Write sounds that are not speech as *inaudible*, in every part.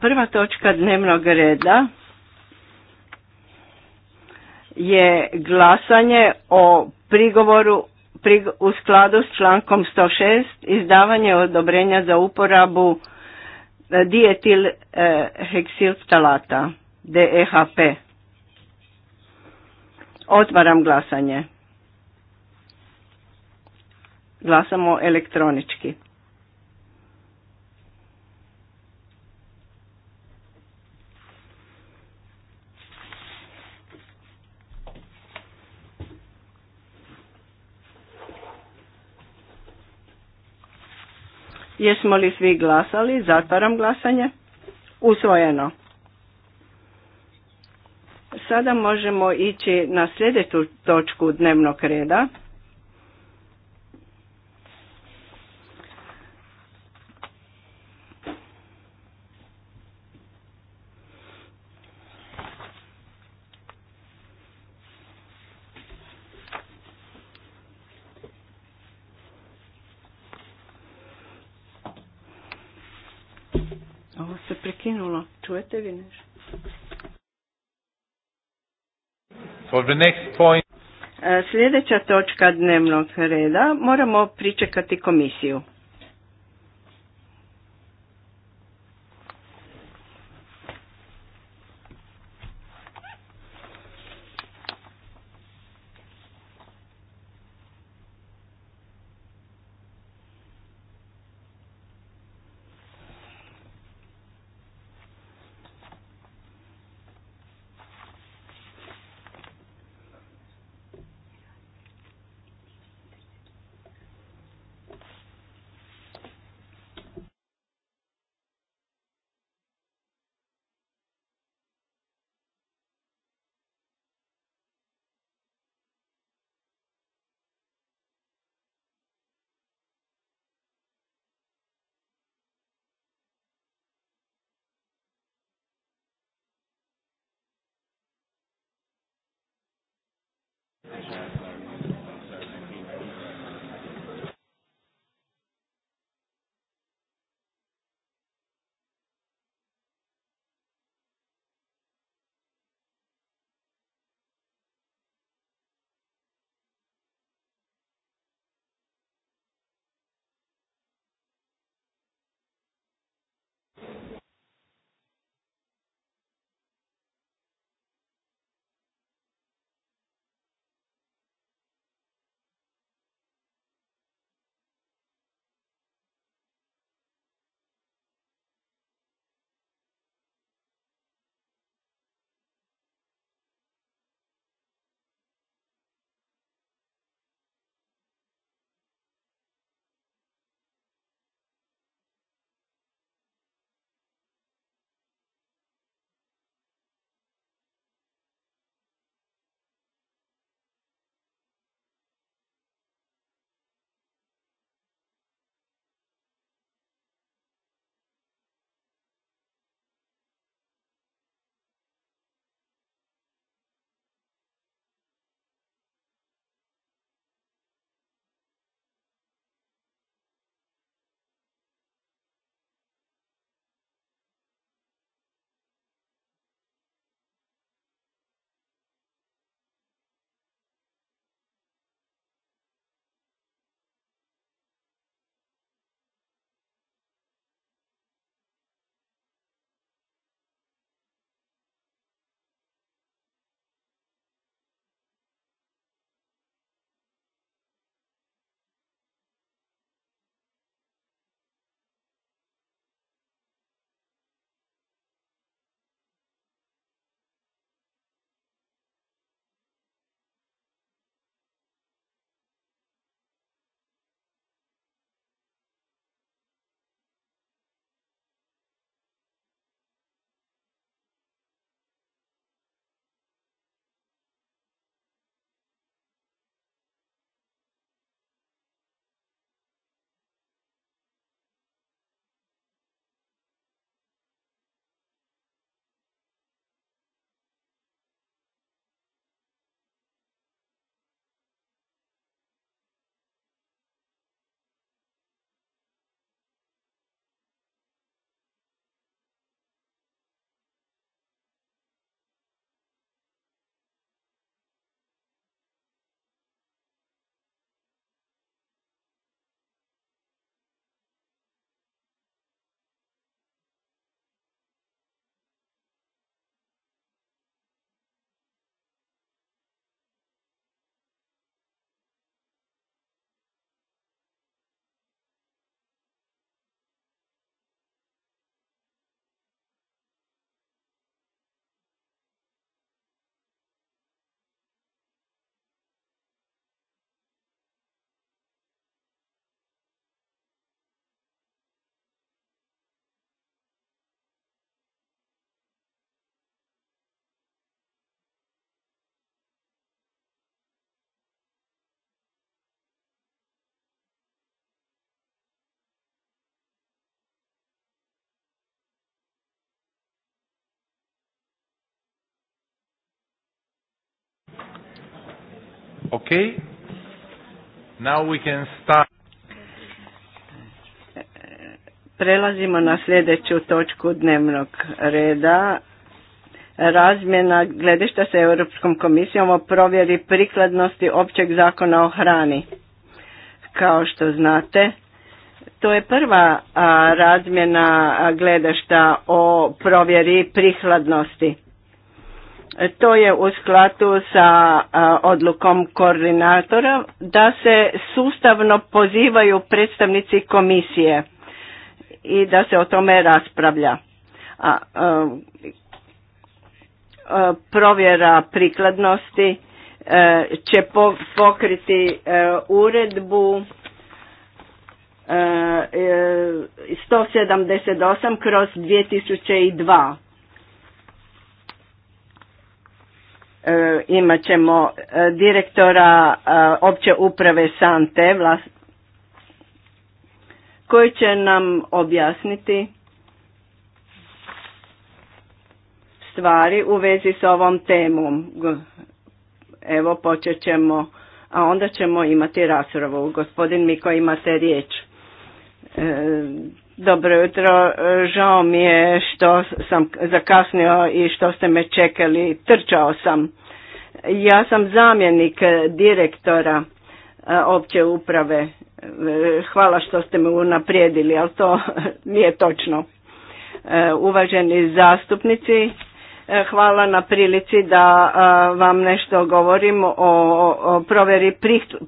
Prva točka dnevnog reda je glasanje o prigovoru u skladu s člankom 106 izdavanje odobrenja za uporabu e, dietil e, heksilftalata DEHP. Otvaram glasanje. Glasamo elektronički. Jesmo li svi glasali? Zatvaram glasanje. Usvojeno. Sada možemo ići na sljedeću točku dnevnog reda. E, sljedeća točka dnevnog reda moramo pričekati komisiju. Okay. Now we can start. Prelazimo na sljedeću točku dnevnog reda. Razmjena gledišta sa Europskom komisijom o provjeri prikladnosti općeg zakona o hrani. Kao što znate, to je prva razmjena gledišta o provjeri prikladnosti to je u skladu sa odlukom koordinatora da se sustavno pozivaju predstavnici komisije i da se o tome raspravlja. A, provjera prikladnosti e, će pokriti e, uredbu 178 e, kroz 2002 E, imat ćemo e, direktora e, opće uprave Sante koji će nam objasniti stvari u vezi s ovom temom. Evo počet ćemo, a onda ćemo imati raspravu. Gospodin Miko imate riječ. Dobro jutro, žao mi je što sam zakasnio i što ste me čekali, trčao sam. Ja sam zamjenik direktora e, opće uprave, e, hvala što ste me unaprijedili, ali to *laughs* nije točno. E, uvaženi zastupnici, hvala na prilici da vam nešto govorim o proveri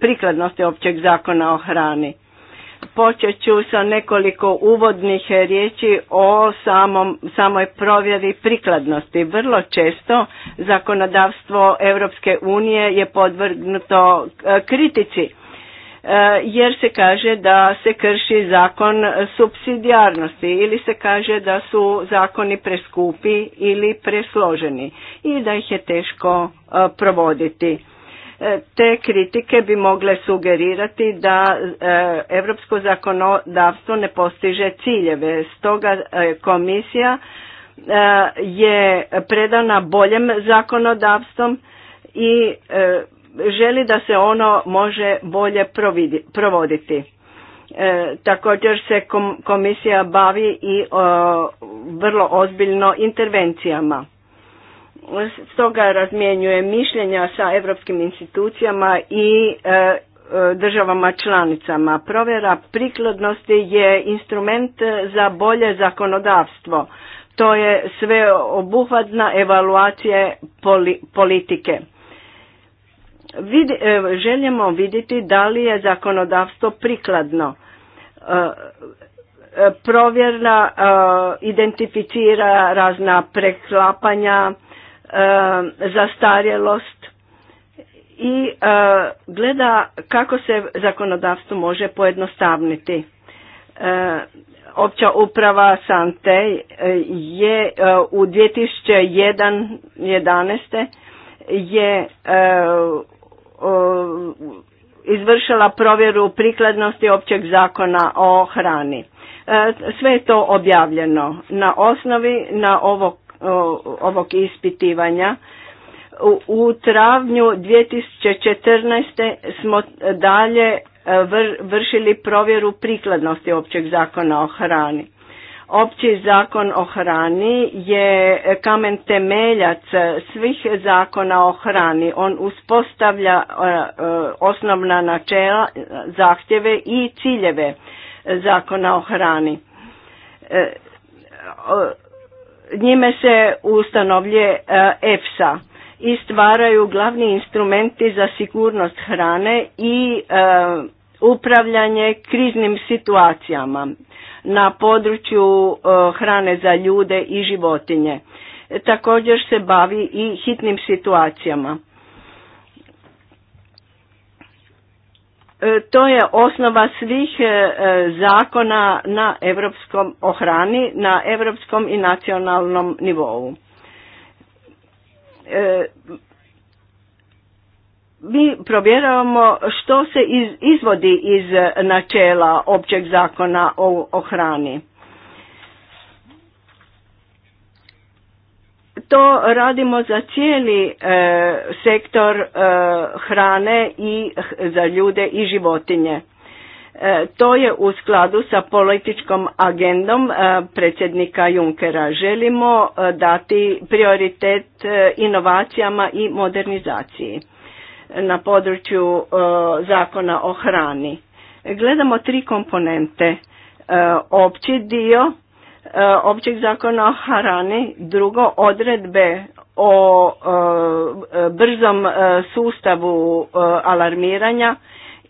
prikladnosti općeg zakona o hrani. Počet ću sa nekoliko uvodnih riječi o samom, samoj provjeri prikladnosti. Vrlo često zakonodavstvo Europske unije je podvrgnuto e, kritici e, jer se kaže da se krši zakon subsidijarnosti ili se kaže da su zakoni preskupi ili presloženi i da ih je teško e, provoditi E, te kritike bi mogle sugerirati da europsko zakonodavstvo ne postiže ciljeve. Stoga e, komisija e, je predana boljem zakonodavstvom i želi da se ono može bolje provoditi. također se komisija bavi i vrlo ozbiljno intervencijama stoga razmjenjuje mišljenja sa europskim institucijama i e, e, državama članicama. Provjera prikladnosti je instrument za bolje zakonodavstvo. To je sveobuhvatna evaluacija politike. E, Želimo vidjeti da li je zakonodavstvo prikladno. Provjera identificira razna preklapanja, Um, zastarjelost i uh, gleda kako se zakonodavstvo može pojednostavniti. Uh, opća uprava Sante uh, je u 2011. je izvršila provjeru prikladnosti općeg zakona o hrani. Sve je to objavljeno. Na osnovi na ovog ovog ispitivanja. U, travnju 2014. smo dalje e, vršili provjeru prikladnosti općeg zakona o hrani. Opći zakon o hrani je kamen temeljac svih zakona o hrani. On uspostavlja e, e, osnovna načela, zahtjeve i ciljeve zakona o hrani Njime se ustanovlje e, EFSA i stvaraju glavni instrumenti za sigurnost hrane i e, upravljanje kriznim situacijama na području e, hrane za ljude i životinje. Također se bavi i hitnim situacijama. E, to je osnova svih e, e, zakona na europskom ohrani, na europskom i nacionalnom nivou. Mi provjeravamo što se izvodi iz načela općeg zakona o ohrani. To radimo za cijeli e, sektor e, hrane i za ljude i životinje. E, to je u skladu sa političkom agendom predsjednika Junkera. Želimo dati prioritet inovacijama i modernizaciji na području zakona o hrani. Gledamo tri komponente. Opći dio E, općeg zakona o harani, drugo odredbe o e, e, brzom sustavu alarmiranja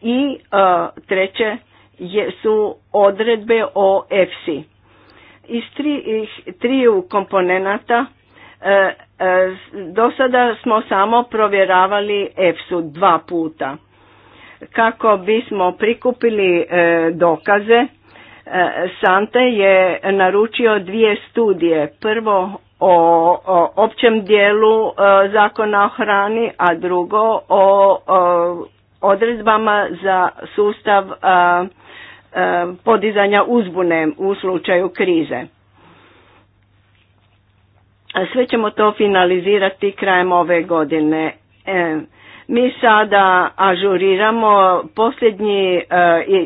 i treće su odredbe o EFSI. Iz triju komponenata do sada smo samo provjeravali EFSU dva puta kako bismo prikupili dokaze Sante je naručio dvije studije. Prvo o, općem dijelu e, zakona o hrani, a drugo o, odredbama za sustav e, e, podizanja uzbune u slučaju krize. Sve ćemo to finalizirati krajem ove godine. E, mi sada ažuriramo posljednji eh,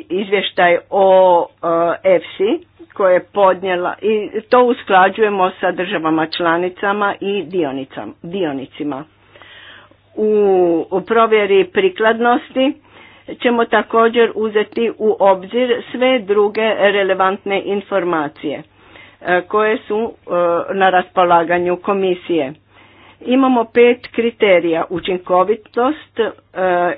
izvještaj o EFSI eh, koje je podnijela i to usklađujemo sa državama članicama i dionicima. u provjeri prikladnosti ćemo također uzeti u obzir sve druge relevantne informacije eh, koje su na raspolaganju komisije Imamo pet kriterija, učinkovitost e,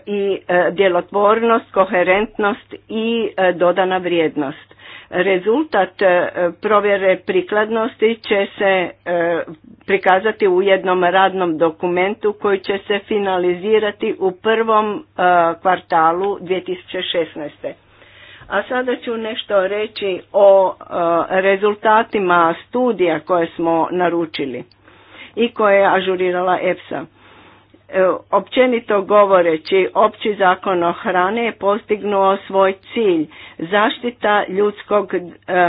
i e, djelotvornost, koherentnost i e, dodana vrijednost. Rezultat provjere prikladnosti će se prikazati u jednom radnom dokumentu koji će se finalizirati u prvom kvartalu 2016. A sada ću nešto reći o rezultatima studija koje smo naručili i koje je ažurirala EFSA. E, općenito govoreći, opći zakon o hrane je postignuo svoj cilj zaštita ljudskog e, e,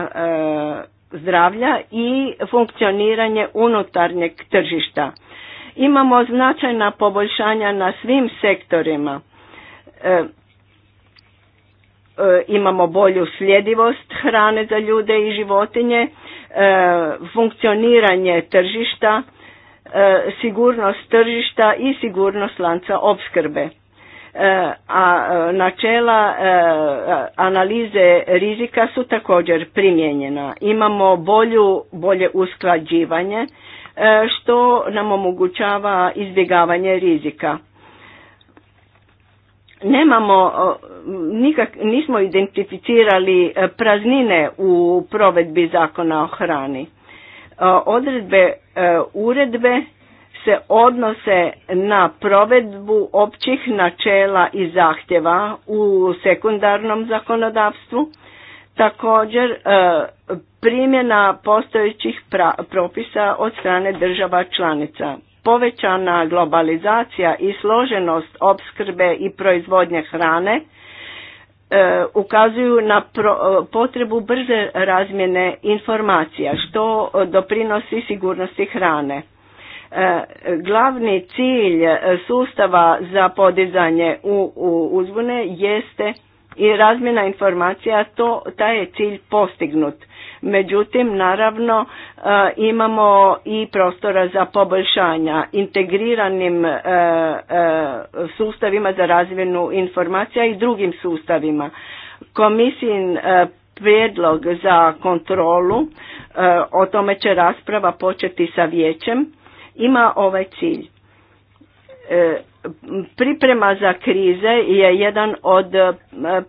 zdravlja i funkcioniranje unutarnjeg tržišta. Imamo značajna poboljšanja na svim sektorima. Imamo bolju sljedivost hrane za ljude i životinje, funkcioniranje tržišta, E, sigurnost tržišta i sigurnost lanca opskrbe. E, a e, načela analize rizika su također primijenjena. Imamo bolju, bolje usklađivanje što nam omogućava izbjegavanje rizika. Nemamo, nikak, nismo identificirali praznine u provedbi zakona o hrani E, odredbe e, uredbe se odnose na provedbu općih načela i zahtjeva u sekundarnom zakonodavstvu, također e, primjena postojećih propisa od strane država članica. Povećana globalizacija i složenost opskrbe i proizvodnje hrane E, ukazuju na e, potrebu brze razmjene informacija što doprinosi sigurnosti hrane. E, glavni cilj sustava za podizanje u uzbune jeste i razmjena informacija, to, taj je cilj postignut. Međutim, naravno e, imamo i prostora za poboljšanja integriranim e, e, sustavima za razvijenu informacija i drugim sustavima. Komisijin prijedlog za kontrolu, o tome će rasprava početi sa vijećem, ima ovaj cilj. Priprema za krize je jedan od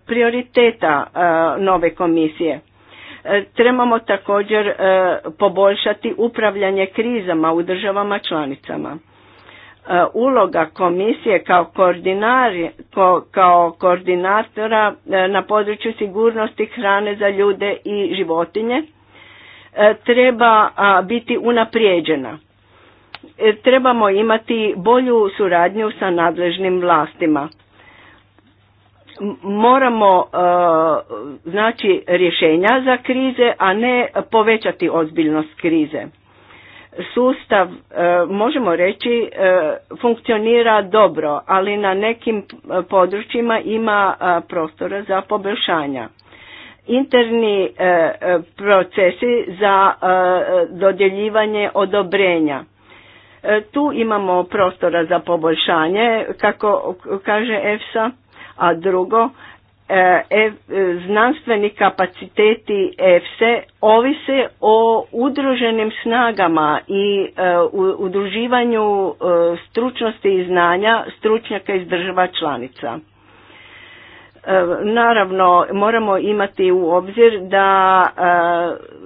prioriteta nove komisije. E, trebamo također e, poboljšati upravljanje krizama u državama članicama. E, uloga komisije kao, kao koordinatora na području sigurnosti hrane za ljude i životinje treba biti unaprijeđena. Trebamo imati bolju suradnju sa nadležnim vlastima moramo e, znači rješenja za krize, a ne povećati ozbiljnost krize. Sustav, e, možemo reći, e, funkcionira dobro, ali na nekim područjima ima prostora za poboljšanja. Interni procesi za dodjeljivanje odobrenja. Tu imamo prostora za poboljšanje, kako kaže EFSA a drugo, e, e, znanstveni kapaciteti EFSE e ovise o udruženim snagama i udruživanju stručnosti i znanja stručnjaka iz država članica. Naravno, moramo imati u obzir da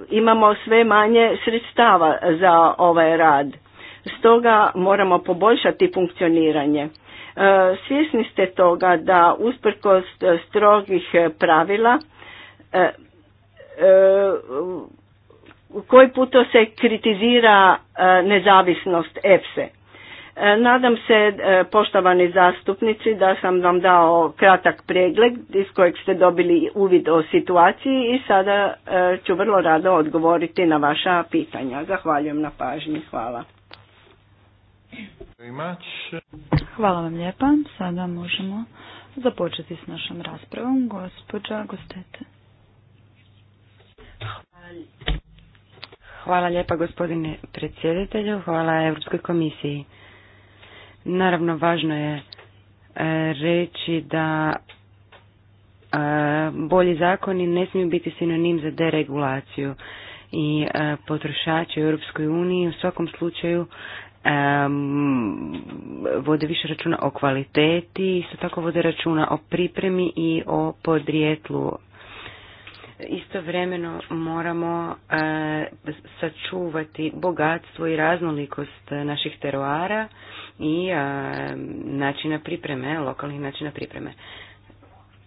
imamo sve manje sredstava za ovaj rad. Stoga moramo poboljšati funkcioniranje E, svjesni ste toga da usprkos e, strogih e, pravila koji puto se kritizira nezavisnost EFSE. Nadam se, poštovani zastupnici, da sam vam dao kratak pregled iz kojeg ste dobili uvid o situaciji i sada ću vrlo rado odgovoriti na vaša pitanja. Zahvaljujem na pažnji. Hvala. Hvala vam lijepa. Sada možemo započeti s našom raspravom. Gospođa Gostete. Hvala lijepa gospodine predsjedatelju, hvala Europskoj komisiji. Naravno, važno je e, reći da e, bolji zakoni ne smiju biti sinonim za deregulaciju i e, potrošači u Europskoj uniji u svakom slučaju um, vode više računa o kvaliteti, isto tako vode računa o pripremi i o podrijetlu. Istovremeno moramo e, sačuvati bogatstvo i raznolikost naših teroara i e, načina pripreme, lokalnih načina pripreme.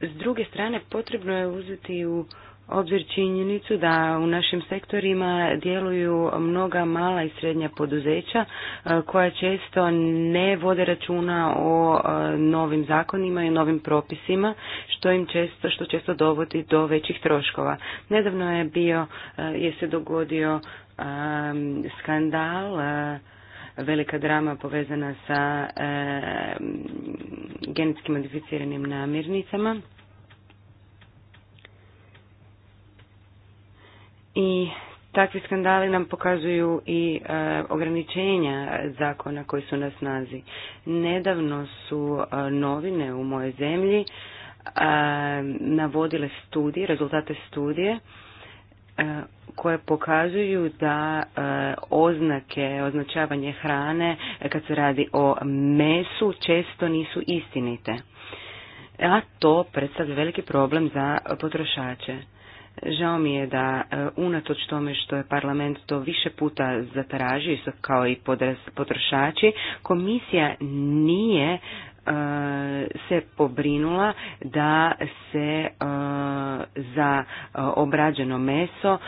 S druge strane potrebno je uzeti u obzir činjenicu da u našim sektorima djeluju mnoga mala i srednja poduzeća e, koja često ne vode računa o e, novim zakonima i novim propisima što im često što često dovodi do većih troškova. Nedavno je bio e, je se dogodio skandal velika drama povezana sa genetski modificiranim namirnicama I takvi skandali nam pokazuju i e, ograničenja zakona koji su na snazi. Nedavno su e, novine u mojoj zemlji e, navodile studije, rezultate studije koje pokazuju da oznake, označavanje hrane kad se radi o mesu često nisu istinite. A to predstavlja veliki problem za potrošače. Žao mi je da e, unatoč tome što je parlament to više puta zatražio, kao i potrošači, komisija nije e, se pobrinula da se e, za obrađeno meso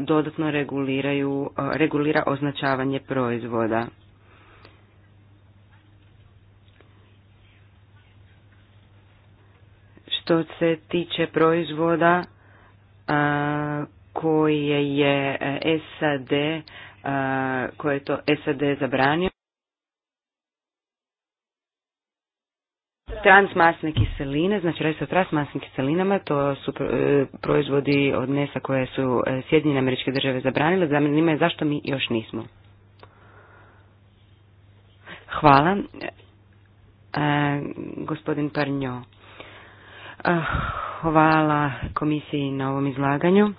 dodatno reguliraju, regulira označavanje proizvoda. Što se tiče proizvoda koje je e, SAD koje je to SAD zabranio transmasne kiseline, znači radi se o transmasnim kiselinama, to su e, proizvodi od mesa koje su e, Sjedinjene američke države zabranile, zanima je zašto mi još nismo. Hvala. gospodin Parnjo. Ah, hvala komisiji na ovom izlaganju.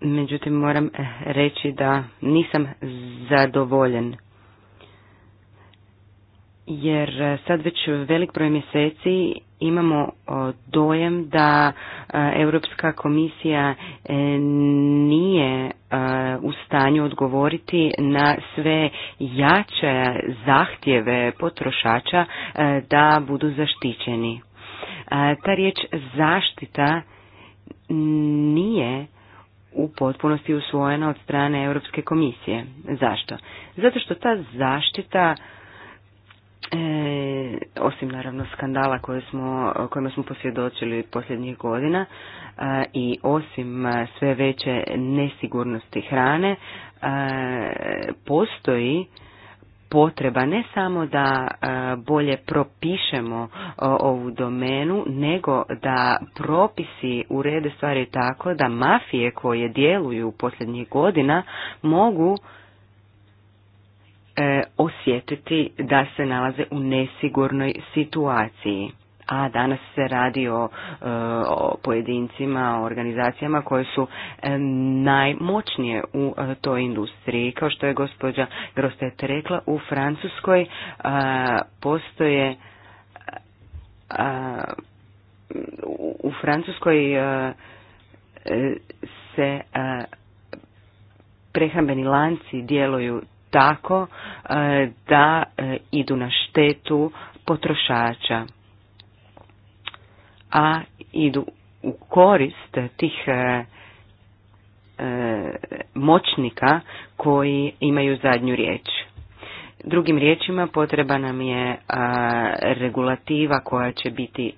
Međutim, moram eh, reći da nisam zadovoljen. Jer eh, sad već velik broj mjeseci imamo dojem da e, Europska komisija e, nije e, u stanju odgovoriti na sve jače zahtjeve potrošača da budu zaštićeni. Ta riječ zaštita nije u potpunosti usvojena od strane Europske komisije. Zašto? Zato što ta zaštita E, osim naravno skandala koje smo, kojima smo posvjedočili posljednjih godina e, i osim e, sve veće nesigurnosti hrane e, postoji potreba ne samo da bolje propišemo ovu domenu, nego da propisi urede stvari tako da mafije koje djeluju posljednjih godina mogu E, osjetiti da se nalaze u nesigurnoj situaciji. A danas se radi o, e, pojedincima, o organizacijama koje su e, najmoćnije u toj industriji. Kao što je gospođa Grostet rekla, u Francuskoj postoje u Francuskoj se prehrambeni lanci djeluju tako e, da e, idu na štetu potrošača, a idu u korist tih e, moćnika koji imaju zadnju riječ. Drugim riječima potreba nam je regulativa koja će biti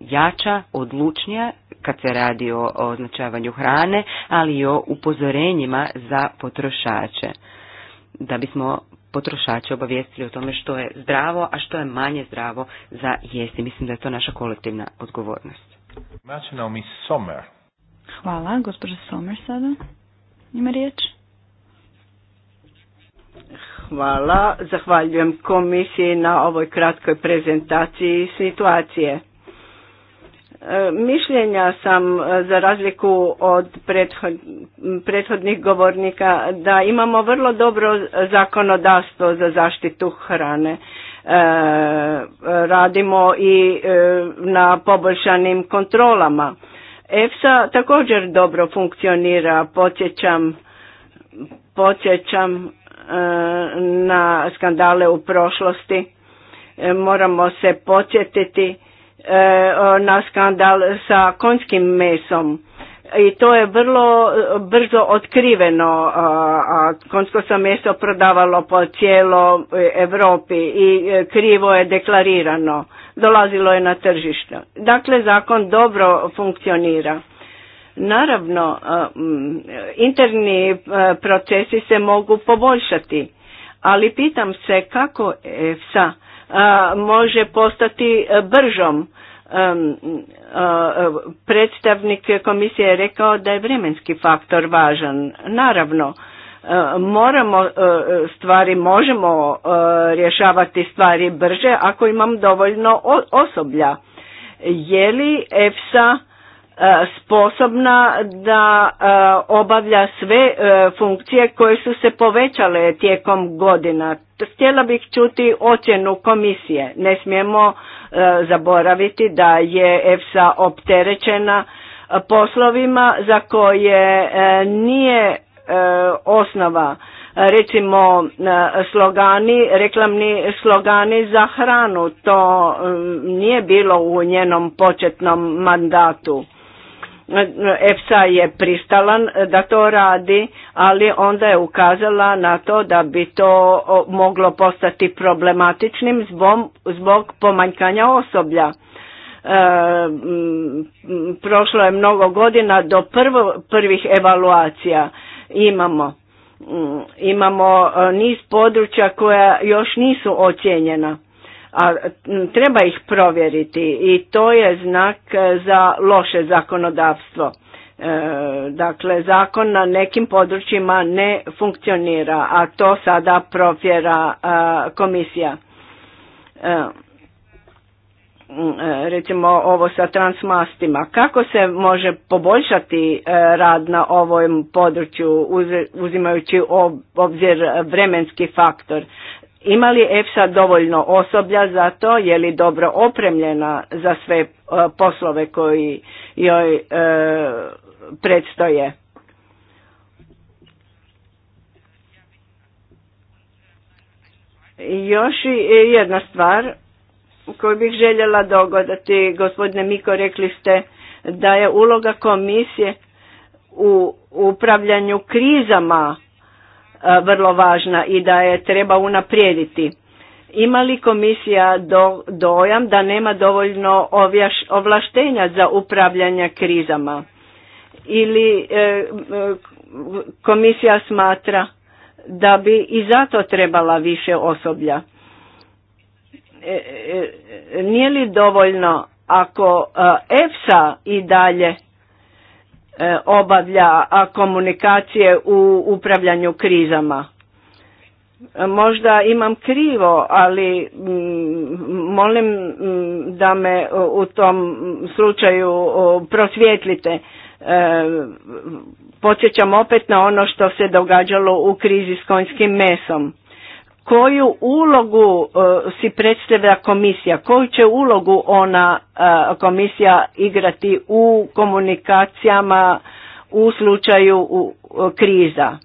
jača, odlučnija kad se radi o označavanju hrane, ali i o upozorenjima za potrošače da bismo potrošače obavijestili o tome što je zdravo, a što je manje zdravo za jesti. Mislim da je to naša kolektivna odgovornost. Hvala, gospođa Somer sada. Ima riječ? Hvala, zahvaljujem komisiji na ovoj kratkoj prezentaciji situacije. Mišljenja sam, e, za razliku od prethodnih govornika, da imamo vrlo dobro zakonodavstvo za zaštitu hrane. E, radimo i e, na poboljšanim kontrolama. EFSA također dobro funkcionira, podsjećam, podsjećam na skandale u prošlosti. Moramo se podsjetiti E, na skandal sa konjskim mesom i to je vrlo e, brzo otkriveno a konjsko se meso prodavalo po cijelo Europi i e, krivo je deklarirano dolazilo je na tržište dakle zakon dobro funkcionira naravno interni procesi se mogu poboljšati ali pitam se kako sa može postati e, bržom. E, predstavnik komisije je rekao da je vremenski faktor važan. Naravno, e, moramo stvari, možemo rješavati stvari brže ako imam dovoljno osoblja. Je li EFSA sposobna da obavlja sve funkcije koje su se povećale tijekom godina. Htjela bih čuti ocjenu komisije. Ne smijemo e, zaboraviti da je EFSA opterećena e, poslovima za koje e, nije osnova recimo slogani, reklamni slogani za hranu. To mm, nije bilo u njenom početnom mandatu. EFSA e je pristalan da to radi, ali onda je ukazala na to da bi to moglo postati problematičnim zbog, pomanjkanja osoblja. E, prošlo je mnogo godina do prvih evaluacija imamo. Imamo e, niz područja koja još nisu ocijenjena a treba ih provjeriti i to je znak e, za loše zakonodavstvo. E, dakle, zakon na nekim područjima ne funkcionira, a to sada provjera e, komisija. Recimo ovo sa transmastima. Kako se može poboljšati rad na ovom području uzimajući obzir vremenski faktor? Ima li EFSA dovoljno osoblja za to, je li dobro opremljena za sve e, poslove koji joj e, predstoje? Još jedna stvar koju bih željela dogodati, gospodine Miko, rekli ste da je uloga komisije u upravljanju krizama E, vrlo važna i da je treba unaprijediti. Ima li komisija dojam da nema dovoljno ovlaštenja za upravljanje krizama? Ili e, komisija smatra da bi i zato trebala više osoblja? E, e, nije li dovoljno ako EFSA i dalje E, obavlja komunikacije u upravljanju krizama. E, možda imam krivo, ali mm, molim mm, da me u tom slučaju prosvjetlite. E, podsjećam opet na ono što se događalo u krizi s konjskim mesom koju ulogu e, si predstavlja komisija, koju će ulogu ona e, komisija igrati u komunikacijama u slučaju e, kriza,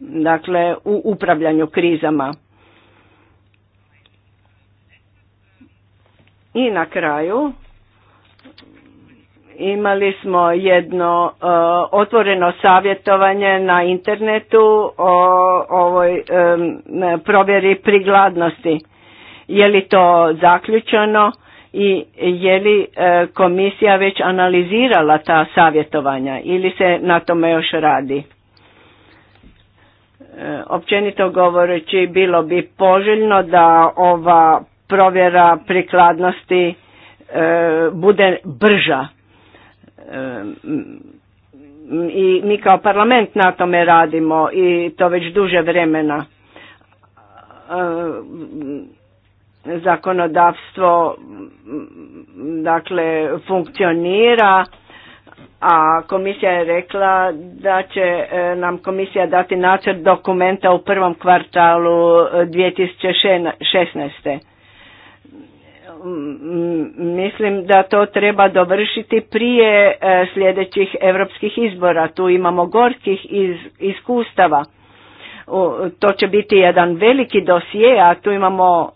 dakle u upravljanju krizama. I na kraju Imali smo jedno e, otvoreno savjetovanje na internetu o ovoj e, provjeri prigladnosti. Je li to zaključeno i je li e, komisija već analizirala ta savjetovanja ili se na tome još radi? Općenito govoreći bilo bi poželjno da ova provjera prikladnosti bude brža E, i mi kao parlament na tome radimo i to već duže vremena. E, zakonodavstvo dakle funkcionira, a komisija je rekla da će e, nam komisija dati nacrt dokumenta u prvom kvartalu 2016 mislim da to treba dovršiti prije e, sljedećih europskih izbora. Tu imamo gorkih iz, iskustava. To će biti jedan veliki dosije, a tu imamo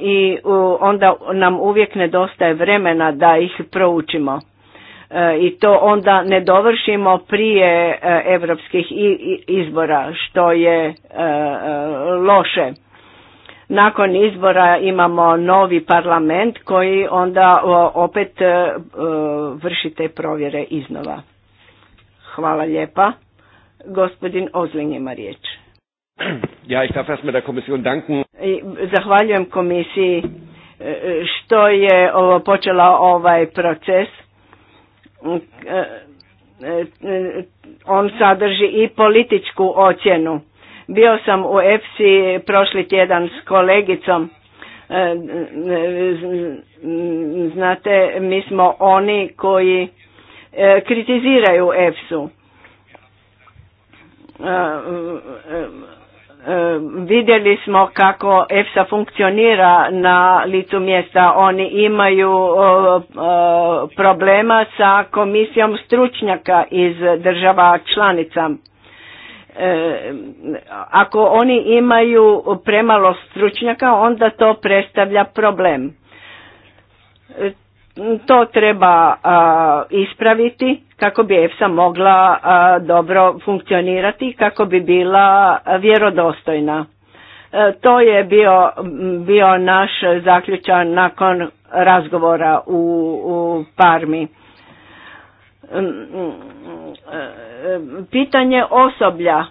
i onda nam uvijek nedostaje vremena da ih proučimo. E, I to onda ne dovršimo prije europskih izbora, što je e, loše nakon izbora imamo novi parlament koji onda opet e, vrši te provjere iznova. Hvala lijepa. Gospodin Ozlin ima riječ. Ja, ich darf der Kommission danken. Zahvaljujem komisiji e, što je počela ovaj proces. E, on sadrži i političku ocjenu bio sam u EFSI prošli tjedan s kolegicom. E, znate, mi smo oni koji e, kritiziraju EFSU. E, vidjeli smo kako EFSA funkcionira na licu mjesta. Oni imaju problema sa komisijom stručnjaka iz država članica E, ako oni imaju premalo stručnjaka onda to predstavlja problem e, to treba ispraviti kako bi EFSA mogla dobro funkcionirati kako bi bila vjerodostojna. E, to je bio, bio naš zaključan nakon razgovora u, u Parmi pitanje osoblja. E,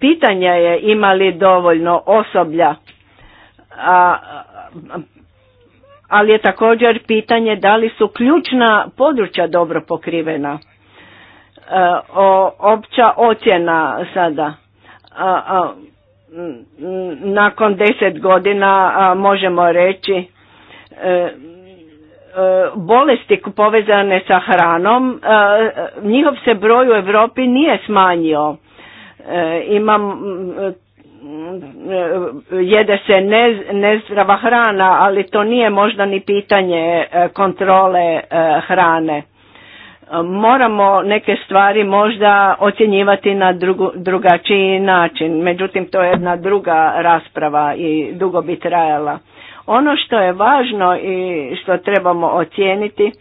pitanje je imali dovoljno osoblja, a, ali je također pitanje da li su ključna područja dobro pokrivena. E, o, opća ocjena sada. nakon deset godina možemo reći e, E, bolesti povezane sa hranom, e, njihov se broj u Europi nije smanjio. E, imam jede se nezdrava hrana, ali to nije možda ni pitanje kontrole hrane. Moramo neke stvari možda ocjenjivati na drugu, drugačiji način, međutim to je jedna druga rasprava i dugo bi trajala. Ono što je važno i što trebamo ocijeniti,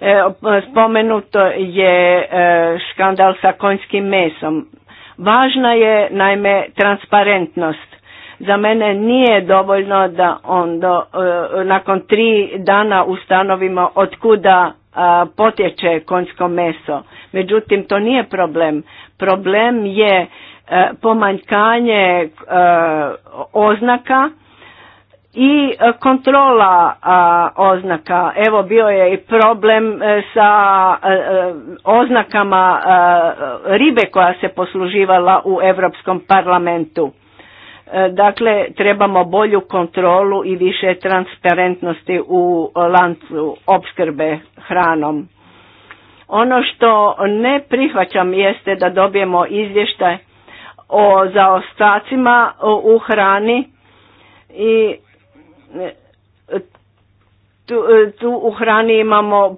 e, spomenuto je skandal e, sa konjskim mesom. Važna je naime transparentnost. Za mene nije dovoljno da onda e, nakon tri dana ustanovimo otkuda potječe konjsko meso. Međutim, to nije problem. Problem je pomanjkanje oznaka i e, kontrola oznaka. Evo bio je i problem e, sa e, oznakama ribe koja se posluživala u Europskom parlamentu. Dakle, trebamo bolju kontrolu i više transparentnosti u lancu opskrbe hranom. Ono što ne prihvaćam jeste da dobijemo izvještaj o zaostacima u hrani i tu, e, tu u hrani imamo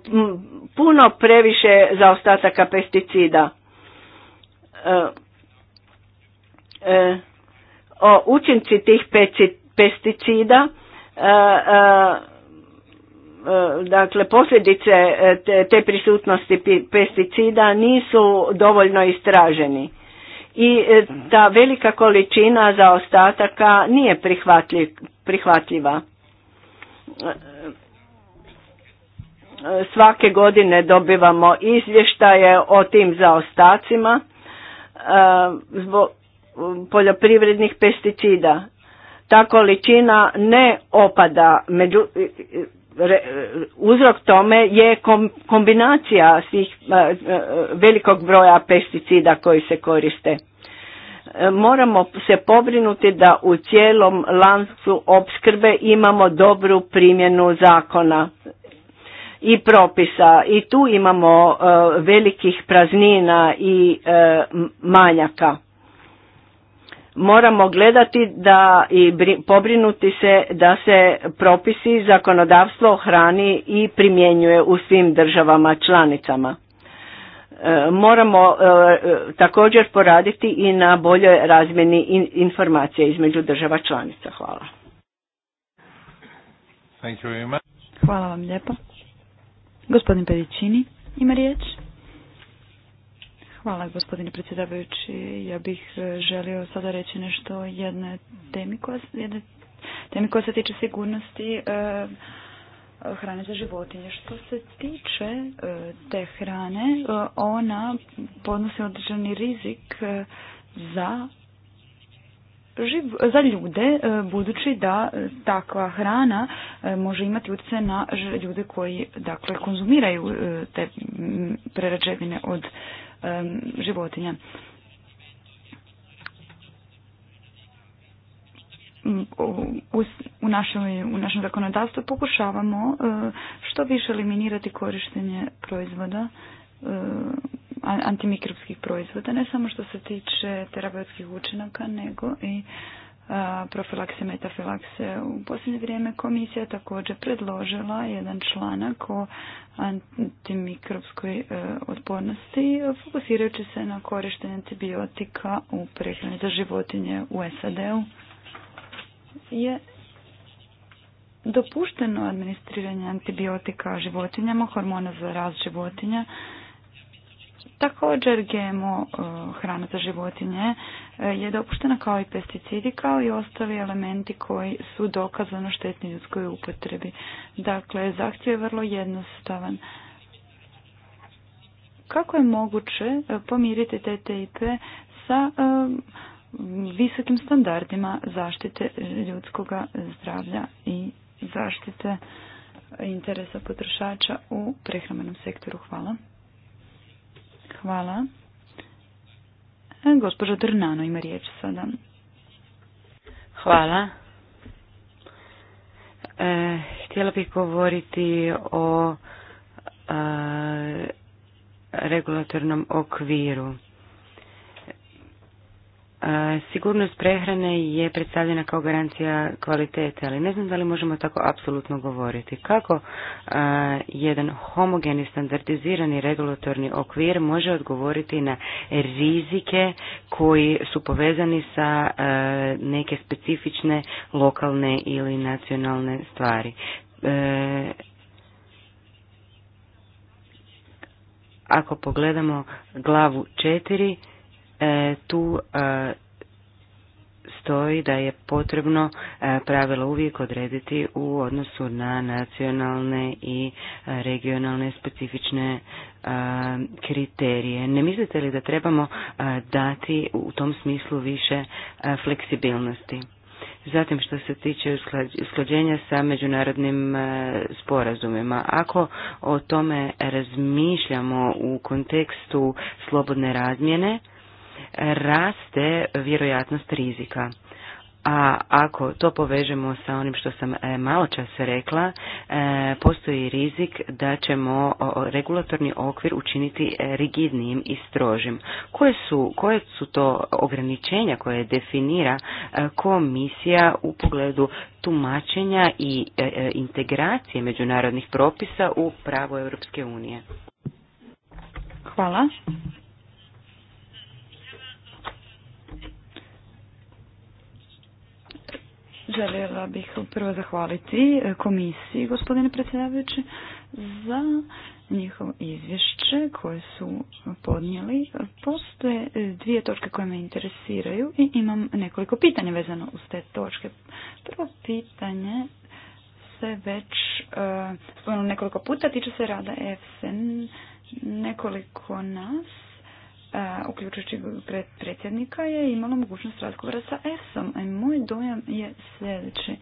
puno previše zaostataka pesticida. E, e, o učinci tih pesticida dakle posljedice te, te prisutnosti pesticida nisu dovoljno istraženi i ta velika količina zaostataka nije prihvatljiv, prihvatljiva. Svake godine dobivamo izvještaje o tim zaostacima e, zbog poljoprivrednih pesticida. Ta količina ne opada, uzrok tome je kombinacija svih e, e, velikog broja pesticida koji se koriste. E, moramo se pobrinuti da u cijelom lancu opskrbe imamo dobru primjenu zakona i propisa i tu imamo e, velikih praznina i e, manjaka. Moramo gledati da i pobrinuti se da se propisi zakonodavstvo hrani i primjenjuje u svim državama članicama. E, moramo e, također poraditi i na boljoj razmjeni informacija između država članica. Hvala. Hvala vam lijepo. Gospodin Pedicini ima riječ. Hvala gospodine predsjedavajući. Ja bih e, želio sada reći nešto o jednoj temi koja, temi koja se tiče sigurnosti E, hrane za životinje. Što se tiče e, te hrane, e, ona podnosi određeni rizik za za ljude, budući da takva hrana može imati utjecaj na ljude koji dakle, konzumiraju te prerađevine od životinja. u, u, našem, u zakonodavstvu pokušavamo e, što više eliminirati korištenje proizvoda e, antimikropskih proizvoda, ne samo što se tiče terapeutskih učinaka, nego i e, profilakse, metafilakse. U posljednje vrijeme komisija također predložila jedan članak o antimikropskoj otpornosti, fokusirajući se na korištenje antibiotika u prehrani za životinje u SAD-u je dopušteno administriranje antibiotika životinjama, hormona za rast životinja, Također GMO e, hrana za životinje e, je dopuštena kao i pesticidi kao i ostali elementi koji su dokazano štetni ljudskoj upotrebi. Dakle, zahtjev je vrlo jednostavan. Kako je moguće e, pomiriti TTIP sa visokim standardima zaštite ljudskoga zdravlja i zaštite interesa potrošača u prehrambenom sektoru. Hvala. Hvala. E, gospođa Drnano ima riječ sada. Hvala. E, htjela bih govoriti o e, regulatornom okviru. Sigurnost prehrane je predstavljena kao garancija kvalitete, ali ne znam da li možemo tako apsolutno govoriti. Kako jedan homogeni standardizirani regulatorni okvir može odgovoriti na rizike koji su povezani sa neke specifične lokalne ili nacionalne stvari? E, ako pogledamo glavu četiri E, tu e, stoji da je potrebno e, pravila uvijek odrediti u odnosu na nacionalne i regionalne specifične kriterije. Ne mislite li da trebamo dati u tom smislu više fleksibilnosti? Zatim što se tiče usklađenja sa međunarodnim sporazumima, ako o tome razmišljamo u kontekstu slobodne razmjene, raste vjerojatnost rizika. A ako to povežemo sa onim što sam e, malo čas rekla, e, postoji rizik da ćemo regulatorni okvir učiniti e, rigidnijim i strožim. Koje su, koje su to ograničenja koje definira komisija u pogledu tumačenja i integracije međunarodnih propisa u pravo Europske unije? Hvala. Željela bih prvo zahvaliti e, komisiji, gospodine predsjedavajući, za njihovo izvješće koje su podnijeli. Postoje e, dvije točke koje me interesiraju i imam nekoliko pitanja vezano uz te točke. Prvo pitanje se već e, spomenuo nekoliko puta, tiče se rada EFSN. Nekoliko nas E, uključujući predsjednika, je imala mogućnost razgovora sa EFSA-om. moj dojam je sljedeći. E,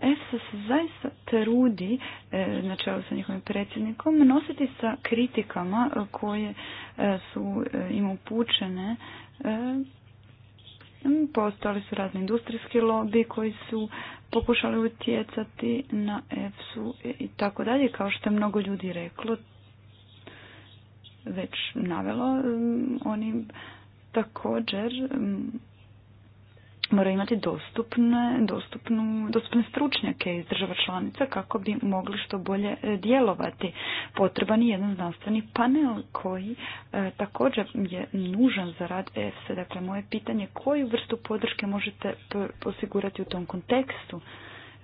EFSA se zaista trudi, e, na sa njihovim predsjednikom, nositi sa kritikama koje su im upućene Postali su razni industrijski lobby koji su pokušali utjecati na EFSU i tako dalje, kao što je mnogo ljudi reklo, već navelo, um, oni također um, moraju imati dostupne, dostupnu, dostupne stručnjake iz država članica kako bi mogli što bolje e, djelovati. Potreban je jedan znanstveni panel koji e, također je nužan za rad EFSA. Dakle, moje pitanje koju vrstu podrške možete posigurati u tom kontekstu?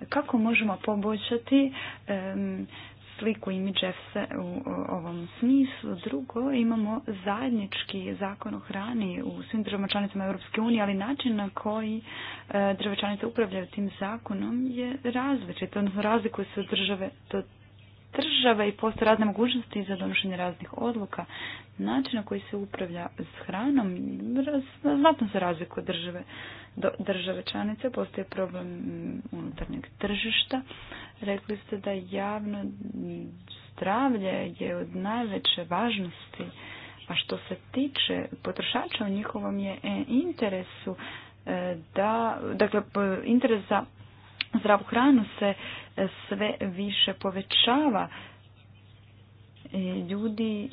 Kako možemo poboljšati sliku imidž se u ovom smislu. Drugo, imamo zajednički zakon o hrani u svim državama članicama Europske unije, ali način na koji e, države članice upravljaju tim zakonom je različit, odnosno razlikuje se od države do države i postoje razne mogućnosti za donošenje raznih odluka. Način na koji se upravlja s hranom znatno se razlikuje od države države članice. Postoje problem unutarnjeg tržišta. Rekli ste da javno zdravlje je od najveće važnosti. A što se tiče potrošača, u njihovom je e, interesu e, da, dakle, interes za zdravu hranu se sve više povećava. Ljudi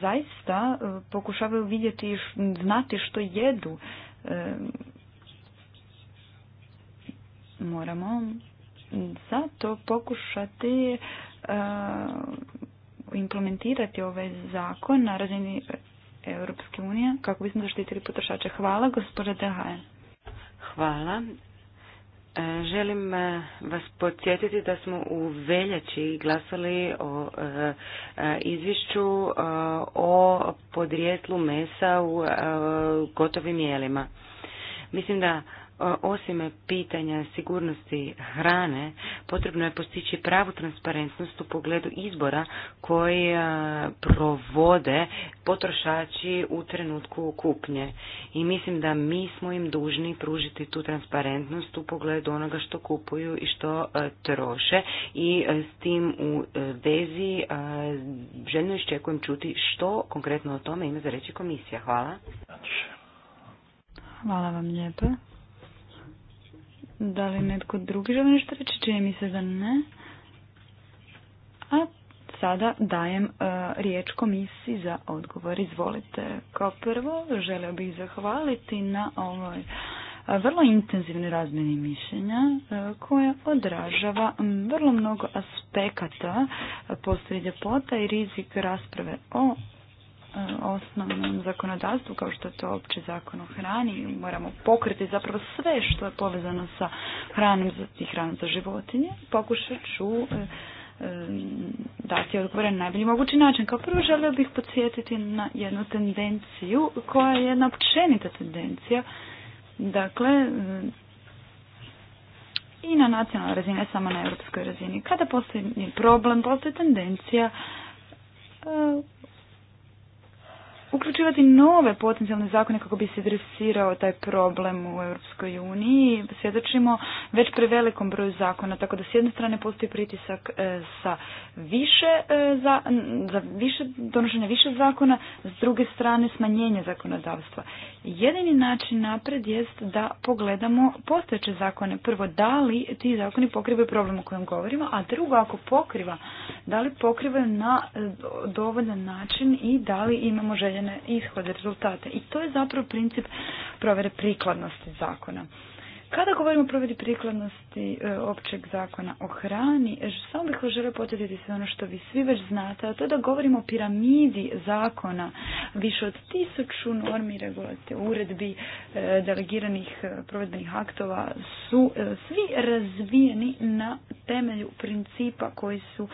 zaista e, pokušavaju vidjeti, znati što jedu. E, moramo zato pokušati e, implementirati ovaj zakon na razini Europske unije kako bismo zaštitili potrošače. Hvala, gospoda Dehajan. Hvala. E, želim e, vas podsjetiti da smo u veljači glasali o e, izvišću o podrijetlu mesa u gotovim jelima. Mislim da osim pitanja sigurnosti hrane, potrebno je postići pravu transparentnost u pogledu izbora koji provode potrošači u trenutku kupnje. I mislim da mi smo im dužni pružiti tu transparentnost u pogledu onoga što kupuju i što troše i s tim u vezi željno iščekujem čuti što konkretno o tome ima za reći komisija. Hvala. Hvala vam lijepo. Da li netko drugi želi nešto reći? Čini mi se da ne. A sada dajem e, riječ komisiji za odgovor. Izvolite. Kao prvo želeo bih zahvaliti na ovoj e, vrlo intenzivnoj razmjeni mišljenja e, koja odražava vrlo mnogo aspekata postoje ljepota i rizik rasprave o osnovnom zakonodavstvu, kao što je to opći zakon o hrani, moramo pokriti zapravo sve što je povezano sa hranom i hranom za životinje. Pokušat ću e, e, dati odgovore na najbolji mogući način. Kao prvo želio bih podsjetiti na jednu tendenciju koja je jedna općenita tendencija. Dakle, e, i na nacionalnoj razini, ne samo na europskoj razini. Kada postoji problem, postoji tendencija uključivati nove potencijalne zakone kako bi se adresirao taj problem u Europskoj uniji. Svjedočimo već prevelikom broju zakona, tako da s jedne strane postoji pritisak e, sa više, e, za, za više, donošenje više zakona, s druge strane smanjenje zakonodavstva. Jedini način napred jest da pogledamo postojeće zakone. Prvo, da li ti zakoni pokrivaju problem o kojem govorimo, a drugo, ako pokriva, da li pokrivaju na e, dovoljan način i da li imamo željene ishode, rezultate. I to je zapravo princip provere prikladnosti zakona. Kada govorimo o provjeri prikladnosti e, općeg zakona o hrani, e, samo bih vas potvrditi sve ono što vi svi već znate, a to je da govorimo o piramidi zakona, više od tisuću normi regulate, uredbi, e, delegiranih provedbenih aktova su svi razvijeni na temelju principa koji su,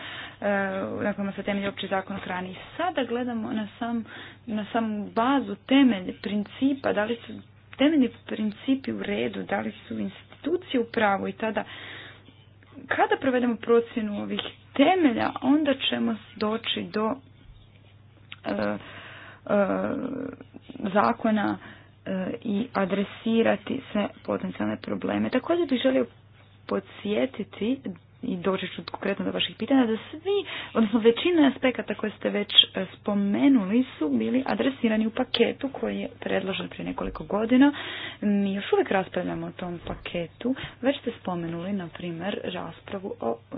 na kojima se temelju opći zakon o hrani. Sada gledamo na sam, na samu bazu, temelj principa, da li su temeljni principi u redu, da li su institucije u pravu i tada kada provedemo procjenu ovih temelja, onda ćemo doći do e, e, zakona e, i adresirati sve potencijalne probleme. Također bih želio podsjetiti i doći ću konkretno do vaših pitanja, da svi, odnosno većina aspekata koje ste već e, spomenuli su bili adresirani u paketu koji je predložen prije nekoliko godina. Mi još uvijek raspravljamo o tom paketu. Već ste spomenuli, na primjer, raspravu o e,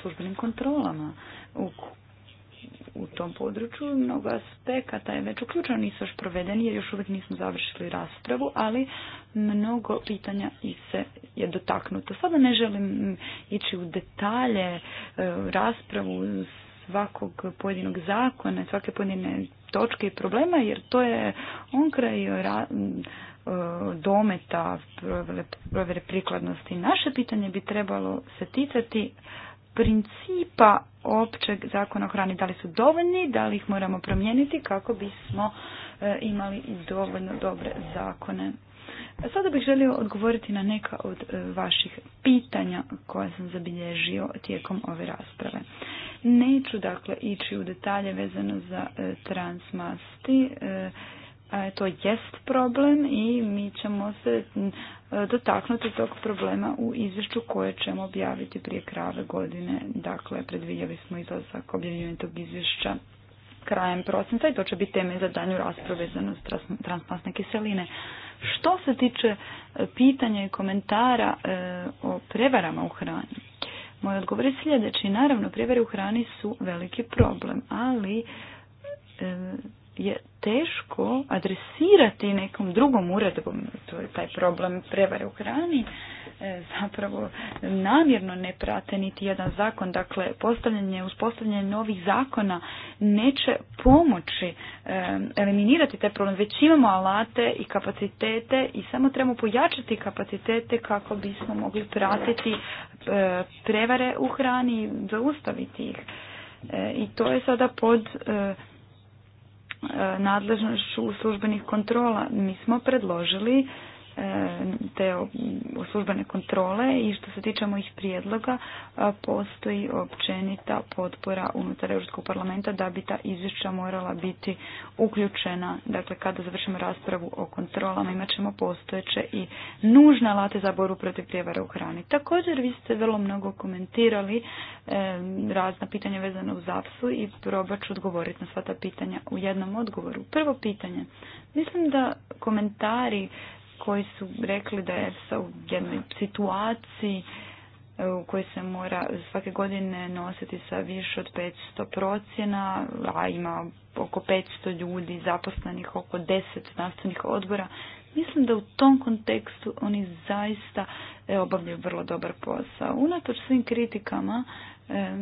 službenim kontrolama u u tom području. Mnogo aspekata je već uključeno, nisu još provedeni jer još uvijek nismo završili raspravu, ali mnogo pitanja i se je dotaknuto. Sada ne želim ići u detalje e, raspravu svakog pojedinog zakona, svake pojedine točke i problema, jer to je on kraj ra e, dometa provjere prikladnosti. Naše pitanje bi trebalo se ticati principa općeg zakona o hrani, da li su dovoljni, da li ih moramo promijeniti kako bismo e, imali dovoljno dobre zakone. Sada bih želio odgovoriti na neka od e, vaših pitanja koja sam zabilježio tijekom ove rasprave. Neću dakle ići u detalje vezano za e, transmasti to jest problem i mi ćemo se e, dotaknuti tog problema u izvješću koje ćemo objaviti prije krave godine. Dakle, predvidjeli smo i izlazak objavljivanja tog izvješća krajem prosinca i to će biti teme za danju rasprave za kiseline. Što se tiče e, pitanja i komentara e, o prevarama u hrani, moj odgovor je sljedeći. Naravno, prevare u hrani su veliki problem, ali je teško adresirati nekom drugom uredbom, to je taj problem prevare u hrani, e, zapravo namjerno ne prate niti jedan zakon, dakle postavljanje, uspostavljanje novih zakona neće pomoći e, eliminirati taj problem, već imamo alate i kapacitete i samo trebamo pojačati kapacitete kako bismo mogli pratiti e, prevare u hrani zaustaviti ih. I to je sada pod nadležnošću službenih kontrola. Mi smo predložili E, te službene kontrole i što se tiče mojih prijedloga e, postoji općenita potpora unutar Europskog parlamenta da bi ta izvješća morala biti uključena. Dakle, kada završimo raspravu o kontrolama imat ćemo postojeće i nužne alate za boru protiv prijevara u hrani. Također vi ste vrlo mnogo komentirali e, razna pitanja vezana uz ZAPSu i probat ću odgovoriti na sva ta pitanja u jednom odgovoru. Prvo pitanje. Mislim da komentari koji su rekli da je EFSA u jednoj situaciji e, u kojoj se mora svake godine nositi sa više od 500 procjena, a ima oko 500 ljudi zaposlenih, oko 10 znanstvenih odbora. Mislim da u tom kontekstu oni zaista e, obavljaju vrlo dobar posao. Unatoč svim kritikama e,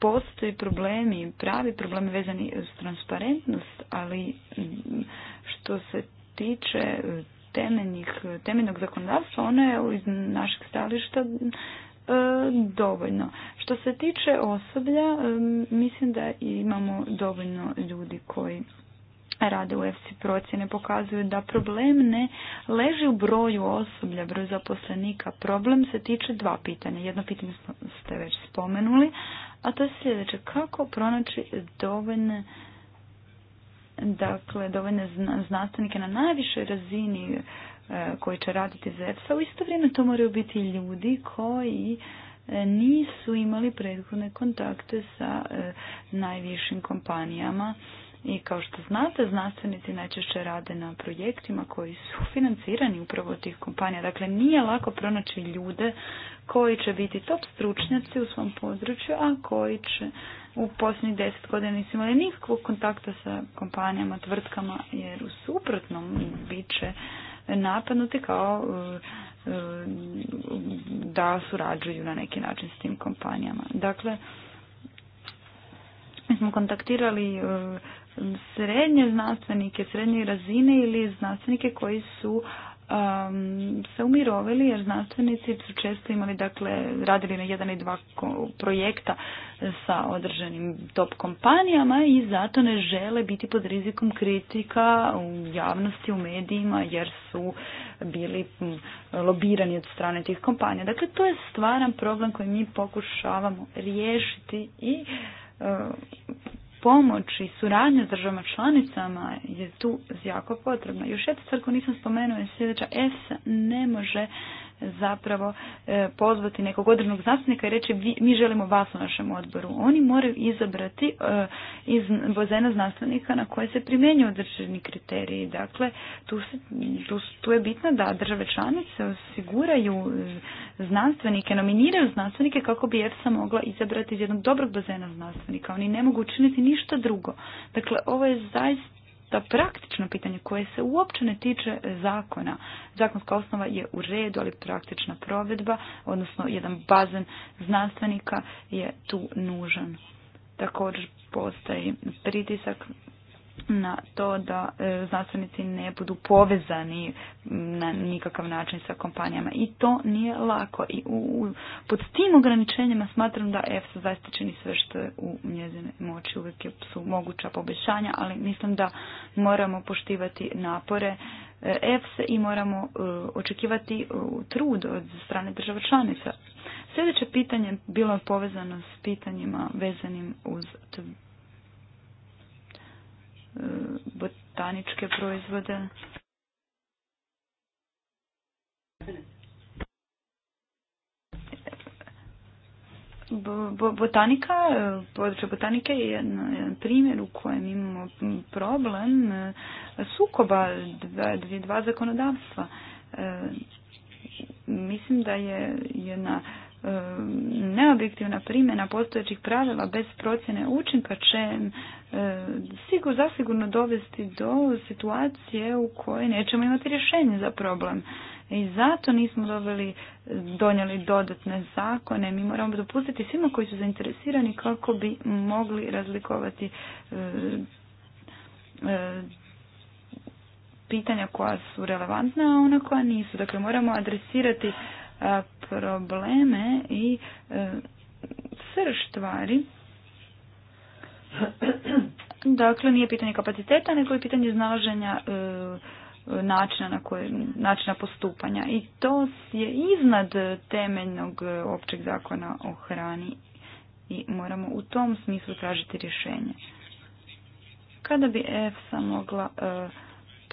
postoji problemi, pravi problemi vezani uz transparentnost, ali mm, što se tiče temeljnog zakonodavstva, ono je iz našeg stališta e, dovoljno. Što se tiče osoblja, e, mislim da imamo dovoljno ljudi koji rade u EFSI procjene pokazuju da problem ne leži u broju osoblja, broju zaposlenika. Problem se tiče dva pitanja. Jedno pitanje ste već spomenuli, a to je sljedeće. Kako pronaći dovoljne dakle, dovoljne znanstvenike na najvišoj razini e, koji će raditi za EFSA. U isto vrijeme to moraju biti ljudi koji e, nisu imali prethodne kontakte sa e, najvišim kompanijama i kao što znate, znanstvenici najčešće rade na projektima koji su financirani upravo od tih kompanija. Dakle, nije lako pronaći ljude koji će biti top stručnjaci u svom području, a koji će u posljednjih deset godina nisu imali nikakvog kontakta sa kompanijama, tvrtkama, jer u suprotnom bit će napadnuti kao e, e, da surađuju na neki način s tim kompanijama. Dakle, mi smo kontaktirali e, srednje znanstvenike, srednje razine ili znanstvenike koji su um, se umirovili jer znanstvenici su često imali, dakle, radili na jedan i dva projekta sa održanim top kompanijama i zato ne žele biti pod rizikom kritika u javnosti, u medijima jer su bili mm, lobirani od strane tih kompanija. Dakle, to je stvaran problem koji mi pokušavamo riješiti i uh, pomoć i suradnja s državama članicama je tu jako potrebna. Još jednu stvar nisam spomenuo je sljedeća. E, s ne može zapravo e, pozvati nekog odrednog znanstvenika i reći mi želimo vas u našem odboru. Oni moraju izabrati e, iz bazena znanstvenika na koje se primjenjuju određeni kriteriji. Dakle, tu, se, tu, tu je bitno da države članice osiguraju znanstvenike, nominiraju znanstvenike kako bi EFSA mogla izabrati iz jednog dobrog bazena znanstvenika. Oni ne mogu učiniti ništa drugo. Dakle, ovo je zaista ta praktično pitanje koje se uopće ne tiče zakona. Zakonska osnova je u redu, ali praktična provedba, odnosno jedan bazen znanstvenika je tu nužan. Također postoji pritisak na to da e, znanstvenici ne budu povezani na nikakav način sa kompanijama i to nije lako i u, pod tim ograničenjima smatram da EFSA zaista čini sve što je u njezine moći uvijek su moguća poboljšanja ali mislim da moramo poštivati napore e, EFSA i moramo e, očekivati trud od strane država članica. Sljedeće pitanje bilo je povezano s pitanjima vezanim uz botaničke proizvode. Botanika, područje botanike je jedan primjer u kojem imamo problem eh, sukoba dva, dva zakonodavstva. Eh, mislim da je jedna neobjektivna primjena postojećih pravila bez procjene učinka će e, sigurno, zasigurno dovesti do situacije u kojoj nećemo imati rješenje za problem. I zato nismo doveli, donijeli dodatne zakone. Mi moramo dopustiti svima koji su zainteresirani kako bi mogli razlikovati e, e, pitanja koja su relevantna, a ona koja nisu. Dakle, moramo adresirati probleme i e, srž stvari. Dakle, nije pitanje kapaciteta, nego je pitanje iznalaženja e, načina na koje, načina postupanja i to je iznad temeljnog e, općeg zakona o hrani i moramo u tom smislu tražiti rješenje. Kada bi EFSA mogla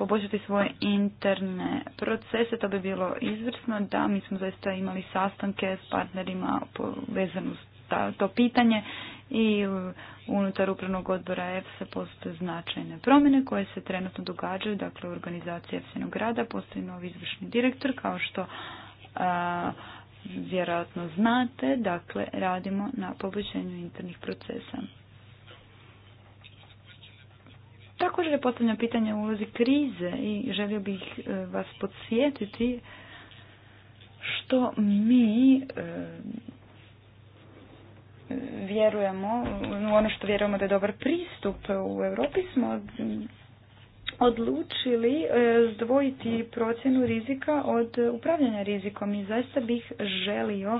poboljšati svoje interne procese, to bi bilo izvrsno. Da, mi smo zaista imali sastanke s partnerima vezano s to pitanje i unutar upravnog odbora EFSA postoje značajne promjene koje se trenutno događaju, dakle u organizaciji EFSA-inog postoji novi izvršni direktor kao što a, vjerojatno znate, dakle radimo na poboljšanju internih procesa. Također postavljam pitanje u ulozi krize i želio bih e, vas podsjetiti što mi e, vjerujemo, ono što vjerujemo da je dobar pristup u Europi smo odlučili e, zdvojiti procjenu rizika od upravljanja rizikom i zaista bih želio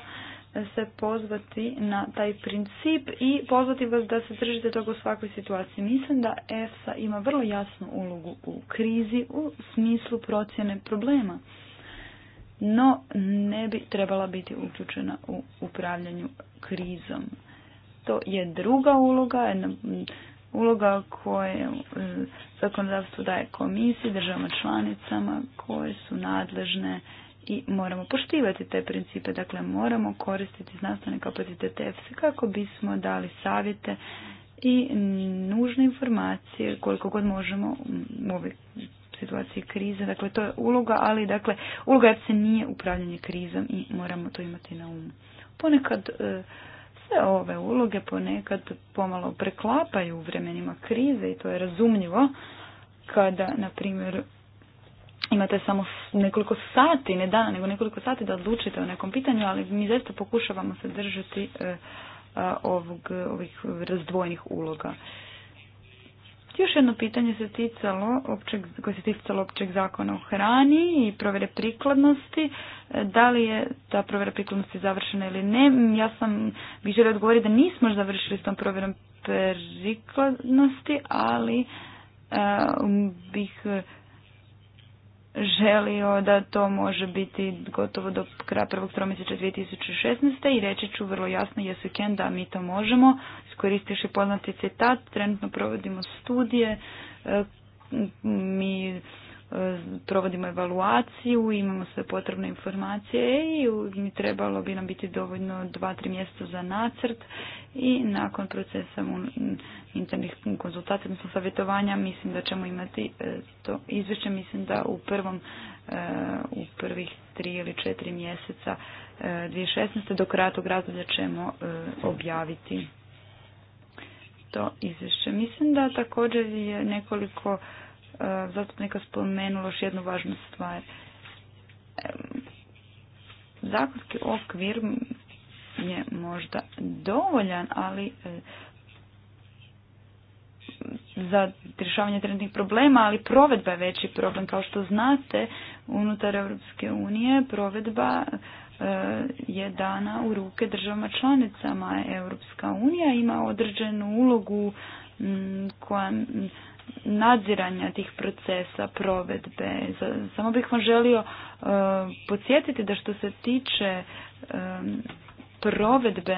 se pozvati na taj princip i pozvati vas da se držite toga u svakoj situaciji. Mislim da EFSA ima vrlo jasnu ulogu u krizi u smislu procjene problema, no ne bi trebala biti uključena u upravljanju krizom. To je druga uloga, jedna uloga koje e, zakonodavstvo daje komisiji, državama članicama koje su nadležne i moramo poštivati te principe. Dakle, moramo koristiti znanstvene kapacitete EFSA kako bismo dali savjete i nužne informacije koliko god možemo u ovoj situaciji krize. Dakle, to je uloga, ali dakle, uloga se nije upravljanje krizom i moramo to imati na umu. Ponekad e, sve ove uloge ponekad pomalo preklapaju u vremenima krize i to je razumljivo kada, na primjer, imate samo nekoliko sati, ne dana, nego nekoliko sati da odlučite o nekom pitanju, ali mi zaista pokušavamo se držati e, e, ovog, ovih razdvojnih uloga. Još jedno pitanje se ticalo koje se ticalo općeg zakona o hrani i provjere prikladnosti. E, da li je ta provjera prikladnosti završena ili ne? Ja sam bih želio odgovoriti da nismo završili s tom provjerom prikladnosti, ali bih želio da to može biti gotovo do kraja prvog tromjeseća 2016. i reći ću vrlo jasno jesu we da mi to možemo. Iskoristiš i poznati citat, trenutno provodimo studije, e, mi provodimo evaluaciju, imamo sve potrebne informacije i trebalo bi nam biti dovoljno dva, tri mjeseca za nacrt i nakon procesa internih konzultacija, odnosno savjetovanja, mislim da ćemo imati e, to izvješće, mislim da u prvom e, u prvih tri ili četiri mjeseca 2016. E, do kratog razdoblja ćemo objaviti to izvješće. Mislim da također je nekoliko zastupnika spomenula još jednu važnu stvar. Zakonski okvir je možda dovoljan, ali e, za rješavanje trenutnih problema, ali provedba je veći problem. Kao što znate, unutar Europske unije provedba e, je dana u ruke državama članicama. Europska unija ima određenu ulogu koja nadziranja tih procesa provedbe. Samo bih vam želio e, podsjetiti da što se tiče e, provedbe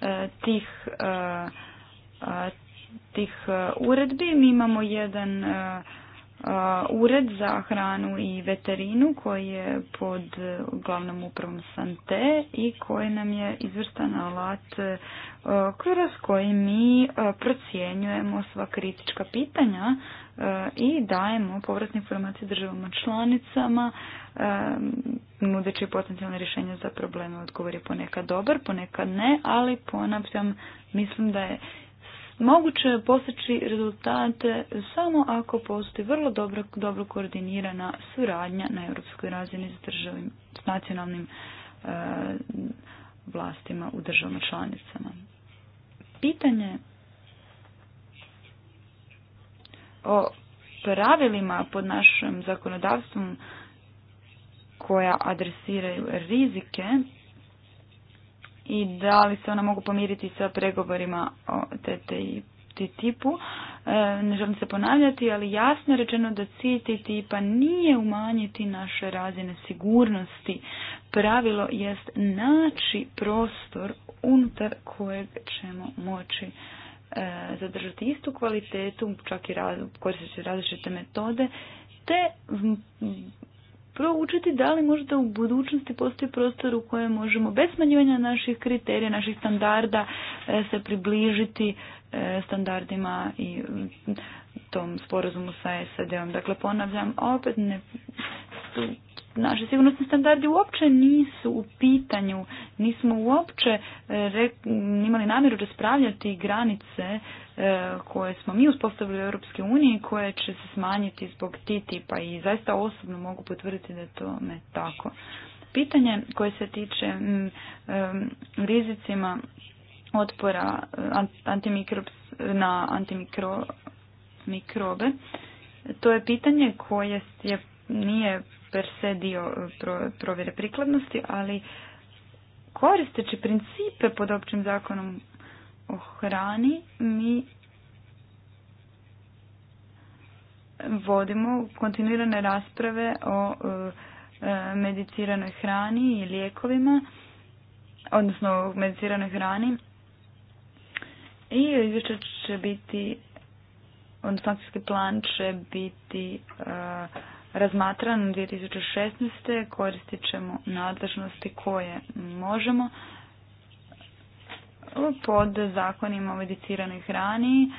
e, tih tih uredbi mi imamo jedan ured za hranu i veterinu koji je pod glavnom upravom Sante i koji nam je izvrstan alat kroz koji mi procjenjujemo sva kritička pitanja i dajemo povratne informacije državama članicama nudeći potencijalne rješenja za probleme. Odgovor je ponekad dobar, ponekad ne, ali ponavljam, mislim da je Moguće je postići rezultate samo ako postoji vrlo dobro, dobro koordinirana suradnja na europskoj razini s, s nacionalnim e, vlastima u državama članicama. Pitanje o pravilima pod našim zakonodavstvom koja adresiraju rizike i da li se ona mogu pomiriti sa pregovorima o TTIP-u. E, ne želim se ponavljati, ali jasno je rečeno da cilj TTIP-a nije umanjiti naše razine sigurnosti. Pravilo jest naći prostor unutar kojeg ćemo moći e, zadržati istu kvalitetu, čak i se različite metode, te proučiti da li možda u budućnosti postoji prostor u kojem možemo bez smanjivanja naših kriterija, naših standarda e, se približiti e, standardima i mm, tom sporazumu sa SAD-om. Dakle, ponavljam, opet ne naši sigurnosni standardi uopće nisu u pitanju, nismo uopće e, re, imali namjeru raspravljati granice e, koje smo mi uspostavili u Europske unije koje će se smanjiti zbog TTIP-a i zaista osobno mogu potvrditi da je to ne tako. Pitanje koje se tiče rizicima otpora e, na antimikrobe, to je pitanje koje je nije per se dio e, provjere prikladnosti, ali koristeći principe pod općim zakonom o hrani, mi vodimo kontinuirane rasprave o e, e, mediciranoj hrani i lijekovima, odnosno o mediciranoj hrani. I izvješće će biti, odnosno akcijski plan će biti razmatran 2016. koristit ćemo nadležnosti koje možemo pod zakonima o mediciranoj hrani e,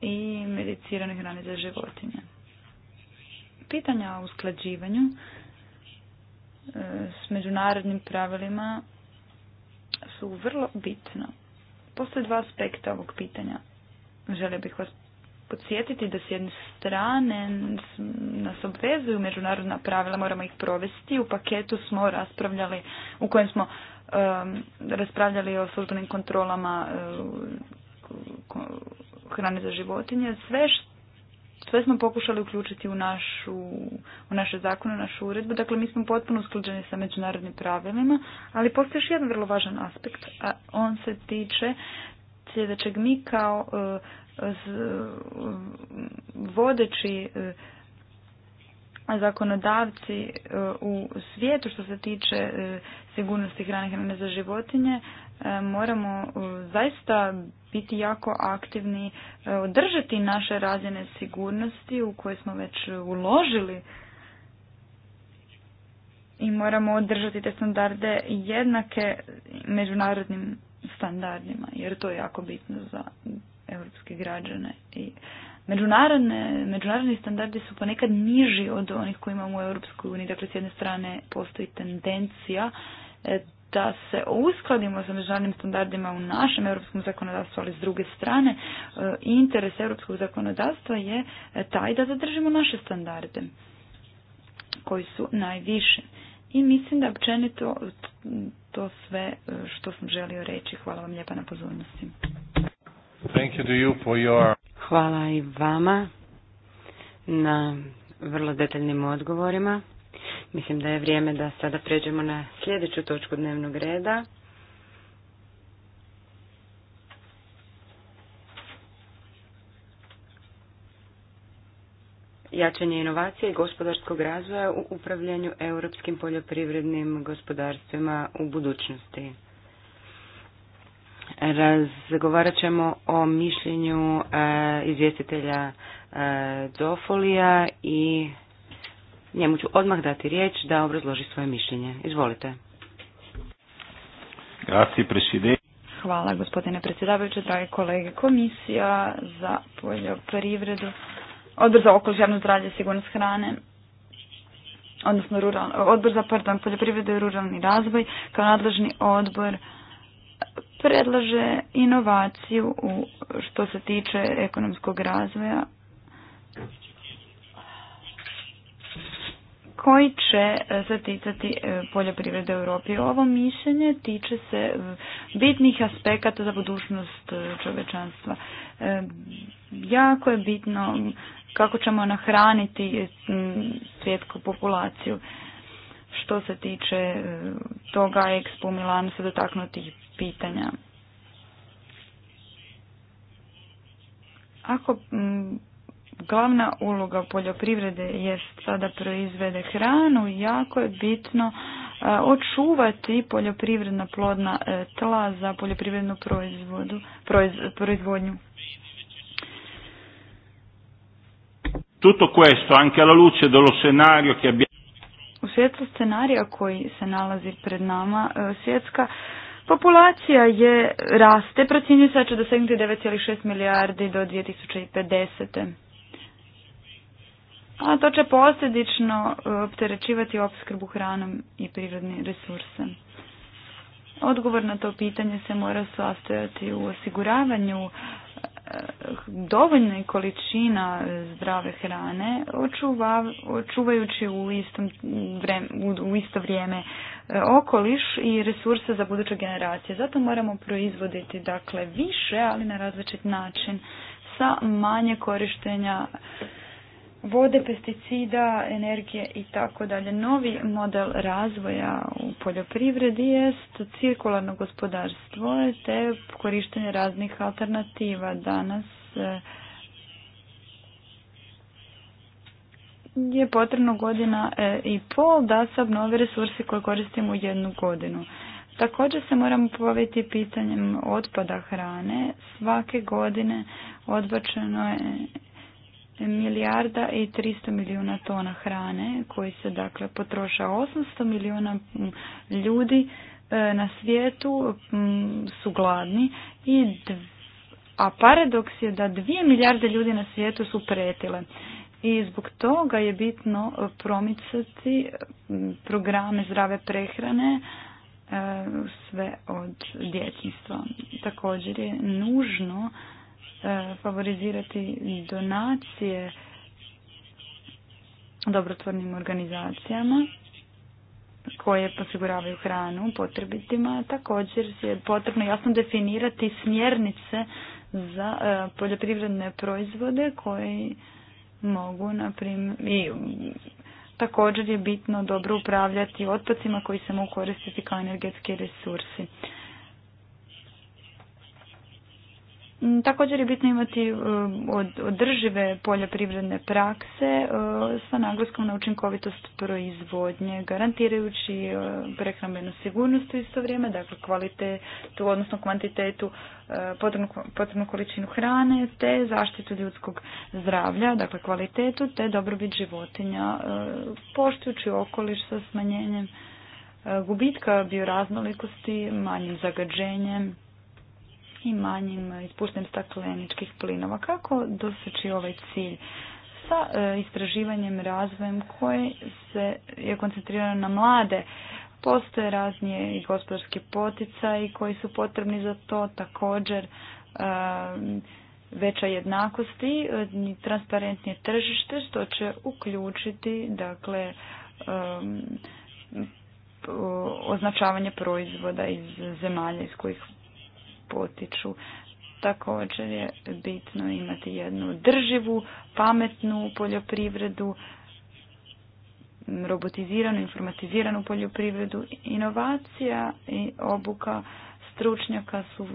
i mediciranoj hrani za životinje. Pitanja o usklađivanju e, s međunarodnim pravilima su vrlo bitna. Postoje dva aspekta ovog pitanja. Želio bih vas podsjetiti da s jedne strane nas obvezuju međunarodna pravila, moramo ih provesti. U paketu smo raspravljali, u kojem smo raspravljali o službenim kontrolama e, hrane za životinje. Sve sve smo pokušali uključiti u, našu, u naše zakone, u našu uredbu. Dakle, mi smo potpuno usklađeni sa međunarodnim pravilima, ali postoji još jedan vrlo važan aspekt, a on se tiče sljedećeg mi kao e, vodeći e, zakonodavci e, u svijetu što se tiče e, sigurnosti hrane hrane za životinje moramo zaista biti jako aktivni, održati naše razine sigurnosti u koje smo već uložili i moramo održati te standarde jednake međunarodnim standardima jer to je jako bitno za europske građane. I međunarodne, međunarodni standardi su ponekad niži od onih koji imamo u Europskoj uniji. Dakle, s jedne strane postoji tendencija e, da se uskladimo sa međunarodnim standardima u našem europskom zakonodavstvu, ali s druge strane e, interes europskog zakonodavstva je e, taj da zadržimo naše standarde koji su najviši. I mislim da općenito to sve što sam želio reći. Hvala vam lijepa na pozornosti. Hvala i vama na vrlo detaljnim odgovorima. Mislim da je vrijeme da sada pređemo na sljedeću točku dnevnog reda. jačanje inovacije i gospodarskog razvoja u upravljanju europskim poljoprivrednim gospodarstvima u budućnosti. Razgovarat ćemo o mišljenju e, izvjestitelja Zofolija e, i njemu ću odmah dati riječ da obrazloži svoje mišljenje. Izvolite. Hvala gospodine predsjedavajući, dragi kolege. Komisija za poljoprivredu, odbor za okoliš, javno zdravlje i sigurnost hrane, odnosno rural, odbor za pardon, poljoprivredu i ruralni razvoj, kao nadležni odbor predlaže inovaciju u što se tiče ekonomskog razvoja koji će zaticati e, ticati e, poljoprivrede u Europi. Ovo mišljenje tiče se e, bitnih aspekata za budućnost čovečanstva. Jako je bitno kako ćemo nahraniti svjetsku populaciju. Što se tiče toga Expo Milano se dotaknuti pitanja. Ako mm, glavna uloga poljoprivrede jest sada proizvede hranu, jako je bitno e, očuvati poljoprivredna plodna e, tla za poljoprivrednu proizvodnju. Tutto questo anche alla luce dello scenario che abbiamo u svjetlu scenarija koji se nalazi pred nama, e, svjetska Populacija je raste, procjenjuje se da će dosegnuti 9,6 milijardi do 2050. A to će posljedično e, opterećivati opskrbu hranom i prirodnim resursom. Odgovor na to pitanje se mora sastojati u osiguravanju e, dovoljne količina zdrave hrane, očuvajući u, istom, u isto vrijeme E, okoliš i resurse za buduće generacije. Zato moramo proizvoditi dakle više, ali na različit način sa manje korištenja vode, pesticida, energije i tako dalje. Novi model razvoja u poljoprivredi jest cirkularno gospodarstvo te korištenje raznih alternativa. Danas e, je potrebno godina e, i pol da se obnovi resursi koje koristimo u jednu godinu. Također se moramo poveti pitanjem otpada hrane. Svake godine odbačeno je milijarda i 300 milijuna tona hrane koji se dakle potroša 800 milijuna ljudi e, na svijetu su gladni i a paradoks je da 2 milijarde ljudi na svijetu su pretile i zbog toga je bitno e, promicati programe zdrave prehrane e, sve od djetinstva. Također je nužno e, favorizirati donacije dobrotvornim organizacijama koje posiguravaju hranu potrebitima. Također je potrebno jasno definirati smjernice za poljoprivredne proizvode koji mogu, na i također je bitno dobro upravljati otpacima koji se mogu koristiti kao energetski resursi. Mm, također je bitno imati e, održive poljoprivredne prakse e, sa naglaskom na učinkovitost proizvodnje, garantirajući e, prehrambenu sigurnost u isto vrijeme, dakle kvalitetu, odnosno kvantitetu, potrebnu, količinu hrane, te zaštitu ljudskog zdravlja, dakle kvalitetu, te dobrobit životinja, poštujući okoliš sa smanjenjem gubitka bioraznolikosti, manjim zagađenjem, i manjim ispuštenim stakleničkih plinova. Kako doseći ovaj cilj? Sa e, istraživanjem razvojem koje se je koncentrirano na mlade postoje razni i gospodarski poticaji koji su potrebni za to, također e, veća jednakost i e, transparentnije tržište što će uključiti dakle označavanje proizvoda iz zemalja iz kojih potiču. Također je bitno imati jednu drživu, pametnu poljoprivredu, robotiziranu, informatiziranu poljoprivredu. Inovacija i obuka stručnjaka su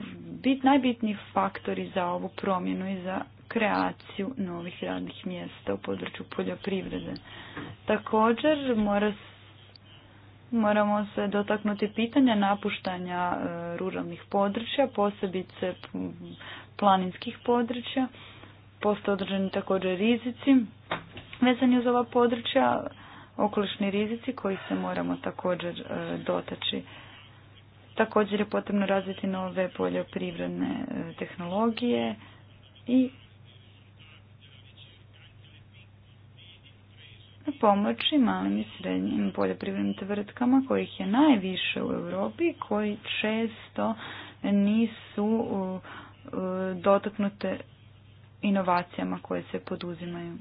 bit, najbitniji faktori za ovu promjenu i za kreaciju novih radnih mjesta u području poljoprivrede. Također mora Moramo se dotaknuti pitanja napuštanja e, ruralnih područja, posebice planinskih područja. Postoje određeni također rizici vezani uz ova područja, okolišni rizici koji se moramo također e, dotaći. Također je potrebno razviti nove poljoprivredne e, tehnologije i pomoći malim i srednjim poljoprivrednim tvrtkama kojih je najviše u Europi koji često nisu dotaknute inovacijama koje se poduzimaju.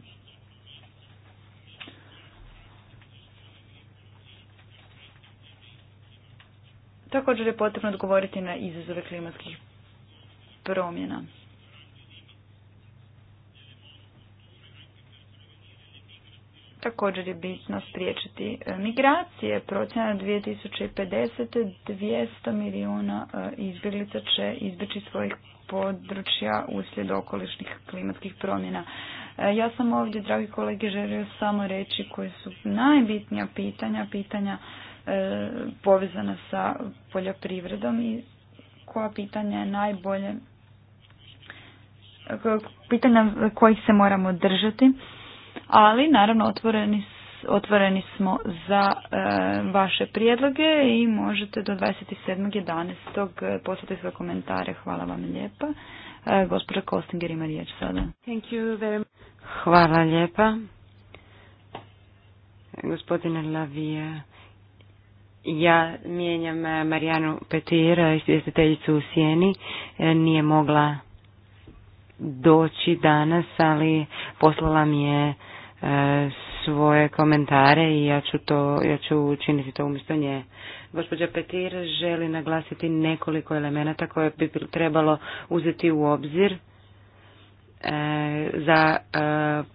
Također je potrebno odgovoriti na izazove klimatskih promjena. Također je bitno spriječiti e, migracije. Procjena 2050. 200 milijuna e, izbjeglica će izbjeći svojih područja uslijed okolišnih klimatskih promjena. E, ja sam ovdje, dragi kolege, želio samo reći koje su najbitnija pitanja, pitanja povezana sa poljoprivredom i koja pitanja je najbolje, pitanja kojih se moramo držati ali naravno otvoreni, otvoreni smo za e, vaše prijedloge i možete do 27.11. E, poslati svoje komentare. Hvala vam lijepa. E, gospođa Kostinger ima riječ sada. Thank you very Hvala lijepa. Gospodine Lavija, ja mijenjam e, Marijanu Petira, izvjestiteljicu u Sjeni. Nije mogla doći danas, ali poslala mi je E, svoje komentare i ja ću, to, ja ću učiniti to umjesto nje. Gospođa Petir želi naglasiti nekoliko elemenata koje bi trebalo uzeti u obzir e, za e,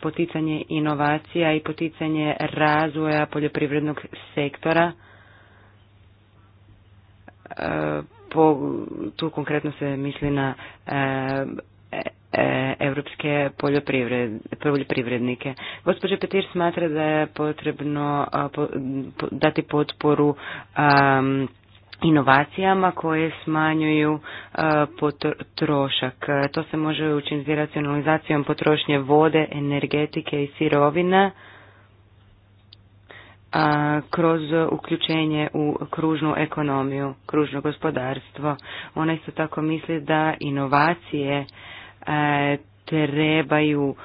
poticanje inovacija i poticanje razvoja poljoprivrednog sektora. tu konkretno se misli na europske poljoprivrednike. Gospođa Petir smatra da je potrebno dati potporu inovacijama koje smanjuju potrošak. To se može učiniti racionalizacijom potrošnje vode, energetike i sirovina kroz uključenje u kružnu ekonomiju, kružno gospodarstvo. Ona isto tako misli da inovacije E, trebaju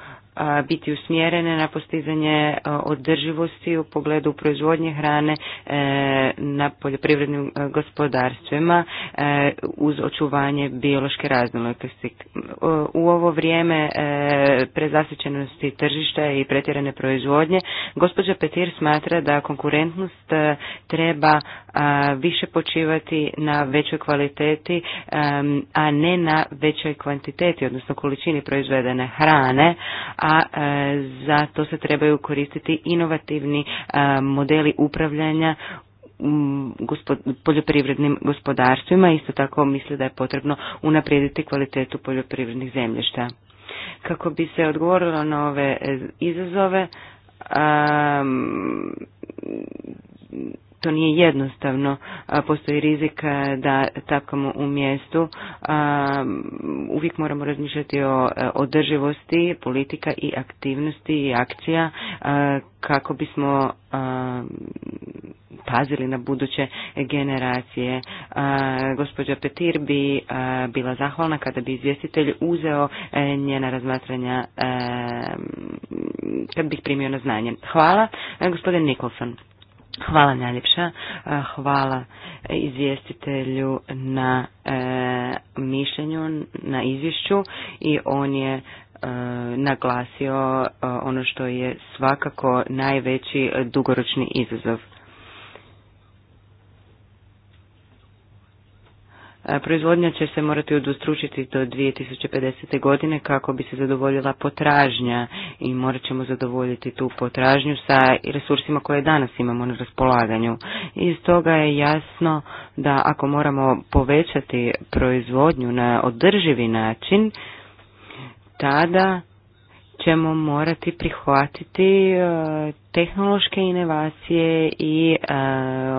biti usmjerene na postizanje održivosti u pogledu proizvodnje hrane e, na poljoprivrednim e, gospodarstvima e, uz očuvanje biološke raznolikosti. U ovo vrijeme prezasjećenosti tržišta i pretjerane proizvodnje, gospođa Petir smatra da konkurentnost treba više počivati na većoj kvaliteti, a ne na većoj kvantiteti, odnosno količini proizvedene hrane, a e, za to se trebaju koristiti inovativni e, modeli upravljanja poljoprivrednim gospodarstvima. Isto tako mislim da je potrebno unaprijediti kvalitetu poljoprivrednih zemljišta. Kako bi se odgovorilo na ove e, izazove, to nije jednostavno, postoji rizik da tapkamo u mjestu. Uvijek moramo razmišljati o održivosti politika i aktivnosti i akcija kako bismo pazili na buduće generacije. Gospođa Petir bi bila zahvalna kada bi izvjestitelj uzeo e, njena razmatranja e, kad bi primio na znanje. Hvala. E, gospodin Nikolson. Hvala najljepša. E, hvala izvjestitelju na e, mišljenju, na izvješću i on je e, naglasio ono što je svakako najveći dugoročni izazov. Proizvodnja će se morati udostručiti do 2050. godine kako bi se zadovoljila potražnja i morat ćemo zadovoljiti tu potražnju sa resursima koje danas imamo na raspolaganju. I toga je jasno da ako moramo povećati proizvodnju na održivi način, tada ćemo morati prihvatiti e, tehnološke inovacije i e,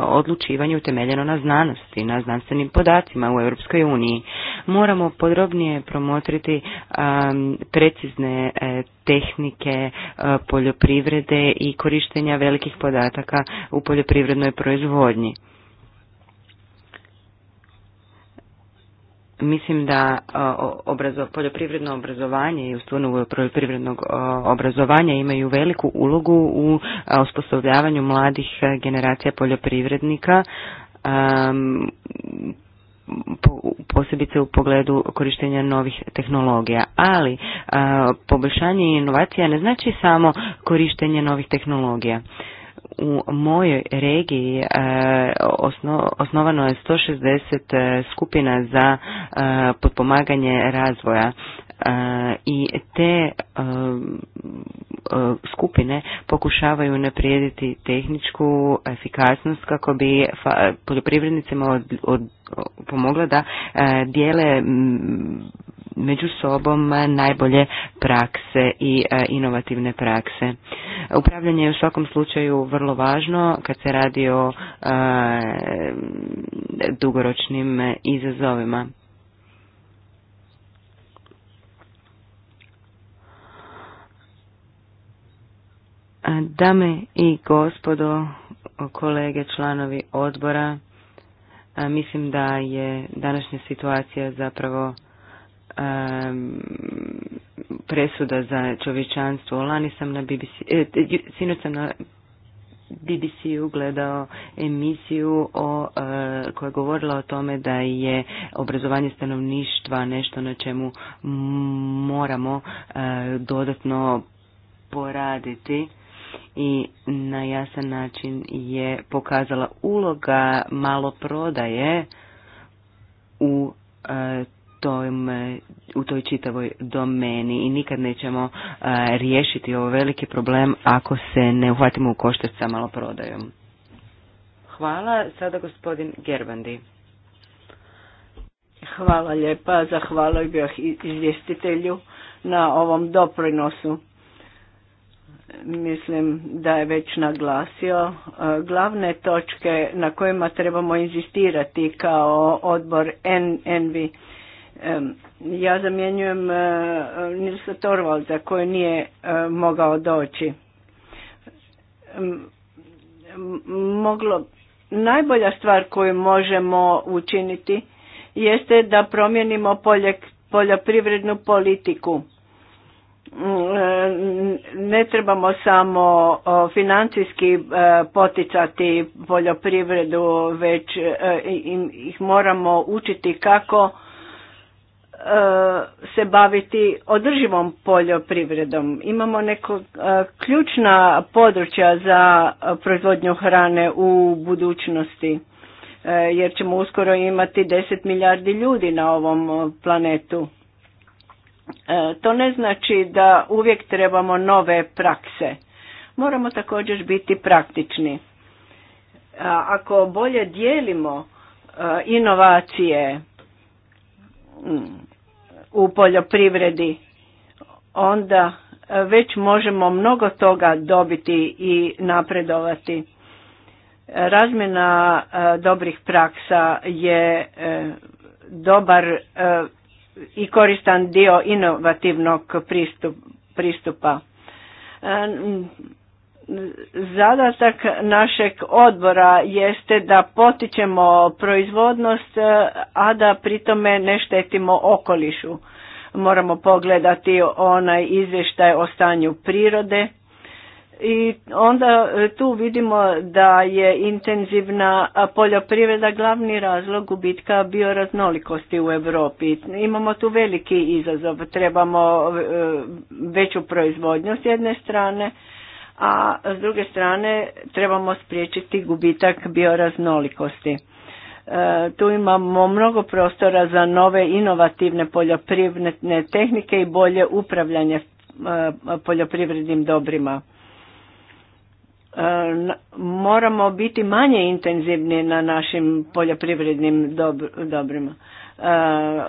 odlučivanje utemeljeno na znanosti, na znanstvenim podacima u Europskoj uniji. Moramo podrobnije promotriti e, precizne tehnike poljoprivrede i korištenja velikih podataka u poljoprivrednoj proizvodnji. Mislim da poljoprivredno obrazovanje i ustvarno poljoprivrednog obrazovanja imaju veliku ulogu u osposobljavanju mladih generacija poljoprivrednika, posebice u pogledu korištenja novih tehnologija. Ali poboljšanje inovacija ne znači samo korištenje novih tehnologija u mojoj regiji e, osnovano je 160 e, skupina za e, potpomaganje razvoja E, i te e, e, skupine pokušavaju unaprijediti tehničku efikasnost kako bi poljoprivrednicima pomogla da dijele među sobom najbolje prakse i inovativne prakse. Upravljanje je u svakom slučaju vrlo važno kad se radi o dugoročnim izazovima. Dame i gospodo, kolege, članovi odbora, mislim da je današnja situacija zapravo presuda za čovječanstvo. Lani sam na BBC, e, sam na bbc gledao emisiju o, e, koja je govorila o tome da je obrazovanje stanovništva nešto na čemu moramo e, dodatno poraditi i na jasan način je pokazala uloga maloprodaje u e, u toj čitavoj domeni i nikad nećemo e, riješiti ovo veliki problem ako se ne uhvatimo u koštac sa maloprodajom. Hvala. Sada gospodin Gerbandi. Hvala lijepa. Zahvala bih izvjestitelju na ovom doprinosu mislim da je već naglasio e, glavne točke na kojima trebamo inzistirati kao odbor NNV. E, ja zamjenjujem e, Nilsa Torvalda koji nije mogao doći. Moglo, najbolja stvar koju možemo učiniti jeste da promijenimo polje, poljoprivrednu politiku Mm, e, ne trebamo samo financijski e, poticati poljoprivredu, već e, ih moramo učiti kako se baviti održivom poljoprivredom. Imamo neko ključna područja za proizvodnju hrane u budućnosti, jer ćemo uskoro imati 10 milijardi ljudi na ovom planetu E, to ne znači da uvijek trebamo nove prakse. Moramo također biti praktični. E, ako bolje dijelimo e, inovacije mm, u poljoprivredi, onda već možemo mnogo toga dobiti i napredovati. Razmjena dobrih praksa je dobar i koristan dio inovativnog pristupa. E, zadatak našeg odbora jeste da potičemo proizvodnost, e, a da pritome ne štetimo okolišu. Moramo pogledati onaj izvještaj o stanju prirode i onda e, tu vidimo da je intenzivna poljoprivreda glavni razlog gubitka bioraznolikosti u Europi. Imamo tu veliki izazov, trebamo e, veću proizvodnju s jedne strane, a s druge strane trebamo spriječiti gubitak bioraznolikosti. E, tu imamo mnogo prostora za nove inovativne poljoprivredne tehnike i bolje upravljanje poljoprivrednim dobrima E, moramo biti manje intenzivni na našim poljoprivrednim dobrima. E,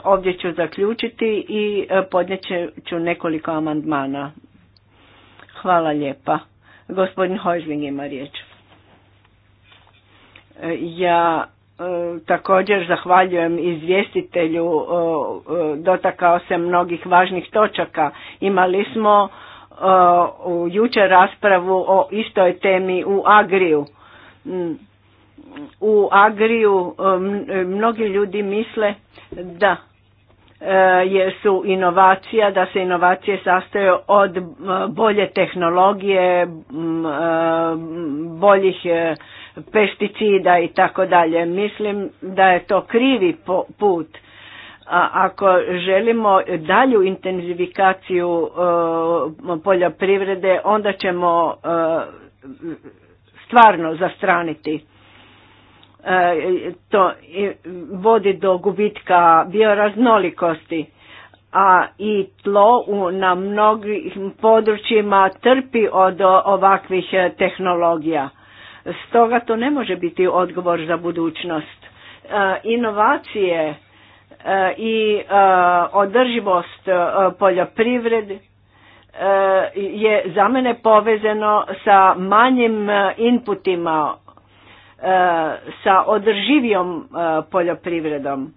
ovdje ću zaključiti i e, podnijet ću nekoliko amandmana. Hvala lijepa. Gospodin Hojzling ima riječ. Ja također zahvaljujem izvjestitelju, dotakao se mnogih važnih točaka. Imali smo u jučer raspravu o istoj temi u Agriju. Mm, u Agriju mnogi ljudi misle da e, jesu su inovacija, da se inovacije sastoje od bolje tehnologije, e, boljih e, pesticida i tako dalje. Mislim da je to krivi put ako želimo dalju intenzifikaciju e, poljoprivrede, onda ćemo e, stvarno zastraniti. E, to vodi do gubitka bioraznolikosti, a i tlo na mnogim područjima trpi od ovakvih tehnologija. Stoga to ne može biti odgovor za budućnost. Inovacije E, i e, održivost e, poljoprivrede je za mene povezano sa manjim inputima, sa održivijom poljoprivredom.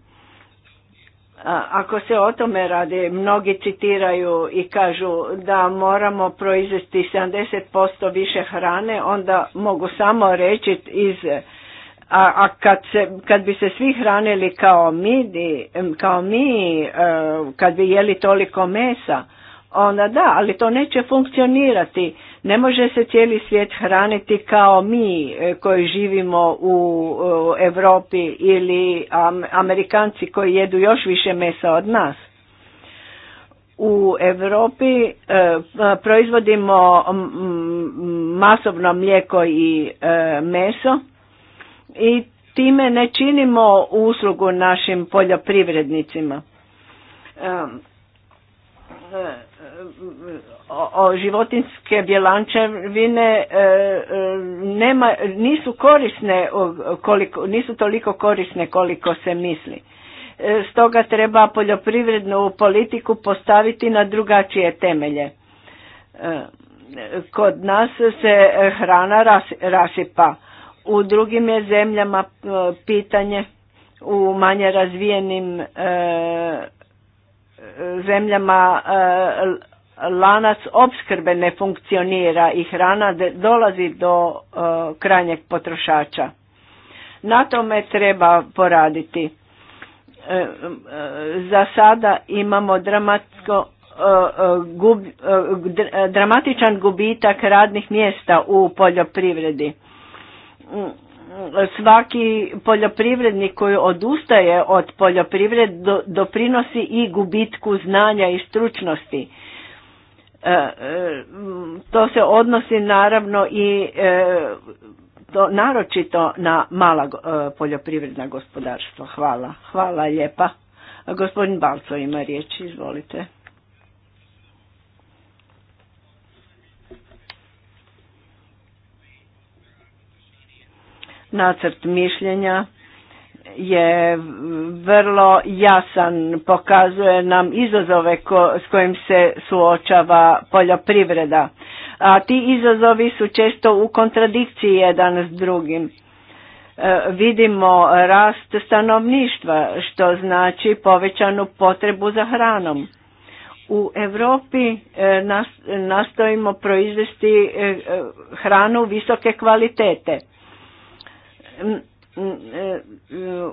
Ako se o tome radi, mnogi citiraju i kažu da moramo proizvesti 70% više hrane, onda mogu samo reći iz a, a kad, se, kad bi se svi hranili kao mi, kao mi e, kad bi jeli toliko mesa, onda da, ali to neće funkcionirati. Ne može se cijeli svijet hraniti kao mi e, koji živimo u Europi ili Amerikanci koji jedu još više mesa od nas. U Europi e, proizvodimo masovno mlijeko i meso i time ne činimo uslugu našim poljoprivrednicima. E, e, o životinske bjelančevine e, nema, nisu korisne koliko, nisu toliko korisne koliko se misli. Stoga treba poljoprivrednu politiku postaviti na drugačije temelje. Kod nas se hrana rasipa u drugim je zemljama e, pitanje u manje razvijenim e, zemljama e, lanac opskrbe ne funkcionira i hrana dolazi do krajnjeg potrošača. Na tome treba poraditi. Za sada imamo dramatsko dramatičan gubitak radnih mjesta u poljoprivredi svaki poljoprivrednik koji odustaje od poljoprivred doprinosi i gubitku znanja i stručnosti. E, e, to se odnosi naravno i e, to naročito na mala poljoprivredna gospodarstva. Hvala. Hvala lijepa. Gospodin Balco ima riječ, izvolite. Nacrt mišljenja je vrlo jasan, pokazuje nam izazove s kojim se suočava poljoprivreda. A ti izazovi su često u kontradikciji jedan s drugim. E, vidimo rast stanovništva, što znači povećanu potrebu za hranom. U Europi e, nastojimo proizvesti e, hranu visoke kvalitete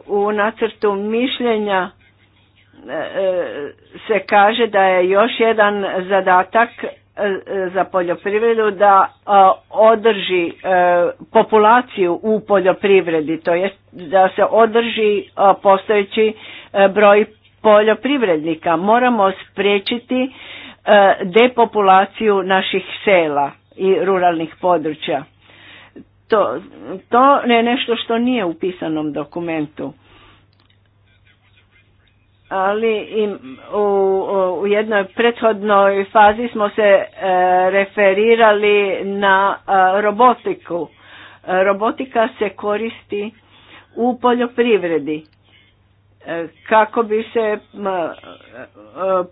u nacrtu mišljenja e, e, se kaže da je još jedan zadatak e, za poljoprivredu da održi populaciju u poljoprivredi, to je da se održi postojeći broj poljoprivrednika. Moramo spriječiti depopulaciju naših sela i ruralnih područja. To, to je nešto što nije u pisanom dokumentu. Ali u, u jednoj prethodnoj fazi smo se e, referirali na e, robotiku. E, robotika se koristi u poljoprivredi kako bi se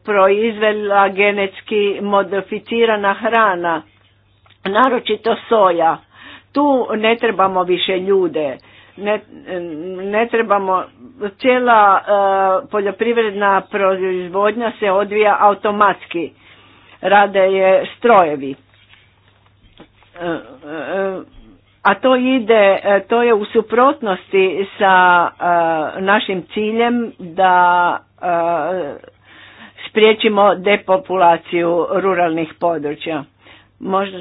proizvela genetski modificirana hrana, naročito soja. Tu ne trebamo više ljude, ne, ne trebamo, cijela e, poljoprivredna proizvodnja se odvija automatski, rade je strojevi. E, e, a to ide, to je u suprotnosti sa našim ciljem da spriječimo depopulaciju ruralnih područja. Možda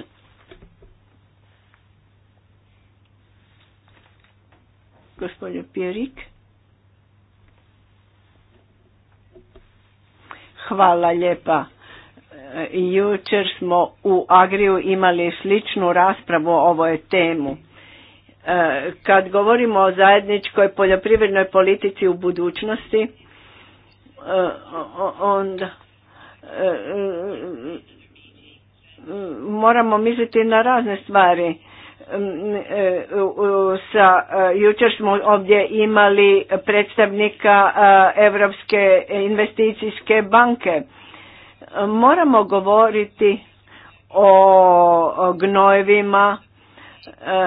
Gospođo Pirik. Hvala lijepa. E, jučer smo u Agriju imali sličnu raspravu o ovoj temu. E, kad govorimo o zajedničkoj poljoprivrednoj politici u budućnosti, e, onda moramo misliti na razne stvari E, sa, e, jučer smo ovdje imali predstavnika Europske investicijske banke. Moramo govoriti o gnojevima, e,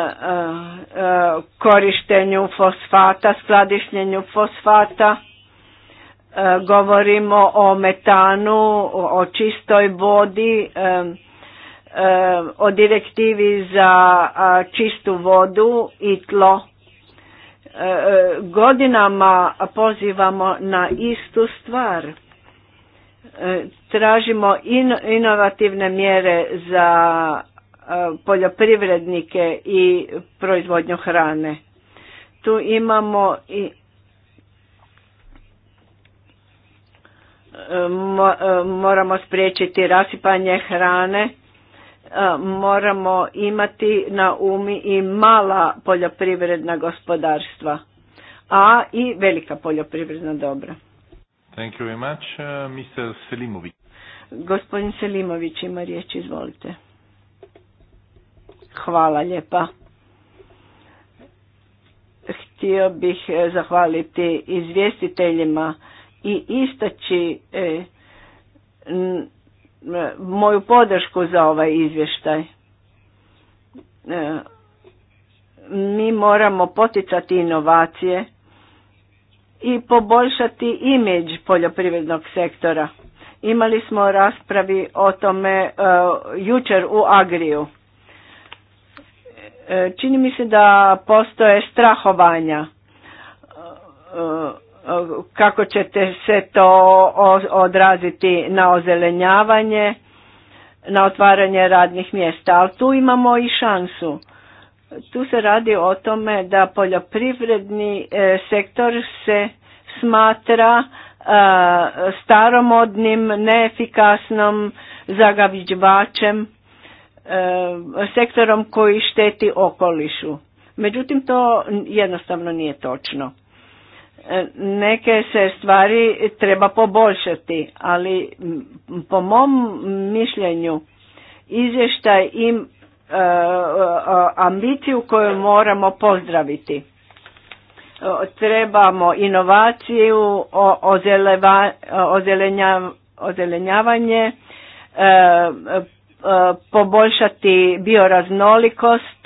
korištenju fosfata, skladištenju fosfata, govorimo o metanu, o čistoj vodi, o direktivi za čistu vodu i tlo. E, e, godinama pozivamo na istu stvar. E, tražimo inovativne mjere za poljoprivrednike i proizvodnju hrane. Tu imamo i moramo spriječiti rasipanje hrane E, moramo imati na umi i mala poljoprivredna gospodarstva, a i velika poljoprivredna dobra. Thank you very much, uh, Mr. Selimović. Gospodin Selimović ima riječ, izvolite. Hvala lijepa. Htio bih e, zahvaliti izvjestiteljima i istaći e, E, moju podršku za ovaj izvještaj. E, mi moramo poticati inovacije i poboljšati imeđ poljoprivrednog sektora. Imali smo raspravi o tome e, jučer u Agriju. Čini mi se da postoje strahovanja kako ćete se to odraziti na ozelenjavanje, na otvaranje radnih mjesta, ali tu imamo i šansu. Tu se radi o tome da poljoprivredni e, sektor se smatra e, staromodnim, neefikasnom zagađivačem, e, sektorom koji šteti okolišu. Međutim, to jednostavno nije točno. Neke se stvari treba poboljšati, ali po mom mišljenju izvještaj im e, ambiciju koju moramo pozdraviti. E, trebamo inovaciju, ozelenjavanje, e, poboljšati bioraznolikost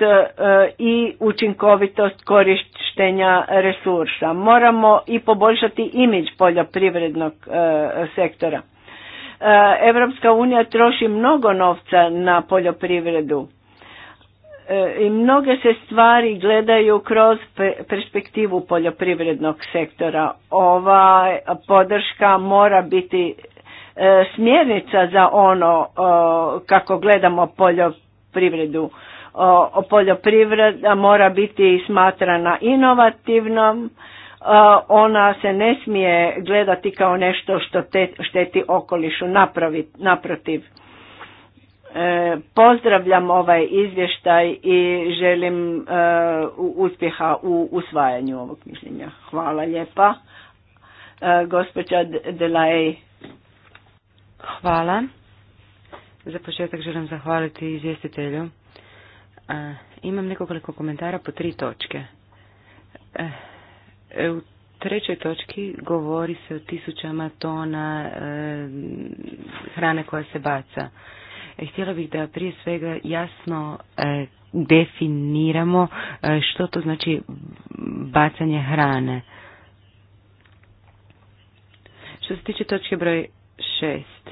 i učinkovitost korištenja korištenja resursa. Moramo i poboljšati imidž poljoprivrednog e, sektora. Europska unija troši mnogo novca na poljoprivredu e, i mnoge se stvari gledaju kroz perspektivu poljoprivrednog sektora. Ova podrška mora biti e, smjernica za ono kako gledamo poljoprivredu poljoprivreda mora biti smatrana inovativnom, e, ona se ne smije gledati kao nešto što šteti okolišu, naprotiv. E, pozdravljam ovaj izvještaj i želim e, uspjeha u usvajanju ovog mišljenja. Hvala lijepa. Gospođa Delaj. Hvala. Za početak želim zahvaliti izvjestitelju imam nekoliko komentara po tri točke. E, e, u trećoj točki govori se o tisućama tona e, hrane koja se baca. Htjela bih da prije svega jasno definiramo što to znači bacanje hrane. Što se tiče točke broj šest,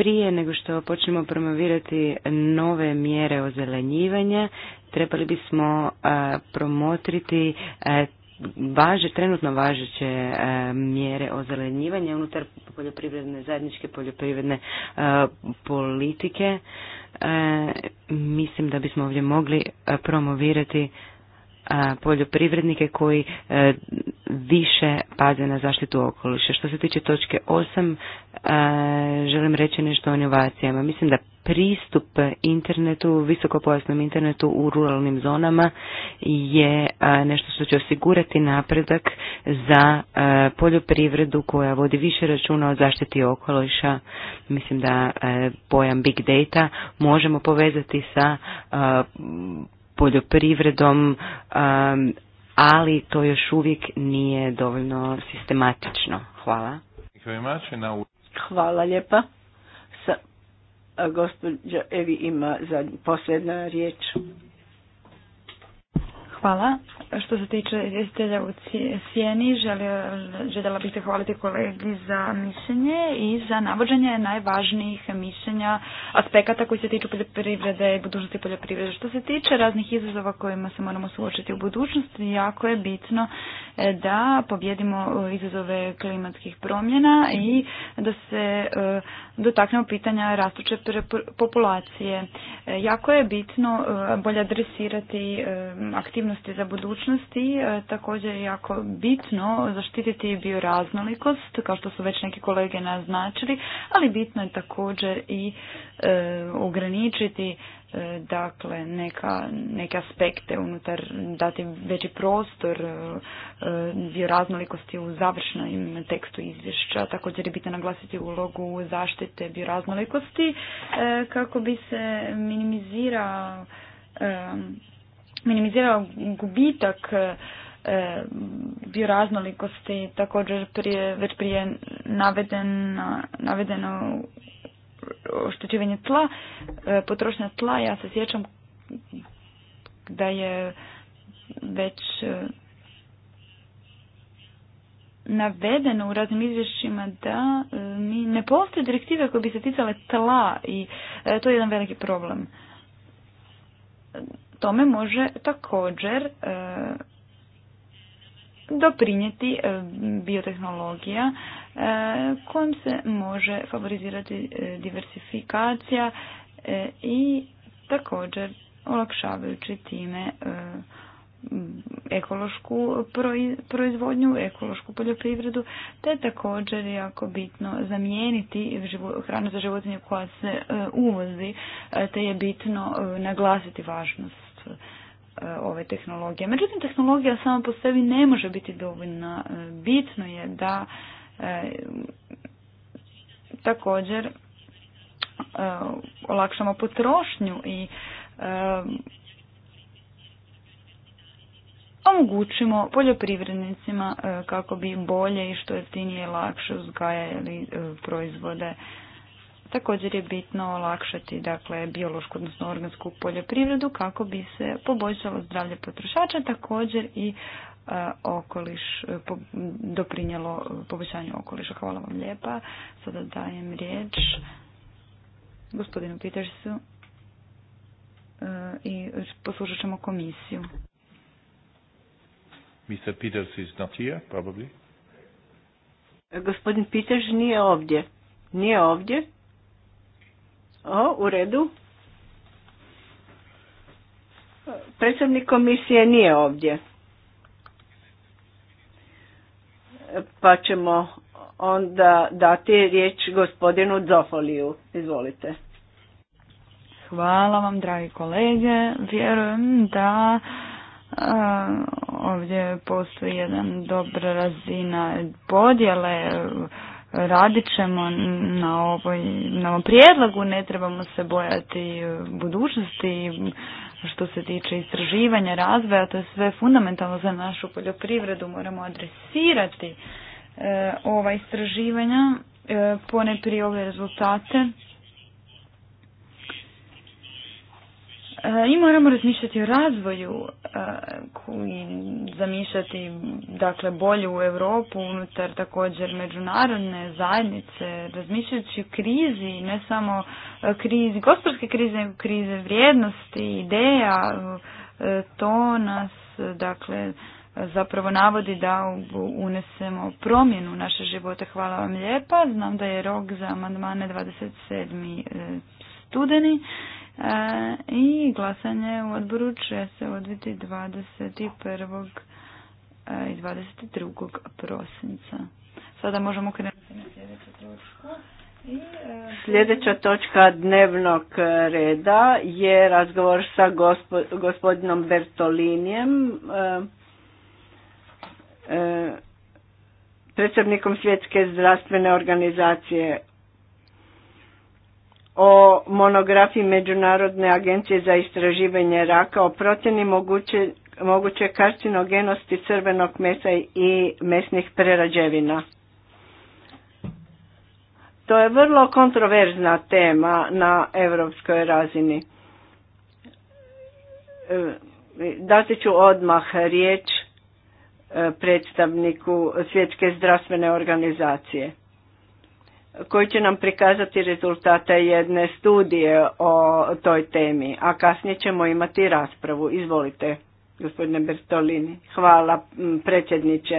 Prije nego što počnemo promovirati nove mjere ozelenjivanja, trebali bismo e, promotriti e, važe, trenutno važeće e, mjere ozelenjivanja unutar poljoprivredne, zajedničke poljoprivredne politike. Mislim da bismo ovdje mogli promovirati poljoprivrednike koji e, više paze na zaštitu okoliša. Što se tiče točke 8, e, želim reći nešto o inovacijama. Mislim da pristup internetu, visokopojasnom internetu u ruralnim zonama je e, nešto što će osigurati napredak za poljoprivredu koja vodi više računa o zaštiti okoliša. Mislim da pojam big data možemo povezati sa poljoprivredom, um, ali to još uvijek nije dovoljno sistematično. Hvala. Hvala lijepa. Sa, Evi ima posljedna riječ. Hvala. Što se tiče izvjestitelja u Sijeni, željela bih hvaliti, kolegi za mišljenje i za navođenje najvažnijih mišljenja aspekata koji se tiču poljoprivrede i budućnosti poljoprivrede. Što se tiče raznih izazova kojima se moramo suočiti u budućnosti, jako je bitno e, da pobjedimo izazove klimatskih promjena i da se e, dotaknemo pitanja rastuće populacije. E, jako je bitno bolje adresirati aktivnosti za budućnosti e, također je jako bitno zaštititi bioraznolikost, kao što su već neki kolege naznačili, ali bitno je također i e, ograničiti e, dakle neka, neke aspekte unutar, dati veći prostor bioraznolikosti u završnom tekstu izvješća. Također je bitno naglasiti ulogu zaštite bioraznolikosti kako bi se minimizira minimizirao gubitak e, e, bioraznolikosti također prije, već prije navedeno, navedeno oštećivanje tla, e, potrošnja tla, ja se sjećam da je već navedeno u raznim izvješćima da mi ne postoje direktive koje bi se ticale tla i to je jedan veliki problem tome može također e, doprinijeti e, biotehnologija e, kojom se može favorizirati diversifikacija i također olakšavajući time ekološku proizvodnju, ekološku poljoprivredu, te također je jako bitno zamijeniti hranu za životinje koja se uvozi, te je bitno naglasiti važnost E, ove tehnologije. Međutim, tehnologija sama po sebi ne može biti dovoljna. E, bitno je da e, također olakšamo potrošnju i omogućimo poljoprivrednicima kako bi bolje i što jeftinije i lakše uzgajali proizvode Također je bitno olakšati dakle, biološku, odnosno organsku poljoprivredu kako bi se poboljšalo zdravlje potrošača, također i e, okoliš, doprinjelo poboljšanju okoliša. Hvala vam lijepa. Sada dajem riječ gospodinu Petersu e, i poslušat ćemo komisiju. Mr. Peters is not here, probably. Gospodin Peters nije ovdje. Nije ovdje. O, u redu. Predsjednik komisije nije ovdje. Pa ćemo onda dati riječ gospodinu Zofoliju. Izvolite. Hvala vam, dragi kolege. Vjerujem da e, ovdje postoji jedan dobra razina podjele radit ćemo na, ovoj, na ovom prijedlogu, ne trebamo se bojati budućnosti što se tiče istraživanja, razvoja, to je sve fundamentalno za našu poljoprivredu, moramo adresirati e, ova istraživanja, e, prije ove rezultate E, I moramo razmišljati o razvoju e, i zamišljati dakle, bolju Europu unutar također međunarodne zajednice, razmišljajući o krizi, ne samo e, krizi, gospodarske krize, nego krize vrijednosti, ideja, to nas dakle zapravo navodi da unesemo promjenu u naše živote. Hvala vam lijepa. Znam da je rok za amandmane 27. studeni E, i glasanje u odboru će se odviti 21. i 22. E, prosinca. Sada možemo krenuti na sljedeću točku. E, Sljedeća točka dnevnog reda je razgovor sa gospodinom Bertolinijem, predsjednikom Svjetske zdravstvene organizacije o monografiji Međunarodne agencije za istraživanje raka o procjeni moguće, moguće karcinogenosti crvenog mesa i mesnih prerađevina. To je vrlo kontroverzna tema na europskoj razini. E, Dati ću odmah riječ e, predstavniku Svjetske zdravstvene organizacije koji će nam prikazati rezultate jedne studije o toj temi, a kasnije ćemo imati raspravu. Izvolite, gospodine Bertolini. Hvala predsjedniče.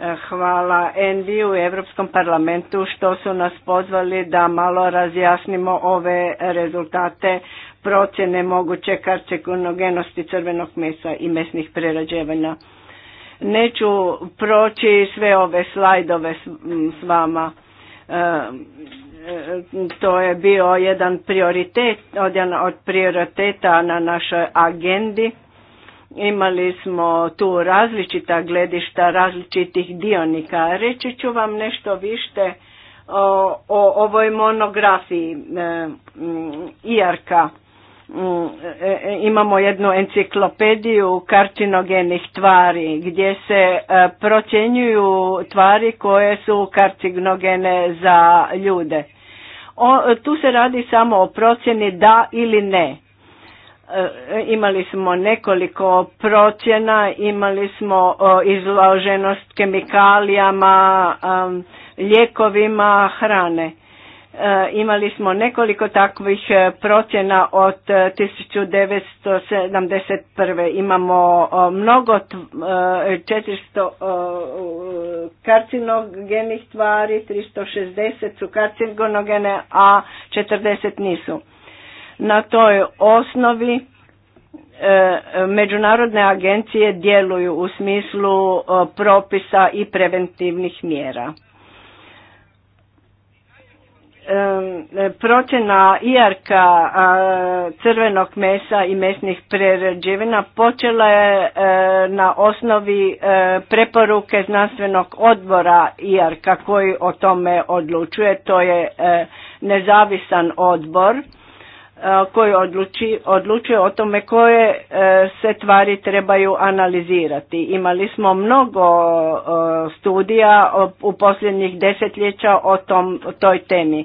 E, hvala Envi u Europskom parlamentu što su nas pozvali da malo razjasnimo ove rezultate procjene moguće karcinogenosti crvenog mesa i mesnih prerađevanja. Neću proći sve ove slajdove s vama E, e, to je bio jedan prioritet, jedan od prioriteta na našoj agendi. Imali smo tu različita gledišta različitih dionika. Reći ću vam nešto više o, ovoj monografiji e, Mm, e, e, imamo jednu enciklopediju karcinogenih tvari gdje se e, procjenjuju tvari koje su karcinogene za ljude. O, tu se radi samo o procjeni da ili ne. imali smo nekoliko procjena, imali smo izloženost kemikalijama, lijekovima, hrane. Eh, imali smo nekoliko takvih eh, procjena od 1971. Eh, Imamo mnogo 400 karcinogenih tvari, 360 su karcinogene, a 40 nisu. Na toj osnovi međunarodne agencije djeluju u smislu propisa i preventivnih mjera procjena iarka crvenog mesa i mesnih prerađevina počela je e, na osnovi e, preporuke znanstvenog odbora iarka koji o tome odlučuje. To je e, nezavisan odbor E, koji odluči, odlučuje o tome koje e, se tvari trebaju analizirati. Imali smo mnogo e, studija u posljednjih desetljeća o, tom, toj temi.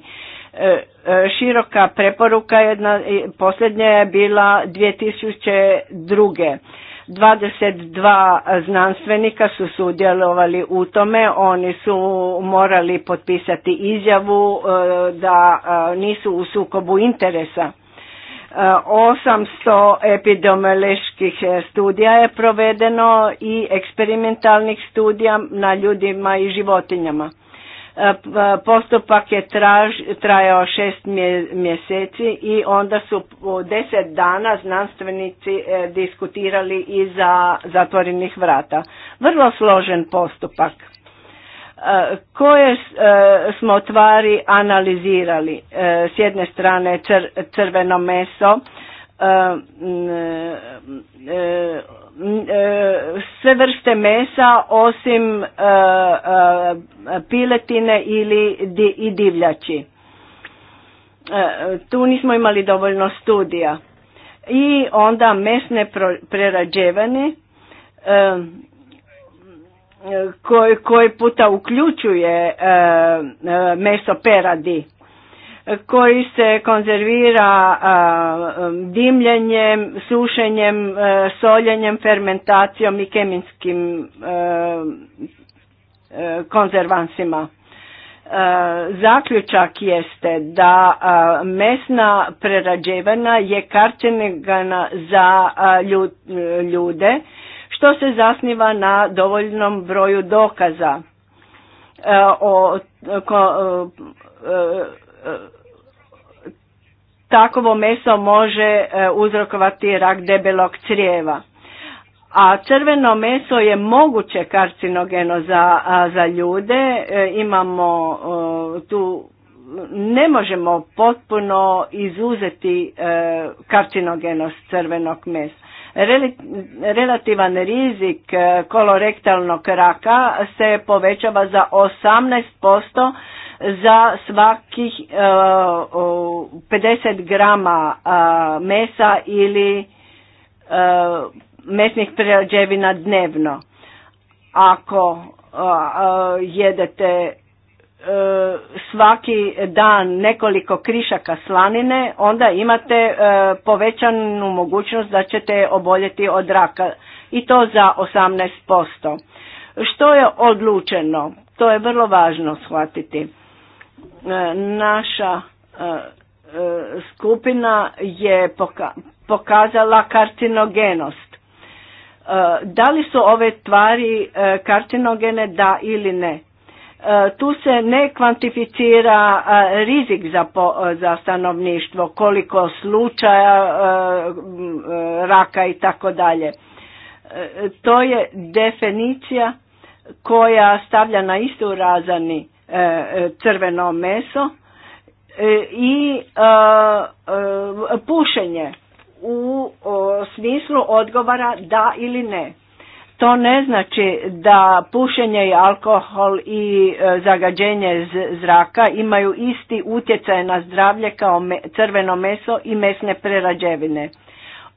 Široka preporuka jedna, posljednja je bila 2002. 22 znanstvenika su sudjelovali u tome, oni su morali potpisati izjavu da nisu u sukobu interesa 800 epidemioloških e, studija je provedeno i eksperimentalnih studija na ljudima i životinjama. E, postupak je trajao šest mjeseci i onda su u deset dana znanstvenici e, diskutirali iza zatvorenih vrata. Vrlo složen postupak E, koje e, smo tvari analizirali. E, s jedne strane crveno meso, sve vrste mesa osim piletine ili i divljači. Tu nismo imali dovoljno studija. I onda mesne prerađevane koji, koji puta uključuje e, e, meso peradi koji se konzervira dimljenjem, sušenjem, e, soljenjem, fermentacijom i kemijskim konzervansima. Zaključak jeste da mesna prerađevana je karcinogena za ljude što se zasniva na dovoljnom broju dokaza e, o e, e, takovo meso može uzrokovati rak debelog crijeva. A crveno meso je moguće karcinogeno za, za ljude. Imamo tu, ne možemo potpuno izuzeti karcinogenost crvenog mesa. Relativan rizik e, kolorektalnog raka se povećava za 18% za svakih 50 e, grama e, mesa ili mesnih prerađevina dnevno. Ako jedete E, svaki dan nekoliko krišaka slanine, onda imate e, povećanu mogućnost da ćete oboljeti od raka i to za 18%. Što je odlučeno? To je vrlo važno shvatiti. E, naša skupina je pokazala karcinogenost. Da li su ove tvari karcinogene, da ili ne? E, tu se ne kvantificira e, rizik za, e, za stanovništvo, koliko slučaja raka i tako dalje. To je definicija koja stavlja na istu razani crveno meso i pušenje u smislu odgovara da ili ne. To ne znači da pušenje i alkohol i e, zagađenje zraka imaju isti utjecaj na zdravlje kao crveno meso i mesne prerađevine.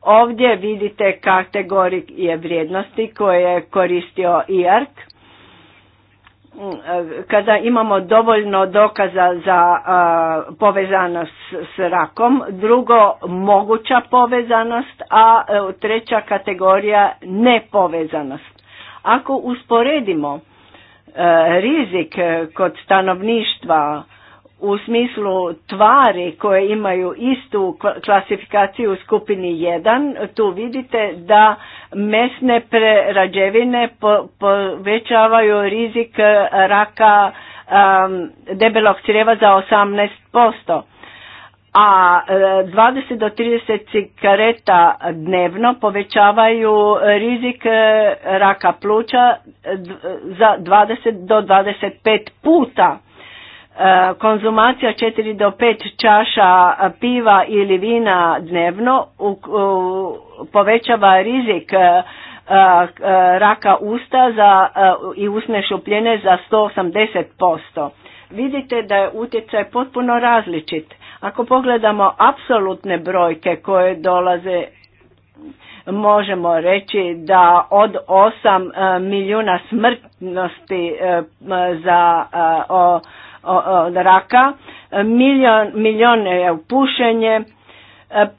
Ovdje vidite kategorije vrijednosti koje je koristio IARC kada imamo dovoljno dokaza za povezanost s rakom, drugo moguća povezanost, a e, treća kategorija nepovezanost. Ako usporedimo e, rizik e, kod stanovništva u smislu tvari koje imaju istu klasifikaciju u skupini 1, tu vidite da mesne prerađevine povećavaju rizik eh, raka debelog crijeva za 18%, a 20 eh, do 30 cigareta dnevno povećavaju rizik eh, raka pluća za 20 do 25 puta E, konzumacija 4 do 5 čaša e, piva ili vina dnevno povećava rizik e, raka usta za, i usne šupljene za 180%. Vidite da je utjecaj potpuno različit. Ako pogledamo apsolutne brojke koje dolaze, možemo reći da od 8 milijuna smrtnosti za o, od raka, milion, je pušenje,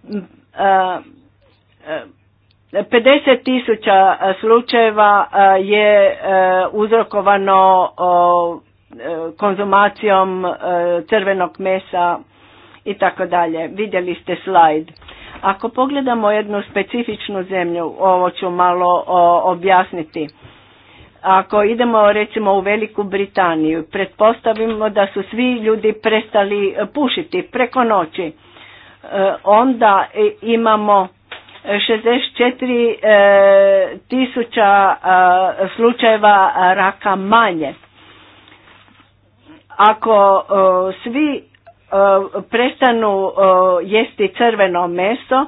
50 tisuća slučajeva je uzrokovano e, konzumacijom e, crvenog mesa i tako dalje. Vidjeli ste slajd. Ako pogledamo jednu specifičnu zemlju, ovo ću malo objasniti. Ako idemo recimo u Veliku Britaniju, pretpostavimo da su svi ljudi prestali eh, pušiti preko noći, eh, onda eh, imamo 64 tisuća slučajeva raka manje. Ako svi prestanu jesti crveno meso,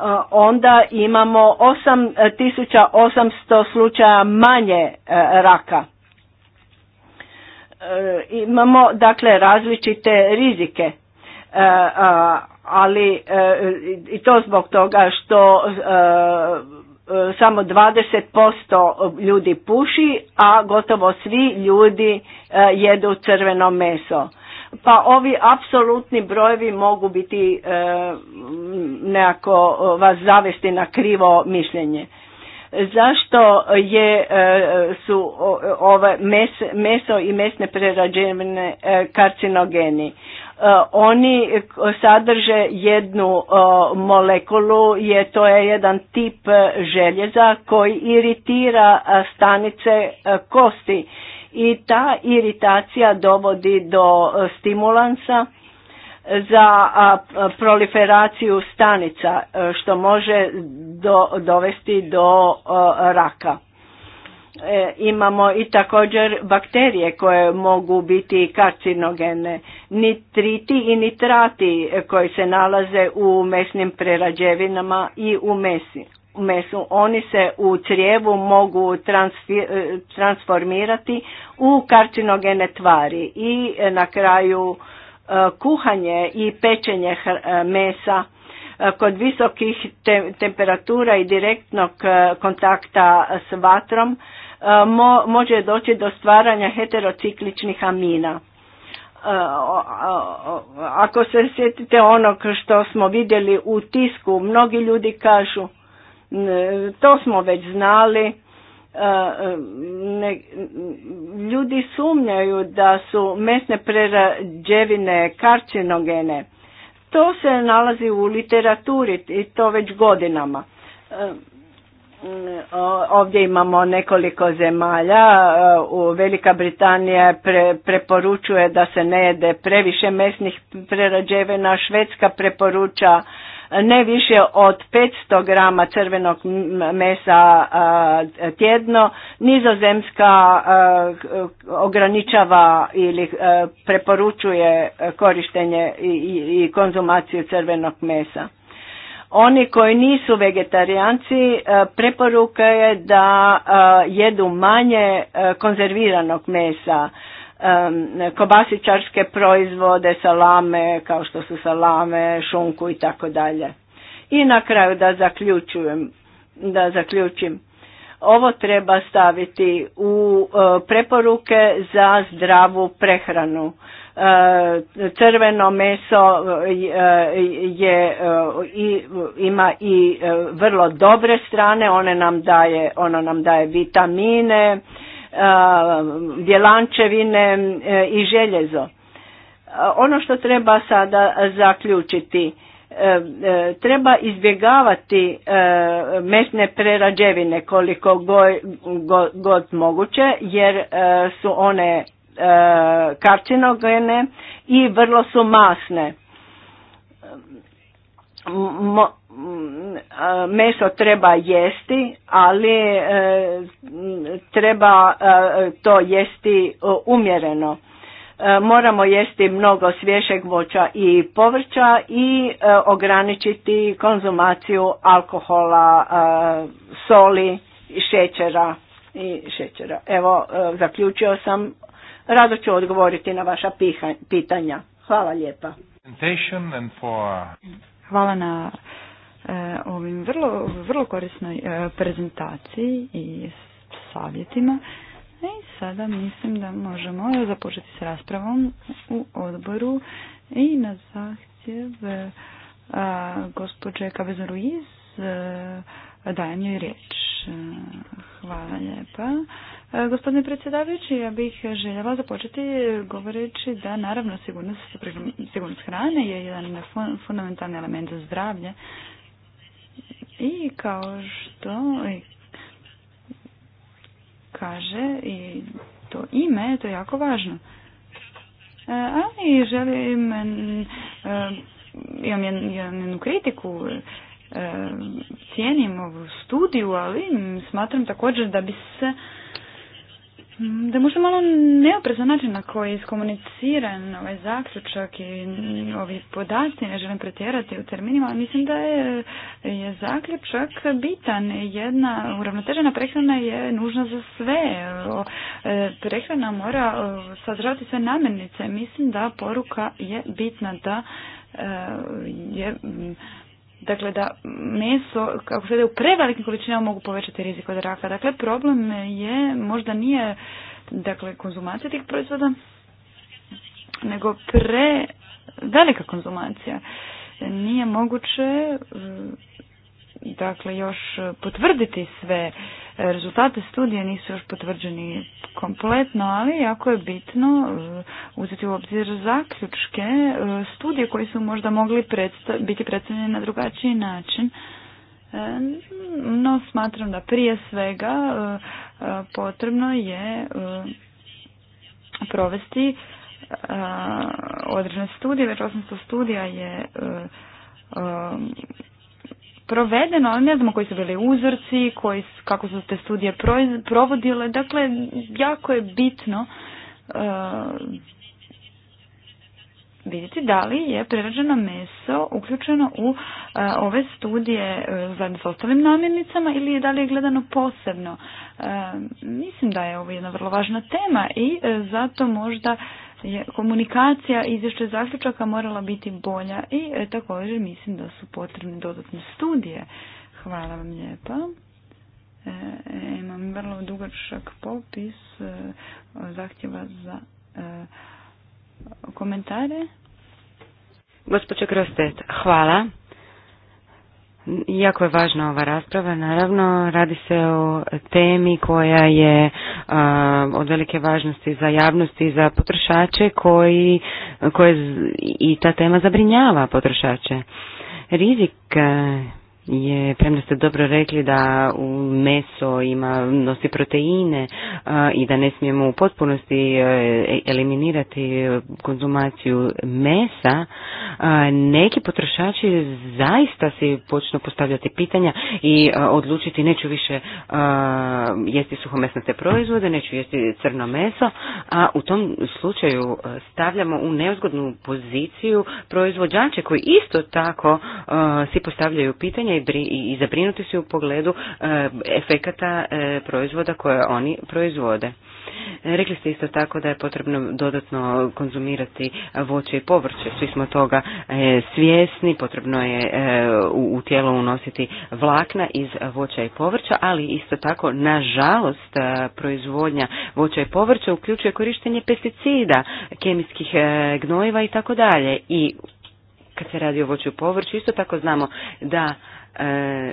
Eh, onda imamo 8800 eh, slučaja manje eh, raka. Imamo dakle različite rizike, ali i to zbog toga što samo 20% ljudi puši, a gotovo svi ljudi jedu crveno meso pa ovi apsolutni brojevi mogu biti e, nekako e, vas zavesti na krivo mišljenje. Zašto je, e, su ove meso i mesne prerađevine e, karcinogeni? Oni sadrže jednu molekulu, je to je jedan tip željeza koji iritira stanice kosti i ta iritacija dovodi do e, stimulansa za proliferaciju stanica e, što može dovesti do e, raka. Imamo i također bakterije koje mogu biti karcinogene, nitriti i nitrati koji se nalaze u mesnim prerađevinama i u mesi mesu. Oni se u crijevu mogu e, transformirati u karcinogene tvari i e, na kraju e, kuhanje i pečenje mesa kod visokih temperatura i direktnog kontakta s vatrom može doći do stvaranja heterocikličnih amina. Ako se sjetite onog što smo vidjeli u tisku, mnogi ljudi kažu to smo već znali. E, ljudi sumnjaju da su mesne prerađevine karcinogene. To se nalazi u literaturi i to već godinama. E, ovdje imamo nekoliko zemalja, e, Velika Britanija preporučuje da se ne jede previše mesnih prerađevina, Švedska preporuča ne više od 500 grama crvenog mesa tjedno. Nizozemska ograničava ili e, preporučuje korištenje i konzumaciju crvenog mesa. Oni koji nisu vegetarijanci e, preporuka je da e, jedu manje konzerviranog mesa kobasičarske proizvode, salame, kao što su salame, šunku i tako dalje. I na kraju da zaključujem, da zaključim, ovo treba staviti u e, preporuke za zdravu prehranu. E, crveno meso e, je, i, ima i vrlo dobre strane, one nam daje, ono nam daje vitamine, djelančevine eh, eh, i željezo. Eh, ono što treba sada zaključiti, treba izbjegavati mesne prerađevine koliko god moguće jer su one karcinogene i vrlo su masne meso treba jesti, ali e, treba e, to jesti e, umjereno. Moramo jesti mnogo svježeg voća i povrća i ograničiti konzumaciju alkohola, soli i šećera. I šećera. Evo, zaključio sam. Rado ću odgovoriti na vaša pitanja. Hvala lijepa. Hvala na E, ovim vrlo, vrlo korisnoj e, prezentaciji i savjetima. E, I sada mislim da možemo započeti s raspravom u odboru i na zahtjev gospođe Kabezo Ruiz dajem joj riječ. Hvala lijepa. Gospodine predsjedavajući, ja bih željela započeti govoreći da naravno sigurnost, sigurnost hrane je jedan fundamentalni element za zdravlje i kao što kaže i to ime, to je jako važno. E, ali želim, e, imam jednu kritiku, e, cijenim ovu studiju, ali smatram također da bi se da možda malo neoprezan način na koji je iskomuniciran ovaj zaključak i ovi podaci, ne želim pretjerati u terminima, ali mislim da je, je zaključak bitan. Jedna uravnotežena prehrana je nužna za sve. E, prehrana mora e, sadržavati sve namirnice. Mislim da poruka je bitna da e, je Dakle, da meso, kako se u prevelikim količinama, mogu povećati rizik od raka. Dakle, problem je, možda nije dakle, konzumacija tih proizvoda, nego pre konzumacija. Nije moguće mm, dakle, još potvrditi sve Rezultate studije nisu još potvrđeni kompletno, ali jako je bitno e, uzeti u obzir zaključke e, studije koji su možda mogli biti predstavljene na drugačiji način. E, no, smatram da prije svega potrebno je provesti određene studije, već studija je provedeno, ali ne znamo koji su bili uzorci, koji, kako su te studije proiz, provodile. Dakle, jako je bitno uh, vidjeti da li je prerađeno meso uključeno u e, ove studije uh, zajedno s ostalim namirnicama ili je da li je gledano posebno. Mislim da je ovo jedna vrlo važna tema i zato možda je komunikacija izvješća zaključaka morala biti bolja i e, također mislim da su potrebne dodatne studije. Hvala vam lijepa. E, e, imam vrlo dugačak popis zahtjeva za komentare. Gospodin Krostet, hvala. Jako je važna ova rasprava, naravno radi se o temi koja je od velike važnosti za javnost i za potrošače koji, koje i ta tema zabrinjava potrošače. Rizik je, premda ste dobro rekli da u meso ima nosi proteine i da ne smijemo u potpunosti e, eliminirati konzumaciju mesa, a, neki potrošači zaista si počnu postavljati pitanja i odlučiti neću više jesti suhomesnate proizvode, neću jesti crno meso, a u tom slučaju e, stavljamo u neuzgodnu poziciju proizvođače koji isto tako si postavljaju pitanja i zabrinuti se u pogledu e, efekata e, proizvoda koje oni proizvode. E, rekli ste isto tako da je potrebno dodatno konzumirati voće i povrće. Svi smo toga svjesni, potrebno je u tijelo unositi vlakna iz voća i povrća, ali isto tako, nažalost, proizvodnja voća i povrća uključuje korištenje pesticida, kemijskih gnojiva i tako dalje. I kad se radi o voću i povrću, isto tako znamo da E,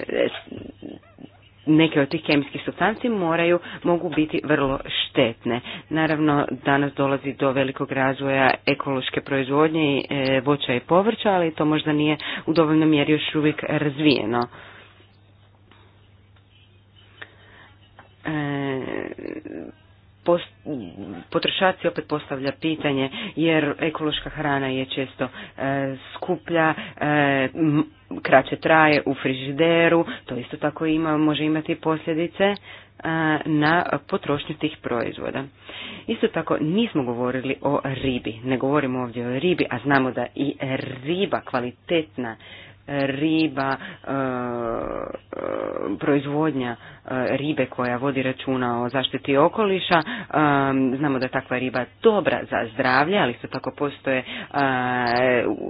neke od tih kemijskih substanci moraju, mogu biti vrlo štetne. Naravno, danas dolazi do velikog razvoja ekološke proizvodnje e, voća i povrća, ali to možda nije u dovoljnom mjeri još uvijek razvijeno. E, Potrošaci opet postavlja pitanje jer ekološka hrana je često skuplja, kraće traje u frižideru, to isto tako ima, može imati posljedice e, na potrošnju tih proizvoda. Isto tako nismo govorili o ribi, ne govorimo ovdje o ribi, a znamo da i riba, kvalitetna riba, e, e, proizvodnja e, ribe koja vodi računa o zaštiti okoliša. Znamo da je takva riba dobra za zdravlje, ali isto tako postoje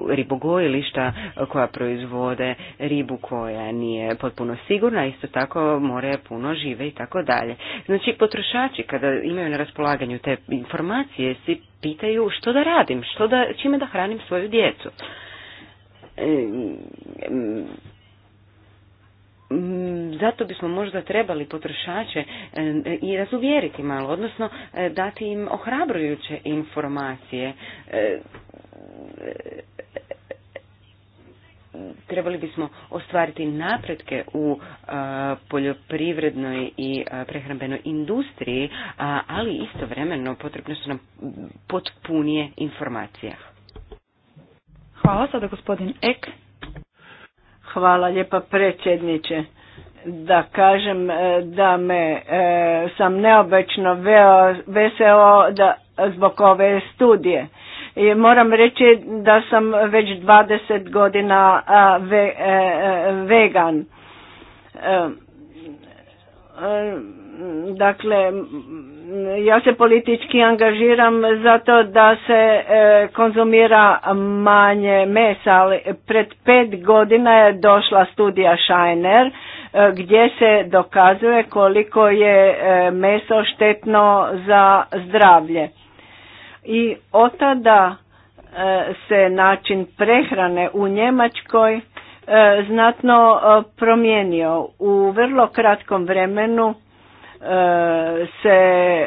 ribogojilišta koja proizvode ribu koja nije potpuno sigurna, isto tako more puno žive i tako dalje. Znači potrošači kada imaju na raspolaganju te informacije si pitaju što da radim, što da, čime da hranim svoju djecu zato bismo možda trebali potrošače i razuvjeriti malo, odnosno e, dati im ohrabrujuće informacije. E, trebali bismo ostvariti napretke u e, poljoprivrednoj i prehrambenoj industriji, ali istovremeno potrebne su nam potpunije informacije. Hvala sada gospodin Ek. Hvala lijepa predsjedniče. Da kažem e, da me e, sam neobično veselo da, zbog ove studije. moram reći da sam već 20 godina e, vegan. Dakle, ja se politički angažiram zato da se e, konzumira manje mesa, ali pred pet godina je došla studija Scheiner e, gdje se dokazuje koliko je e, meso štetno za zdravlje. I od tada e, se način prehrane u Njemačkoj znatno promijenio. U vrlo kratkom vremenu se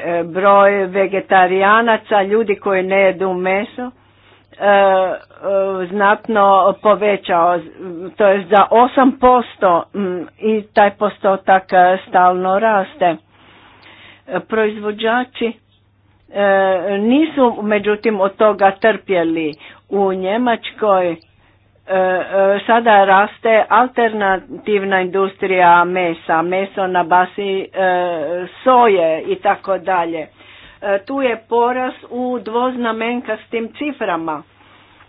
e, broj vegetarijanaca, ljudi koji ne jedu meso, e, e, znatno povećao, to je za 8% mm, i taj postotak stalno raste. Proizvođači nisu međutim od toga trpjeli. U Njemačkoj E, sada raste alternativna industrija mesa, meso na basi e, soje i tako dalje. E, tu je poraz u tim ciframa.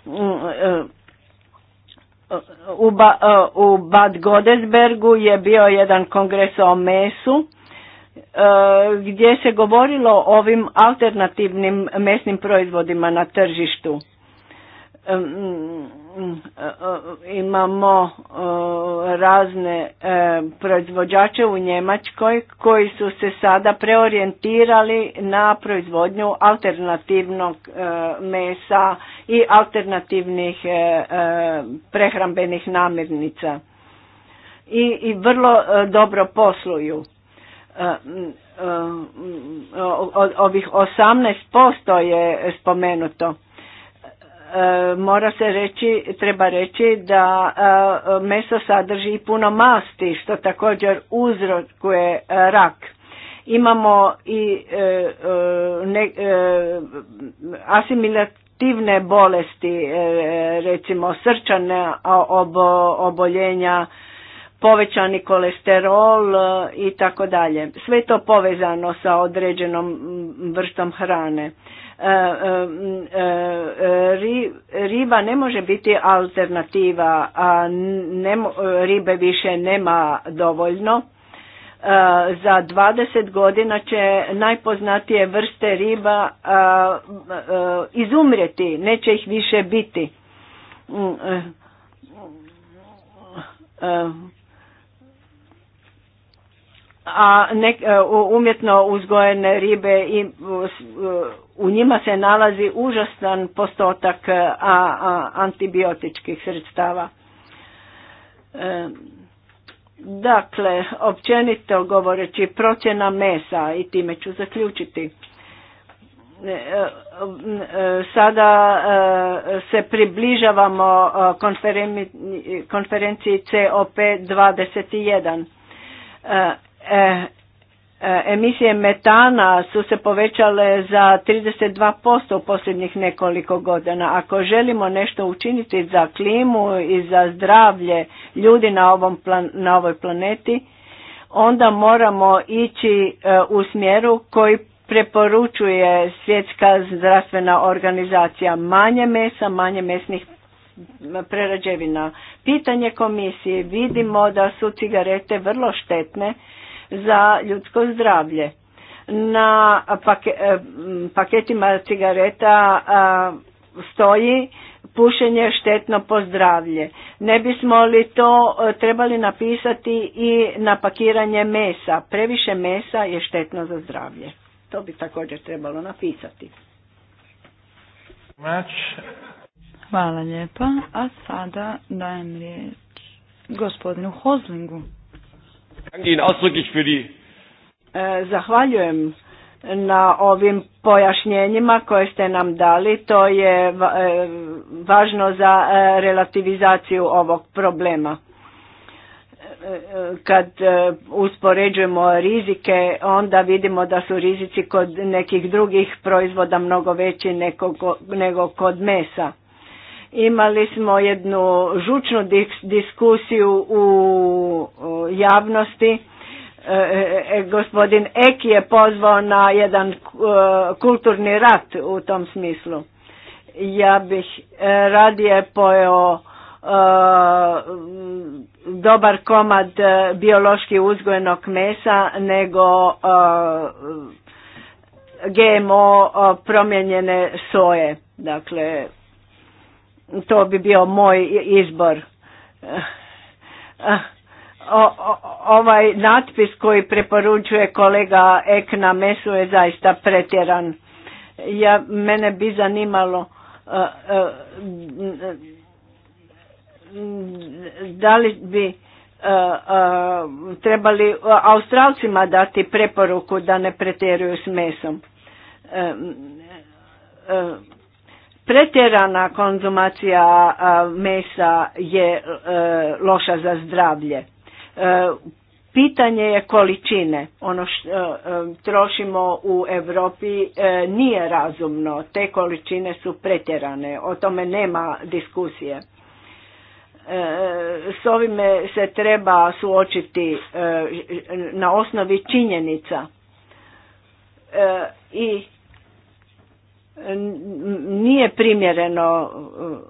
Mm, u, u Bad Godesbergu je bio jedan kongres o mesu gdje se govorilo o ovim alternativnim mesnim proizvodima na tržištu mm, Mm, e, e, imamo e, razne proizvođače u Njemačkoj koji su se sada preorijentirali na proizvodnju alternativnog mesa i alternativnih prehrambenih namirnica i, vrlo dobro posluju ovih 18% je spomenuto E, mora se reći, treba reći da e, meso sadrži i puno masti što također uzrokuje e, rak. Imamo i asimilativne bolesti, recimo srčane oboljenja, povećani kolesterol i tako dalje. Sve to povezano sa određenom vrstom hrane. E, e, e, riba ne može biti alternativa, a ribe više nema dovoljno. Za 20 godina će najpoznatije vrste riba izumreti, neće ih više biti a e, umjetno uzgojene ribe i e, u njima se nalazi užasan postotak e, a, antibiotičkih sredstava. dakle, općenito govoreći procjena mesa i time ću zaključiti. sada se približavamo konferenciji COP 21 E, e, emisije metana su se povećale za 32% u posljednjih nekoliko godina. Ako želimo nešto učiniti za klimu i za zdravlje ljudi na, ovom plan, na ovoj planeti, onda moramo ići e, u smjeru koji preporučuje svjetska zdravstvena organizacija manje mesa, manje mesnih prerađevina. Pitanje komisije, vidimo da su cigarete vrlo štetne za ljudsko zdravlje. Na e, paketima cigareta stoji pušenje štetno po zdravlje. Ne bismo li to e, trebali napisati i na pakiranje mesa? Previše mesa je štetno za zdravlje. To bi također trebalo napisati. Hvala lijepa. A sada dajem riječ gospodinu Hozlingu. E, zahvaljujem na ovim pojašnjenjima koje ste nam dali. To je e, važno za e, relativizaciju ovog problema. Kad uspoređujemo rizike, onda vidimo da su rizici kod nekih drugih proizvoda mnogo veći nego kod mesa. Imali smo jednu žučnu diskusiju u javnosti. E, e, e, gospodin Ek je pozvao na jedan kulturni rat u tom smislu. Ja bih radije pojeo dobar komad biološki uzgojenog mesa nego GMO promjenjene soje. Dakle, to bi bio moj izbor. O, o, ovaj natpis koji preporučuje kolega Ek na mesu je zaista pretjeran. Ja, mene bi zanimalo e, e, da li bi e, trebali Australcima dati preporuku da ne pretjeruju s mesom. Pretjerana konzumacija mesa je e, loša za zdravlje. E, pitanje je količine. Ono što e, trošimo u Europi nije razumno. Te količine su pretjerane. O tome nema diskusije. S ovime se treba suočiti na osnovi činjenica i nije primjereno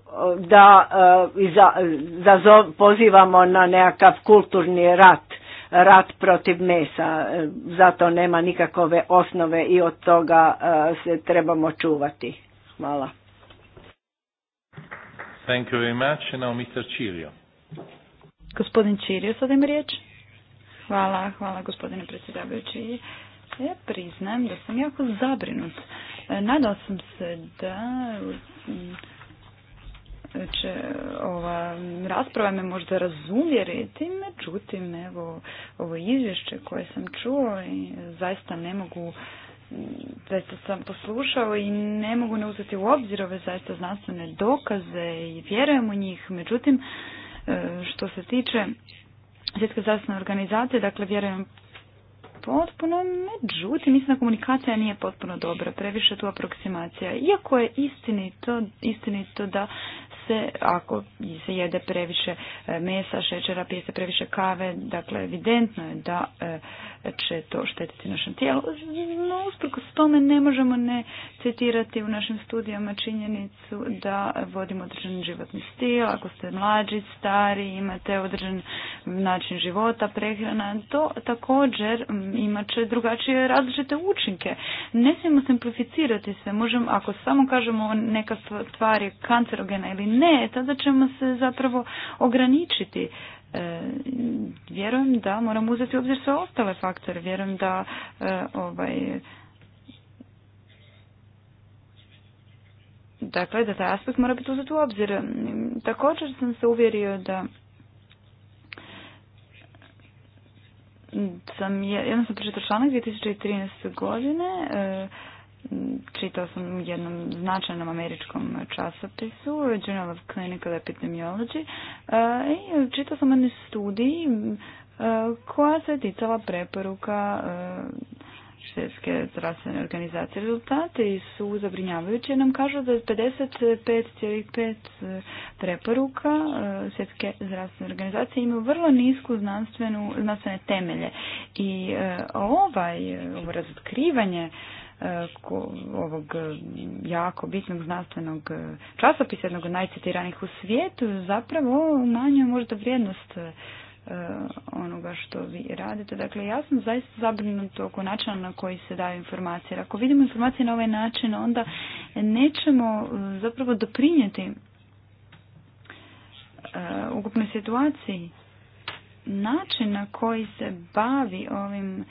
uh, da uh, da pozivamo na nekakav kulturni rat, rat protiv mesa, uh, zato nema nikakove osnove i od toga se trebamo čuvati. Hvala. Thank you very much. Now Mr. Cirio. Gospodin Cirio, sad im riječ. Hvala, hvala gospodine predsjedavajući. Ja priznam da sam jako zabrinut Nadao sam se da će ova rasprava me možda razuvjeriti, međutim, evo, ovo izvješće koje sam čuo i zaista ne mogu zaista sam poslušao i ne mogu ne uzeti u obzir ove zaista znanstvene dokaze i vjerujem u njih. Međutim, e, što se tiče Svjetske zdravstvene organizacije, dakle vjerujem potpuno, međutim, mislim da komunikacija nije potpuno dobra, previše tu aproksimacija. Iako je istinito, istinito da se ako se jede previše e, mesa, šećera, pije se previše kave, dakle evidentno je da e, će to štetiti našem tijelu. No, s tome ne možemo ne citirati u našim studijama činjenicu da vodimo određen životni stil, ako ste mlađi, stari, imate određen način života, prehrana, to također imat će drugačije različite učinke. Ne smijemo simplificirati sve. možemo, ako samo kažemo neka stvar je kancerogena ili ne, tada ćemo se zapravo ograničiti. E, vjerujem da moramo uzeti u obzir sve ostale faktore. Vjerujem da e, ovaj, dakle da taj aspekt mora biti uzet u obzir. Također sam se uvjerio da sam, jedan sam pročitao članak 2013. godine e, Mm, čitao sam jednom značajnom američkom časopisu Journal of Clinical Epidemiology e, i čitao sam jednu studiji e, koja se ticala preporuka e, svjetske zdravstvene organizacije. Rezultati su zabrinjavajući nam kažu da je 55,5 preporuka svjetske zdravstvene organizacije imaju vrlo nisku znanstvenu, znanstvene temelje. I ovaj, ovo razotkrivanje E, ovog e, jako bitnog znanstvenog e, časopisa, jednog od najcitiranih u svijetu, zapravo umanjuje možda vrijednost onoga što vi radite. Dakle, ja sam zaista zabrinuta oko načina na koji se daju informacije. ako vidimo informacije na ovaj način, onda nećemo zapravo doprinijeti ukupnoj situaciji. Način na koji se bavi ovim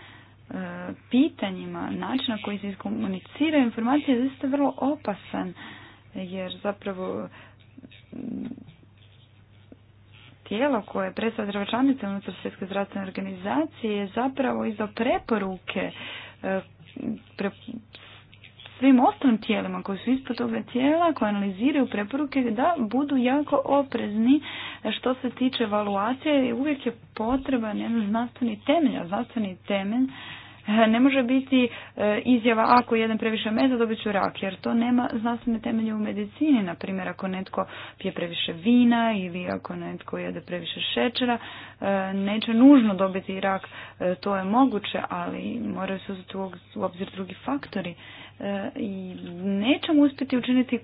pitanjima, način na koji se komuniciraju informacije je zaista vrlo opasan, jer zapravo mm, tijelo koje predstavlja država unutar svjetske zdravstvene organizacije je zapravo izdao preporuke e, svim ostalim tijelima koji su ispod toga tijela, koji analiziraju preporuke, da budu jako oprezni što se tiče evaluacije. Uvijek je potreban jedan znanstveni temelj, a znanstveni temelj eh, ne može biti eh, izjava ako jedan previše meza dobit ću rak, jer to nema znanstvene temelje u medicini. Naprimjer, ako netko pije previše vina ili ako netko jede previše šećera, eh, neće nužno dobiti rak, to je moguće, ali moraju se uzeti u obzir drugi faktori. E, i nećemo uspjeti učiniti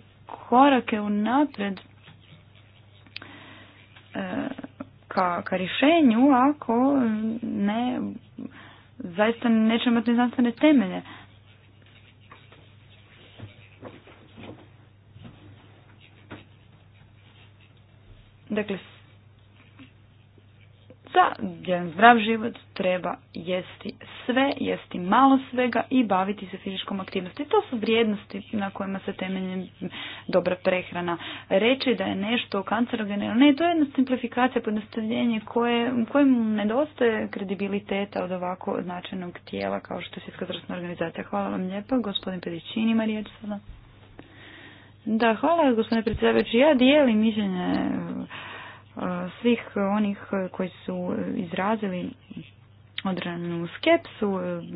korake u napred e, ka, rješenju ako ne zaista nećemo imati znanstvene temelje. Dakle, da jedan zdrav život treba jesti sve, jesti malo svega i baviti se fizičkom aktivnosti. To su vrijednosti na kojima se temelji dobra prehrana. Reći da je nešto kancerogeno, ne, to je jedna simplifikacija, podnostavljenje koje, kojem nedostaje kredibiliteta od ovako značajnog tijela kao što je Svjetska zdravstvena organizacija. Hvala vam lijepa, gospodin Pedićin ima Da, hvala gospodine predsjedavajući. Ja dijelim mišljenje svih onih koji su izrazili odranu skepsu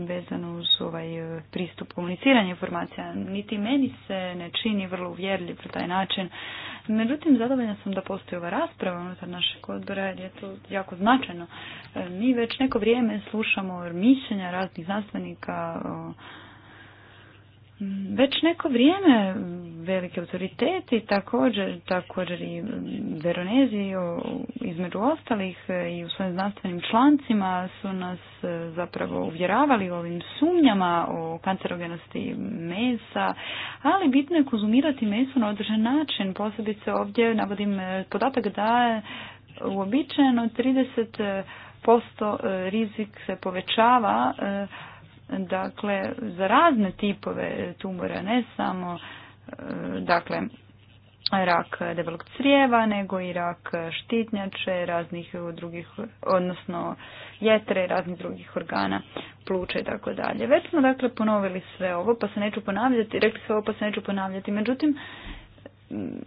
vezano uz ovaj e, pristup komuniciranja informacija. Niti meni se ne čini vrlo uvjerljiv na taj način. Međutim, zadovoljna sam da postoji ova rasprava unutar našeg odbora jer je to jako značajno. E, mi već neko vrijeme slušamo mišljenja raznih znanstvenika već neko vrijeme veliki autoriteti, također, također i Veronezi između ostalih e, i u svojim znanstvenim člancima su nas e, zapravo uvjeravali u ovim sumnjama o kancerogenosti mesa, ali bitno je konzumirati meso na određen način. Posebice ovdje navodim e, podatak da je uobičajeno 30% rizik se povećava dakle za razne tipove tumora, ne samo E, dakle, rak debelog crijeva, nego i rak štitnjače, raznih drugih, odnosno jetre, raznih drugih organa, pluća i tako dalje. Već smo dakle ponovili sve ovo, pa se neću ponavljati, rekli sve ovo pa se neću ponavljati. Međutim, Mm,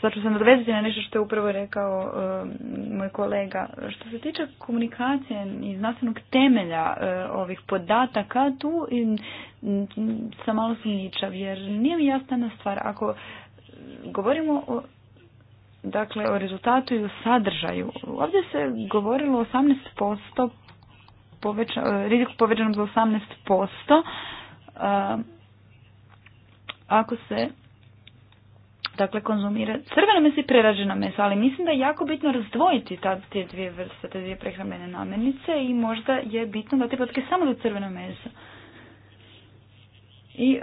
sad ću se nadvezati na nešto što je upravo rekao um, moj kolega. Što se tiče komunikacije i znanstvenog temelja uh, ovih podataka, tu um, mm, sam malo sumničav jer nije mi jasna stvar. Ako govorimo o dakle o rezultatu i o sadržaju, ovdje se govorilo o 18% poveća, uh, riziku povećanom za 18% uh, ako se dakle konzumira crveno meso i prerađeno meso, ali mislim da je jako bitno razdvojiti ta, te dvije vrste, te dvije prehrambene namirnice i možda je bitno dati podatke samo do crveno meso. I e,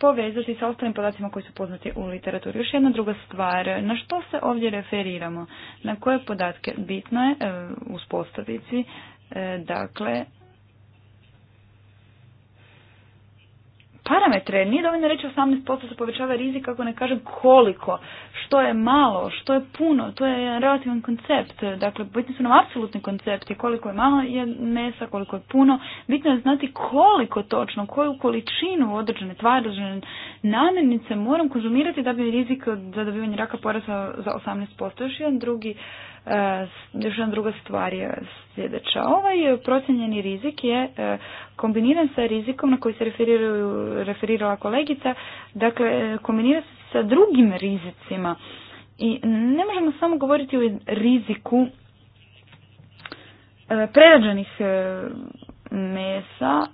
povezati sa ostalim podacima koji su poznati u literaturi. Još jedna druga stvar, na što se ovdje referiramo, na koje podatke bitno je e, uspostaviti, e, dakle, parametre. Nije dovoljno reći 18% se povećava rizik ako ne kažem koliko, što je malo, što je puno, to je jedan relativan koncept. Dakle, bitni su nam apsolutni koncepti, koliko je malo je mesa, koliko je puno. Bitno je znati koliko točno, koju količinu određene tvari, određene namirnice moram konzumirati da bi rizik za dobivanje raka porasa za 18%. Još jedan drugi E, još jedna druga stvar je sljedeća. Ovaj procjenjeni rizik je e, kombiniran sa rizikom na koji se referirala kolegica, dakle e, kombinira se sa drugim rizicima. I ne možemo samo govoriti o riziku prerađenih mesa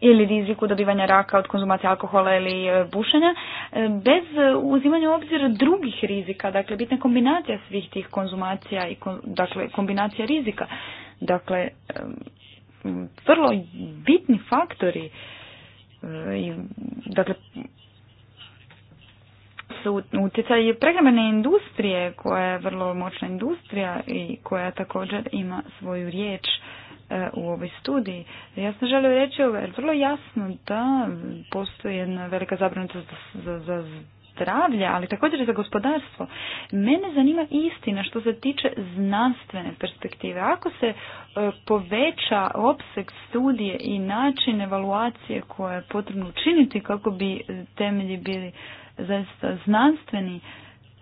ili riziku dobivanja raka od konzumacije alkohola ili e, bušenja, e, bez uzimanja u obzir drugih rizika, dakle bitna kombinacija svih tih konzumacija i dakle, kombinacija rizika. Dakle, vrlo bitni faktori e, dakle su utjecaj prehrambene industrije koja je vrlo moćna industrija i koja također ima svoju riječ E, u ovoj studiji. Ja sam želio reći vrlo jasno da postoji jedna velika zabranica za, za zdravlje, ali također i za gospodarstvo. Mene zanima istina što se tiče znanstvene perspektive. Ako se e, poveća opseg studije i način evaluacije koje je potrebno učiniti kako bi e, temelji bili zaista znanstveni,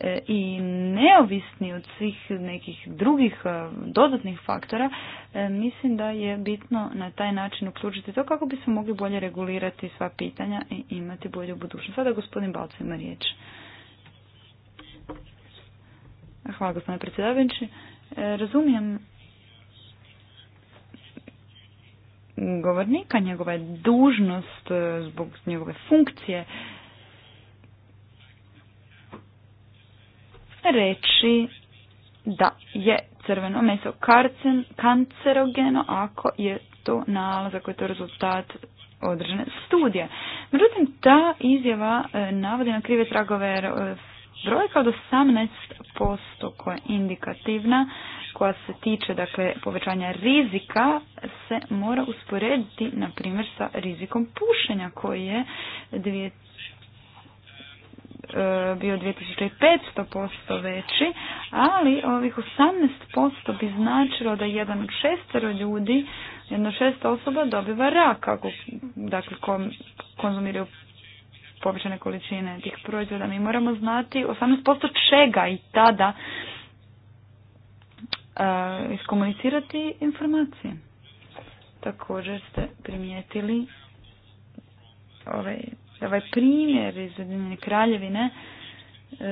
E, i neovisni od svih nekih drugih e, dodatnih faktora, e, mislim da je bitno na taj način uključiti to kako bi bismo mogli bolje regulirati sva pitanja i imati bolju budućnost. Sada gospodin Balca ima riječ. Hvala gospodine predsjedavajući. Razumijem govornika, njegova je dužnost zbog njegove funkcije reći da je crveno meso karcen, kancerogeno ako je to nalaz, ako je to rezultat određene studije. Međutim, ta izjava e, navodi na krive tragove e, brojka od 18% koja je indikativna, koja se tiče dakle, povećanja rizika, se mora usporediti, na primjer, sa rizikom pušenja koji je E, bio 2500% veći, ali ovih 18% bi značilo da jedan od šestero ljudi, jedna šest osoba dobiva rak ako dakle, konzumiraju povećane količine tih proizvoda. Mi moramo znati 18% čega i tada uh, iskomunicirati informacije. Također ste primijetili ovaj ovaj primjer iz Ujedinjene kraljevine e,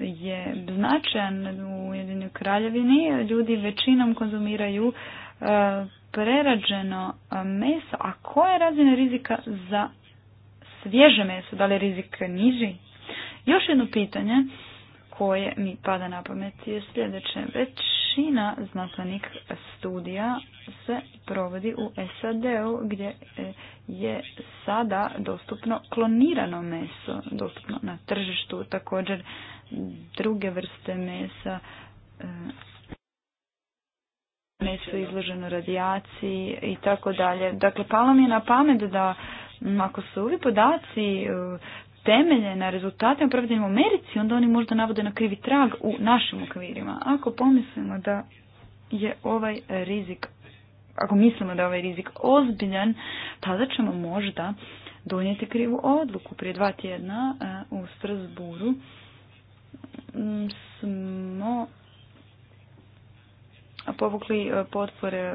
je značajan u Ujedinjenoj kraljevini. Ljudi većinom konzumiraju e, prerađeno e, meso. A koja je razina rizika za svježe meso? Da li je rizik niži? Još jedno pitanje koje mi pada na pamet je sljedeće. Već većina znanstvenih studija se provodi u SAD-u gdje e, je sada dostupno klonirano meso, dostupno na tržištu također druge vrste mesa, e, meso izloženo radijaciji i tako dalje. Dakle, palo mi je na pamet da ako su ovi podaci e, temelje na rezultatima provedenim u Americi, onda oni možda navode na krivi trag u našim okvirima. Ako pomislimo da je ovaj rizik, ako mislimo da je ovaj rizik ozbiljan, tada ćemo možda donijeti krivu odluku. Prije dva tjedna e, u Strasburu mm, smo povukli e, potpore e,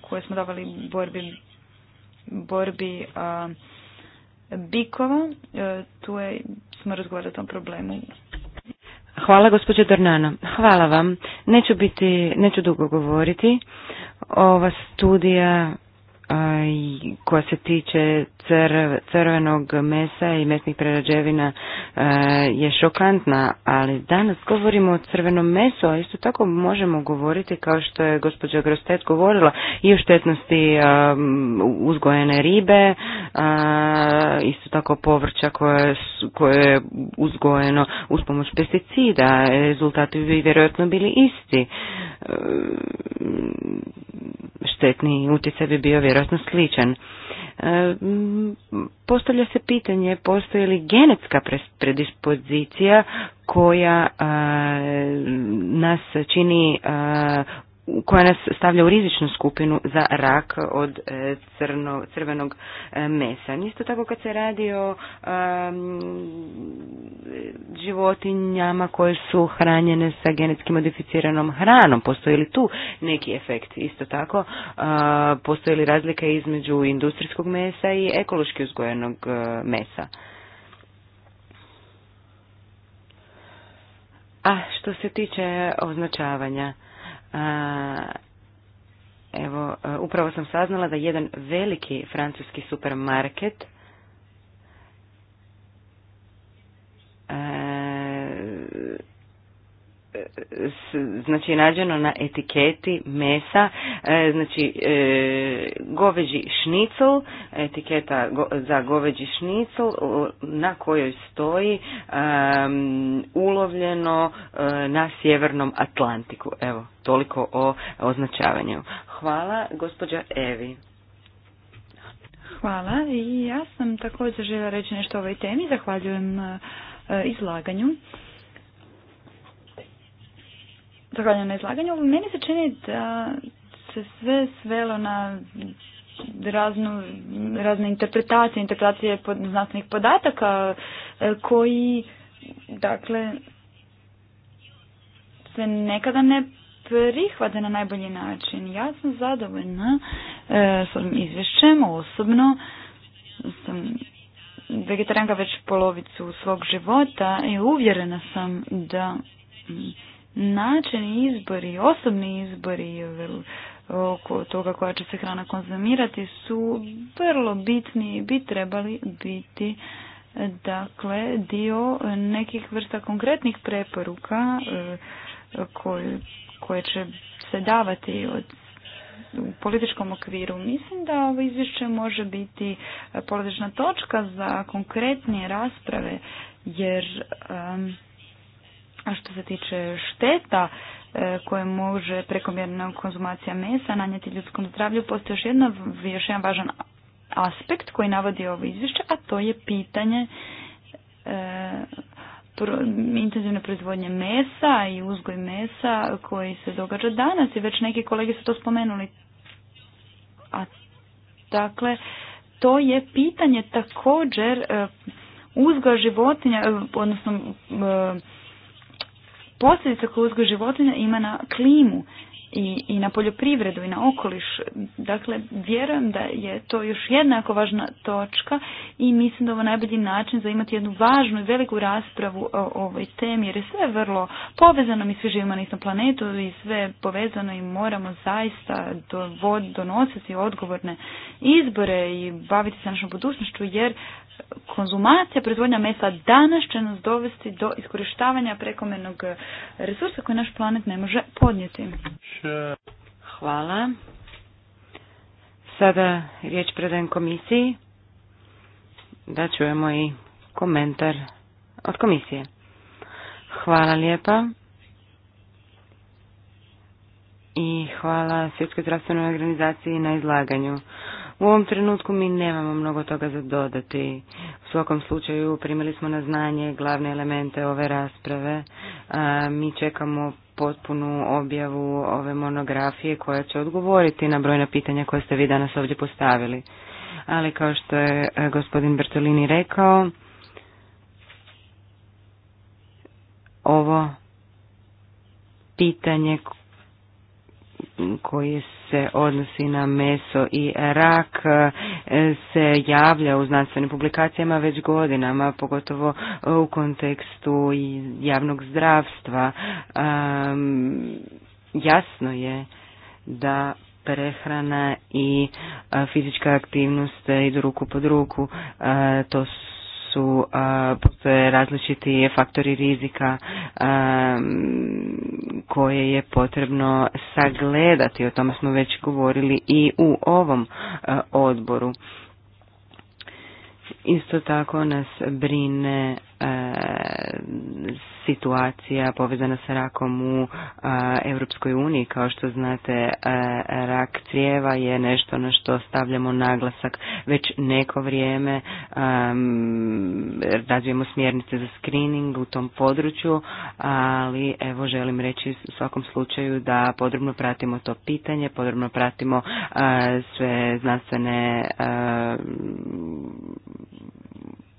koje smo davali borbi borbi bikova. E, tu je, smo razgovarali o tom problemu. Hvala gospođo Dornano. Hvala vam. Neću biti, neću dugo govoriti. Ova studija koja se tiče crvenog mesa i mesnih prerađevina je šokantna, ali danas govorimo o crvenom mesu, a isto tako možemo govoriti kao što je gospođa Grostet govorila i o štetnosti uzgojene ribe, isto tako povrća koje, je uzgojeno uz pomoć pesticida, rezultati bi vjerojatno bili isti. E, štetni utjecaj bi bio vjerojatno užasno sličan. E, postavlja se pitanje postoji li genetska predispozicija koja e, nas čini e, koja nas stavlja u rizičnu skupinu za rak od e, crno, crvenog e, mesa. Isto tako kad se radi o životinjama koje su hranjene sa genetski modificiranom hranom, postoji li tu neki efekt? Isto tako uh, postoji li razlika između industrijskog mesa i ekološki uzgojenog e, mesa? A što se tiče označavanja, evo, upravo sam saznala da jedan veliki francuski supermarket znači nađeno na etiketi mesa, e, znači e, goveđi šnicl, etiketa za goveđi šnicl na kojoj stoji ulovljeno e, na sjevernom Atlantiku. Evo, toliko o označavanju. Hvala, gospođa Evi. Hvala i ja sam također željela reći nešto o ovoj temi. Zahvaljujem izlaganju. Zahvaljujem na izlaganju. Meni se čini da se sve svelo na raznu, razne interpretacije, interpretacije pod, znanstvenih podataka e, koji dakle se nekada ne prihvate na najbolji način. Ja sam zadovoljna e, s ovim izvješćem, osobno sam vegetarijanka već polovicu svog života i uvjerena sam da mm, način izbori, osobni izbori oko toga koja će se hrana konzumirati su vrlo bitni i bi trebali biti dakle dio nekih vrsta konkretnih preporuka e, koje, koje će se davati od u političkom okviru. Mislim da ovo izvješće može biti politična točka za konkretnije rasprave jer um, a što se tiče šteta e, koje može prekomjerna konzumacija mesa nanijeti ljudskom zdravlju, postoji još, još jedan važan aspekt koji navodi ovo izvješće, a to je pitanje e, intenzivne proizvodnje mesa i uzgoj mesa koji se događa danas i već neki kolege su to spomenuli. A dakle, to je pitanje također uzgoj e, uzgoja životinja, odnosno posljedice koje uzgoj životinja ima na klimu i, i na poljoprivredu i na okoliš. Dakle, vjerujem da je to još jednako važna točka i mislim da ovo najbolji način za imati jednu važnu i veliku raspravu o ovoj temi, jer je sve vrlo povezano, mi svi živimo na istom planetu i sve je povezano i moramo zaista donositi odgovorne izbore i baviti se našom budućnošću, jer konzumacija proizvodnja mesa danas će nas dovesti do iskorištavanja prekomernog resursa koji naš planet ne može podnijeti. Hvala. Sada riječ predajem komisiji da čujemo i komentar od komisije. Hvala lijepa. I hvala Svjetskoj zdravstvenoj organizaciji na izlaganju. U ovom trenutku mi nemamo mnogo toga za dodati. U svakom slučaju primili smo na znanje glavne elemente ove rasprave. Mi čekamo potpunu objavu ove monografije koja će odgovoriti na brojna pitanja koje ste vi danas ovdje postavili. Ali kao što je e, gospodin Bertolini rekao, ovo pitanje koje se odnosi na meso i rak e, se javlja u znanstvenim publikacijama već godinama, pogotovo u kontekstu javnog zdravstva. Jasno je da prehrana i fizička aktivnost idu ruku pod ruku. To su, postoje različiti faktori rizika koje je potrebno sagledati. O tome smo već govorili i u ovom odboru. Isto tako nas brine Eh, situacija povezana sa rakom u eh, Europskoj uniji. Kao što znate, eh, rak crijeva je nešto na što stavljamo naglasak već neko vrijeme. Razvijemo smjernice za screening u tom području, ali evo želim reći u svakom slučaju da podrobno pratimo to pitanje, podrobno pratimo sve znanstvene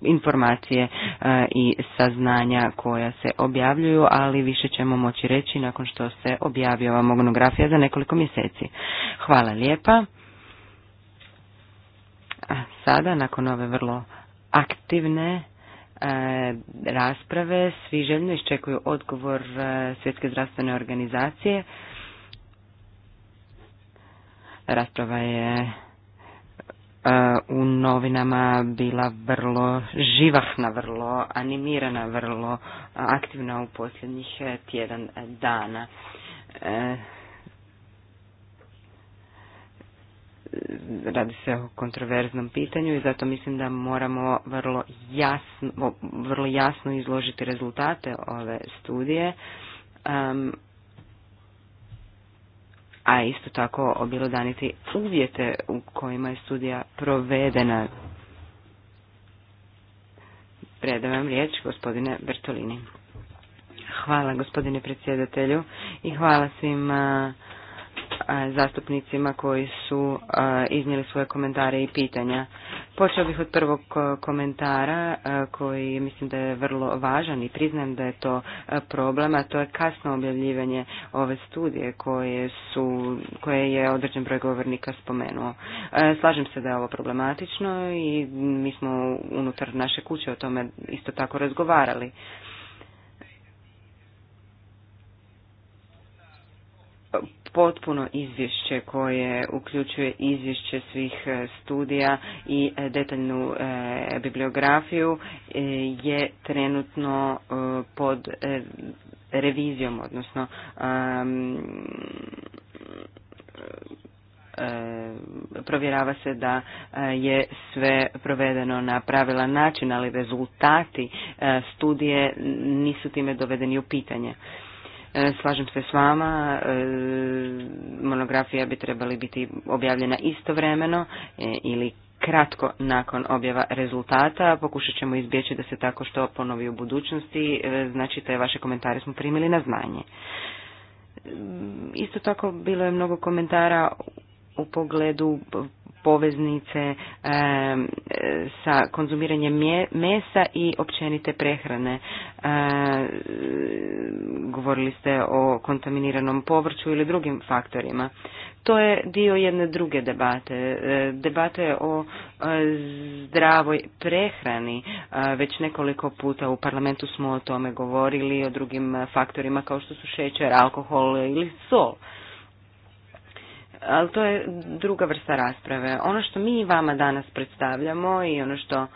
informacije e, i saznanja koja se objavljuju, ali više ćemo moći reći nakon što se objavi ova monografija za nekoliko mjeseci. Hvala lijepa. A sada, nakon ove vrlo aktivne e, rasprave, svi željno iščekuju odgovor e, Svjetske zdravstvene organizacije. Rasprava je E, u novinama bila vrlo živahna, vrlo animirana, vrlo aktivna u posljednjih e, tjedan dana. E, radi se o kontroverznom pitanju i zato mislim da moramo vrlo jasno, vrlo jasno izložiti rezultate ove studije a isto tako obilodaniti uvjete u kojima je studija provedena. Predavam riječ gospodine Bertolini. Hvala gospodine predsjedatelju i hvala svim zastupnicima koji su iznijeli svoje komentare i pitanja. Počeo bih od prvog e, komentara e, koji mislim da je vrlo važan i priznam da je to e, problem, a to je kasno objavljivanje ove studije koje, su, koje je određen broj govornika spomenuo. Slažem se da je ovo problematično i mi smo unutar naše kuće o tome isto tako razgovarali. potpuno izvješće koje uključuje izvješće svih e, studija i e, detaljnu e, bibliografiju je trenutno pod revizijom, odnosno provjerava se da je sve provedeno na pravilan način, ali rezultati studije nisu time dovedeni u pitanje. E, slažem se s vama, e, monografija bi trebali biti objavljena istovremeno e, ili kratko nakon objava rezultata. Pokušat ćemo izbjeći da se tako što ponovi u budućnosti. Znači, te vaše komentare smo primili na znanje. Isto tako bilo je mnogo komentara u pogledu poveznice eh, sa konzumiranjem mesa i općenite prehrane. Eh, govorili ste o kontaminiranom povrću ili drugim faktorima. To je dio jedne druge debate. Eh, debate o zdravoj prehrani. Već nekoliko puta u parlamentu smo o tome govorili, o drugim faktorima kao što su šećer, alkohol ili sol ali to je druga vrsta rasprave. Ono što mi vama danas predstavljamo i ono što e,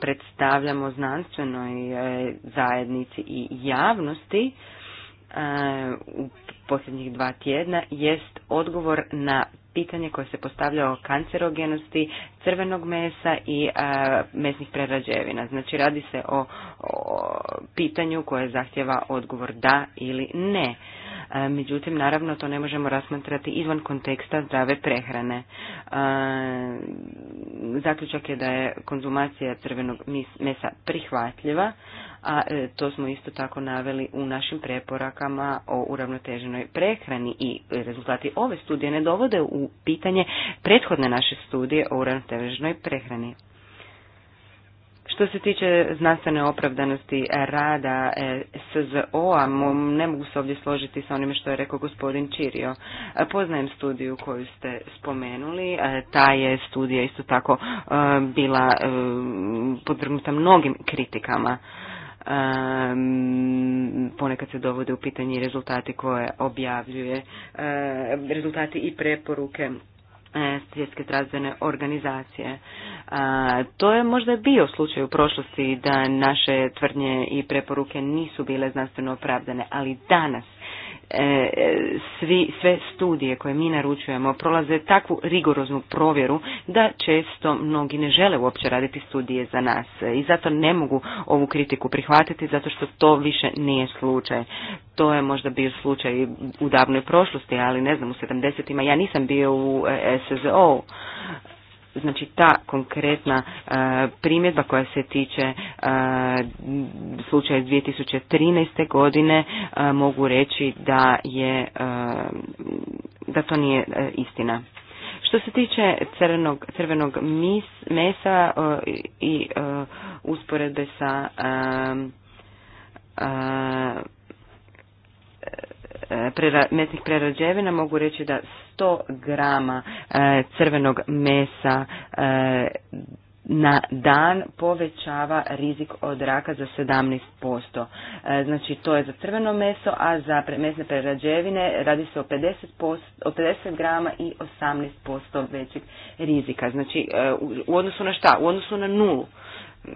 predstavljamo znanstvenoj e, zajednici i javnosti e, u posljednjih dva tjedna jest odgovor na pitanje koje se postavlja o kancerogenosti crvenog mesa i e, mesnih prerađevina. Znači radi se o, pitanju koje zahtjeva odgovor da ili ne. E, međutim, naravno to ne možemo rasmatrati izvan konteksta zdrave prehrane. E, zaključak je da je konzumacija crvenog mesa prihvatljiva a e, to smo isto tako naveli u našim preporakama o uravnoteženoj prehrani i rezultati ove studije ne dovode u pitanje prethodne naše studije o uravnoteženoj prehrani. Što se tiče znanstvene opravdanosti rada e, SZO-a, ne mogu se ovdje složiti sa onime što je rekao gospodin Čirio. E, poznajem studiju koju ste spomenuli. Ta je studija isto tako bila podvrgnuta mnogim kritikama ponekad se dovode u pitanje rezultati koje objavljuje, rezultati i preporuke svjetske zdravstvene organizacije. to je možda bio slučaj u prošlosti da naše tvrdnje i preporuke nisu bile znanstveno opravdane, ali danas E, e, svi, sve studije koje mi naručujemo prolaze takvu rigoroznu provjeru da često mnogi ne žele uopće raditi studije za nas e, i zato ne mogu ovu kritiku prihvatiti zato što to više nije slučaj. To je možda bio slučaj u davnoj prošlosti, ali ne znam, u 70-ima ja nisam bio u SZO. Znači ta konkretna e, primjedba koja se tiče e, slučaja 2013. godine e, mogu reći da je e, da to nije istina. Što se tiče crvenog, crvenog mis, mesa i usporedbe sa mesnih prerađevina mogu reći da 100 grama e, crvenog mesa e, na dan povećava rizik od raka za 17%. E, znači to je za crveno meso, a za mesne prerađevine radi se o 50%, o 50 grama i 18% većeg rizika. Znači u odnosu na šta? U odnosu na nulu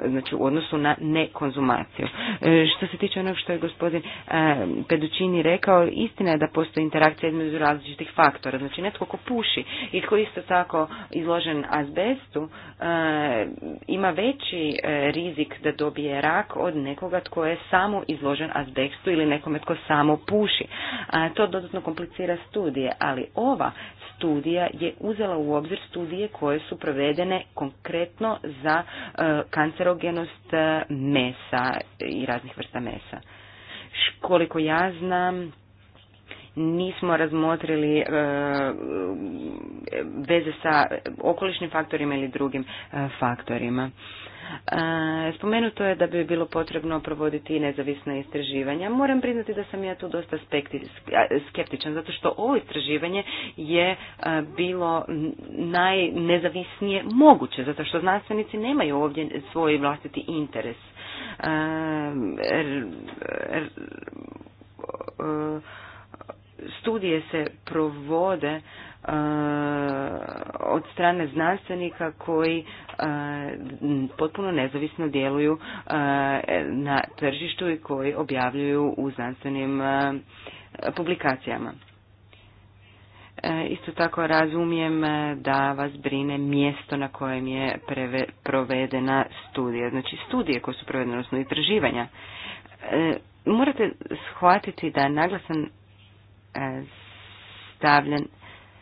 znači u odnosu na nekonzumaciju. E, što se tiče onog što je gospodin e, Pedućini rekao, istina je da postoji interakcija između različitih faktora. Znači netko ko puši i tko isto tako izložen azbestu e, ima veći rizik da dobije rak od nekoga tko je samo izložen azbestu ili nekome tko samo puši. To dodatno komplicira studije, ali ova studija je uzela u obzir studije koje su provedene konkretno za e, kancerogenost e, mesa i raznih vrsta mesa. Koliko ja znam, nismo razmotrili e, veze sa okolišnim faktorima ili drugim e, faktorima. E, spomenuto je da bi bilo potrebno provoditi nezavisna istraživanja. Moram priznati da sam ja tu dosta spekti, skeptičan, zato što ovo istraživanje je bilo najnezavisnije moguće, zato što znanstvenici nemaju ovdje svoj vlastiti interes studije se provode e, od strane znanstvenika koji e, potpuno nezavisno djeluju e, na tržištu i koji objavljuju u znanstvenim publikacijama. Isto tako razumijem da vas brine mjesto na kojem je provedena studija. Znači studije koje su provedene, odnosno istraživanja. Morate shvatiti da naglasan stavljen,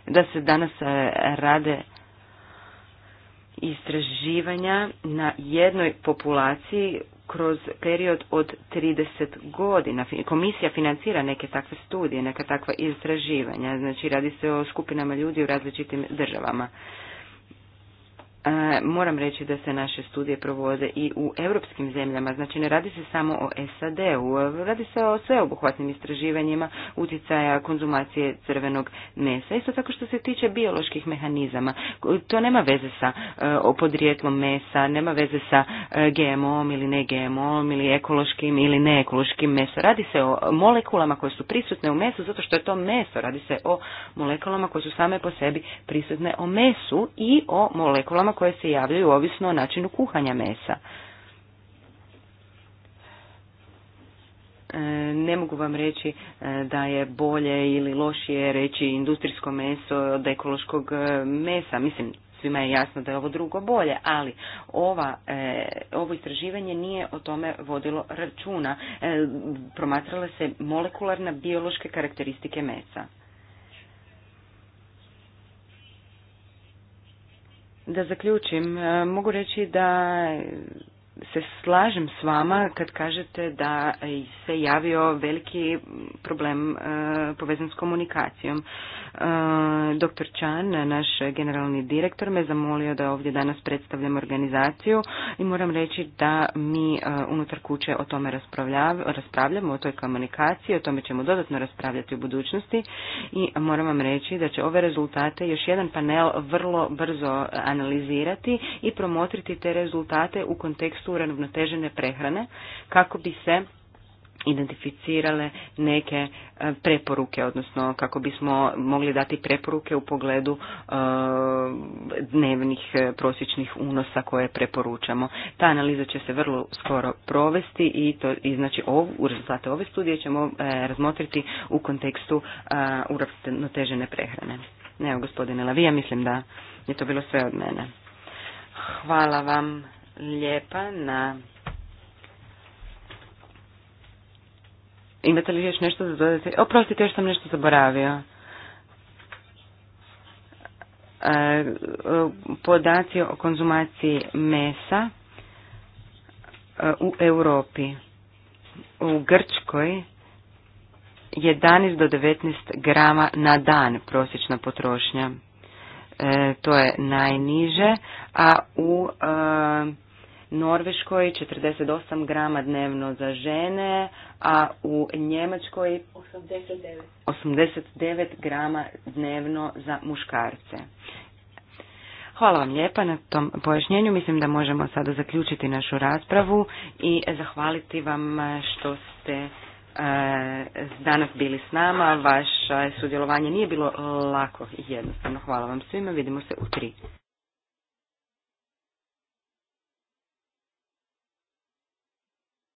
da se danas e, rade istraživanja na jednoj populaciji kroz period od 30 godina. Komisija financira neke takve studije, neka takva istraživanja. Znači radi se o skupinama ljudi u različitim državama. E, moram reći da se naše studije provode i u europskim zemljama, znači ne radi se samo o SAD-u, radi se o sveobuhvatnim istraživanjima utjecaja konzumacije crvenog mesa. Isto tako što se tiče bioloških mehanizama, to nema veze sa e, podrijetlom mesa, nema veze sa e, GMO-om ili ne GMO-om ili ekološkim ili neekološkim mesom. Radi se o molekulama koje su prisutne u mesu zato što je to meso, radi se o molekulama koje su same po sebi prisutne o mesu i o molekulama koje se javljaju ovisno o načinu kuhanja mesa. E, ne mogu vam reći e, da je bolje ili lošije reći industrijsko meso od ekološkog e, mesa. Mislim, svima je jasno da je ovo drugo bolje, ali ova, ovo istraživanje nije o tome vodilo računa. promatrale se molekularne biološke karakteristike mesa. da zaključim, e, mogu reći da se slažem s vama kad kažete da se javio veliki problem e, povezan s komunikacijom. E, Dr. Čan, naš generalni direktor, me zamolio da ovdje danas predstavljam organizaciju i moram reći da mi e, unutar kuće o tome raspravljamo, o toj komunikaciji, o tome ćemo dodatno raspravljati u budućnosti i moram vam reći da će ove rezultate još jedan panel vrlo brzo analizirati i promotriti te rezultate u kontekstu uravnotežene prehrane kako bi se identificirale neke e, preporuke, odnosno kako bismo mogli dati preporuke u pogledu e, dnevnih e, prosječnih unosa koje preporučamo. Ta analiza će se vrlo skoro provesti i to i znači ov, u rezultate ove studije ćemo razmotriti u kontekstu uravnotežene prehrane. Evo gospodine Lavija, mislim da je to bilo sve od mene. Hvala vam lijepa na... Imate li još nešto za dodati? Oprostite, još sam nešto zaboravio. E, podaci o konzumaciji mesa e, u Europi. U Grčkoj 11 do 19 grama na dan prosječna potrošnja. E, to je najniže, a u e, Norveškoj 48 grama dnevno za žene, a u Njemačkoj 89, 89 grama dnevno za muškarce. Hvala vam lijepa na tom pojašnjenju. Mislim da možemo sada zaključiti našu raspravu i zahvaliti vam što ste E, danas bili s nama. Vaše sudjelovanje nije bilo lako i jednostavno. Hvala vam svima. Vidimo se u tri.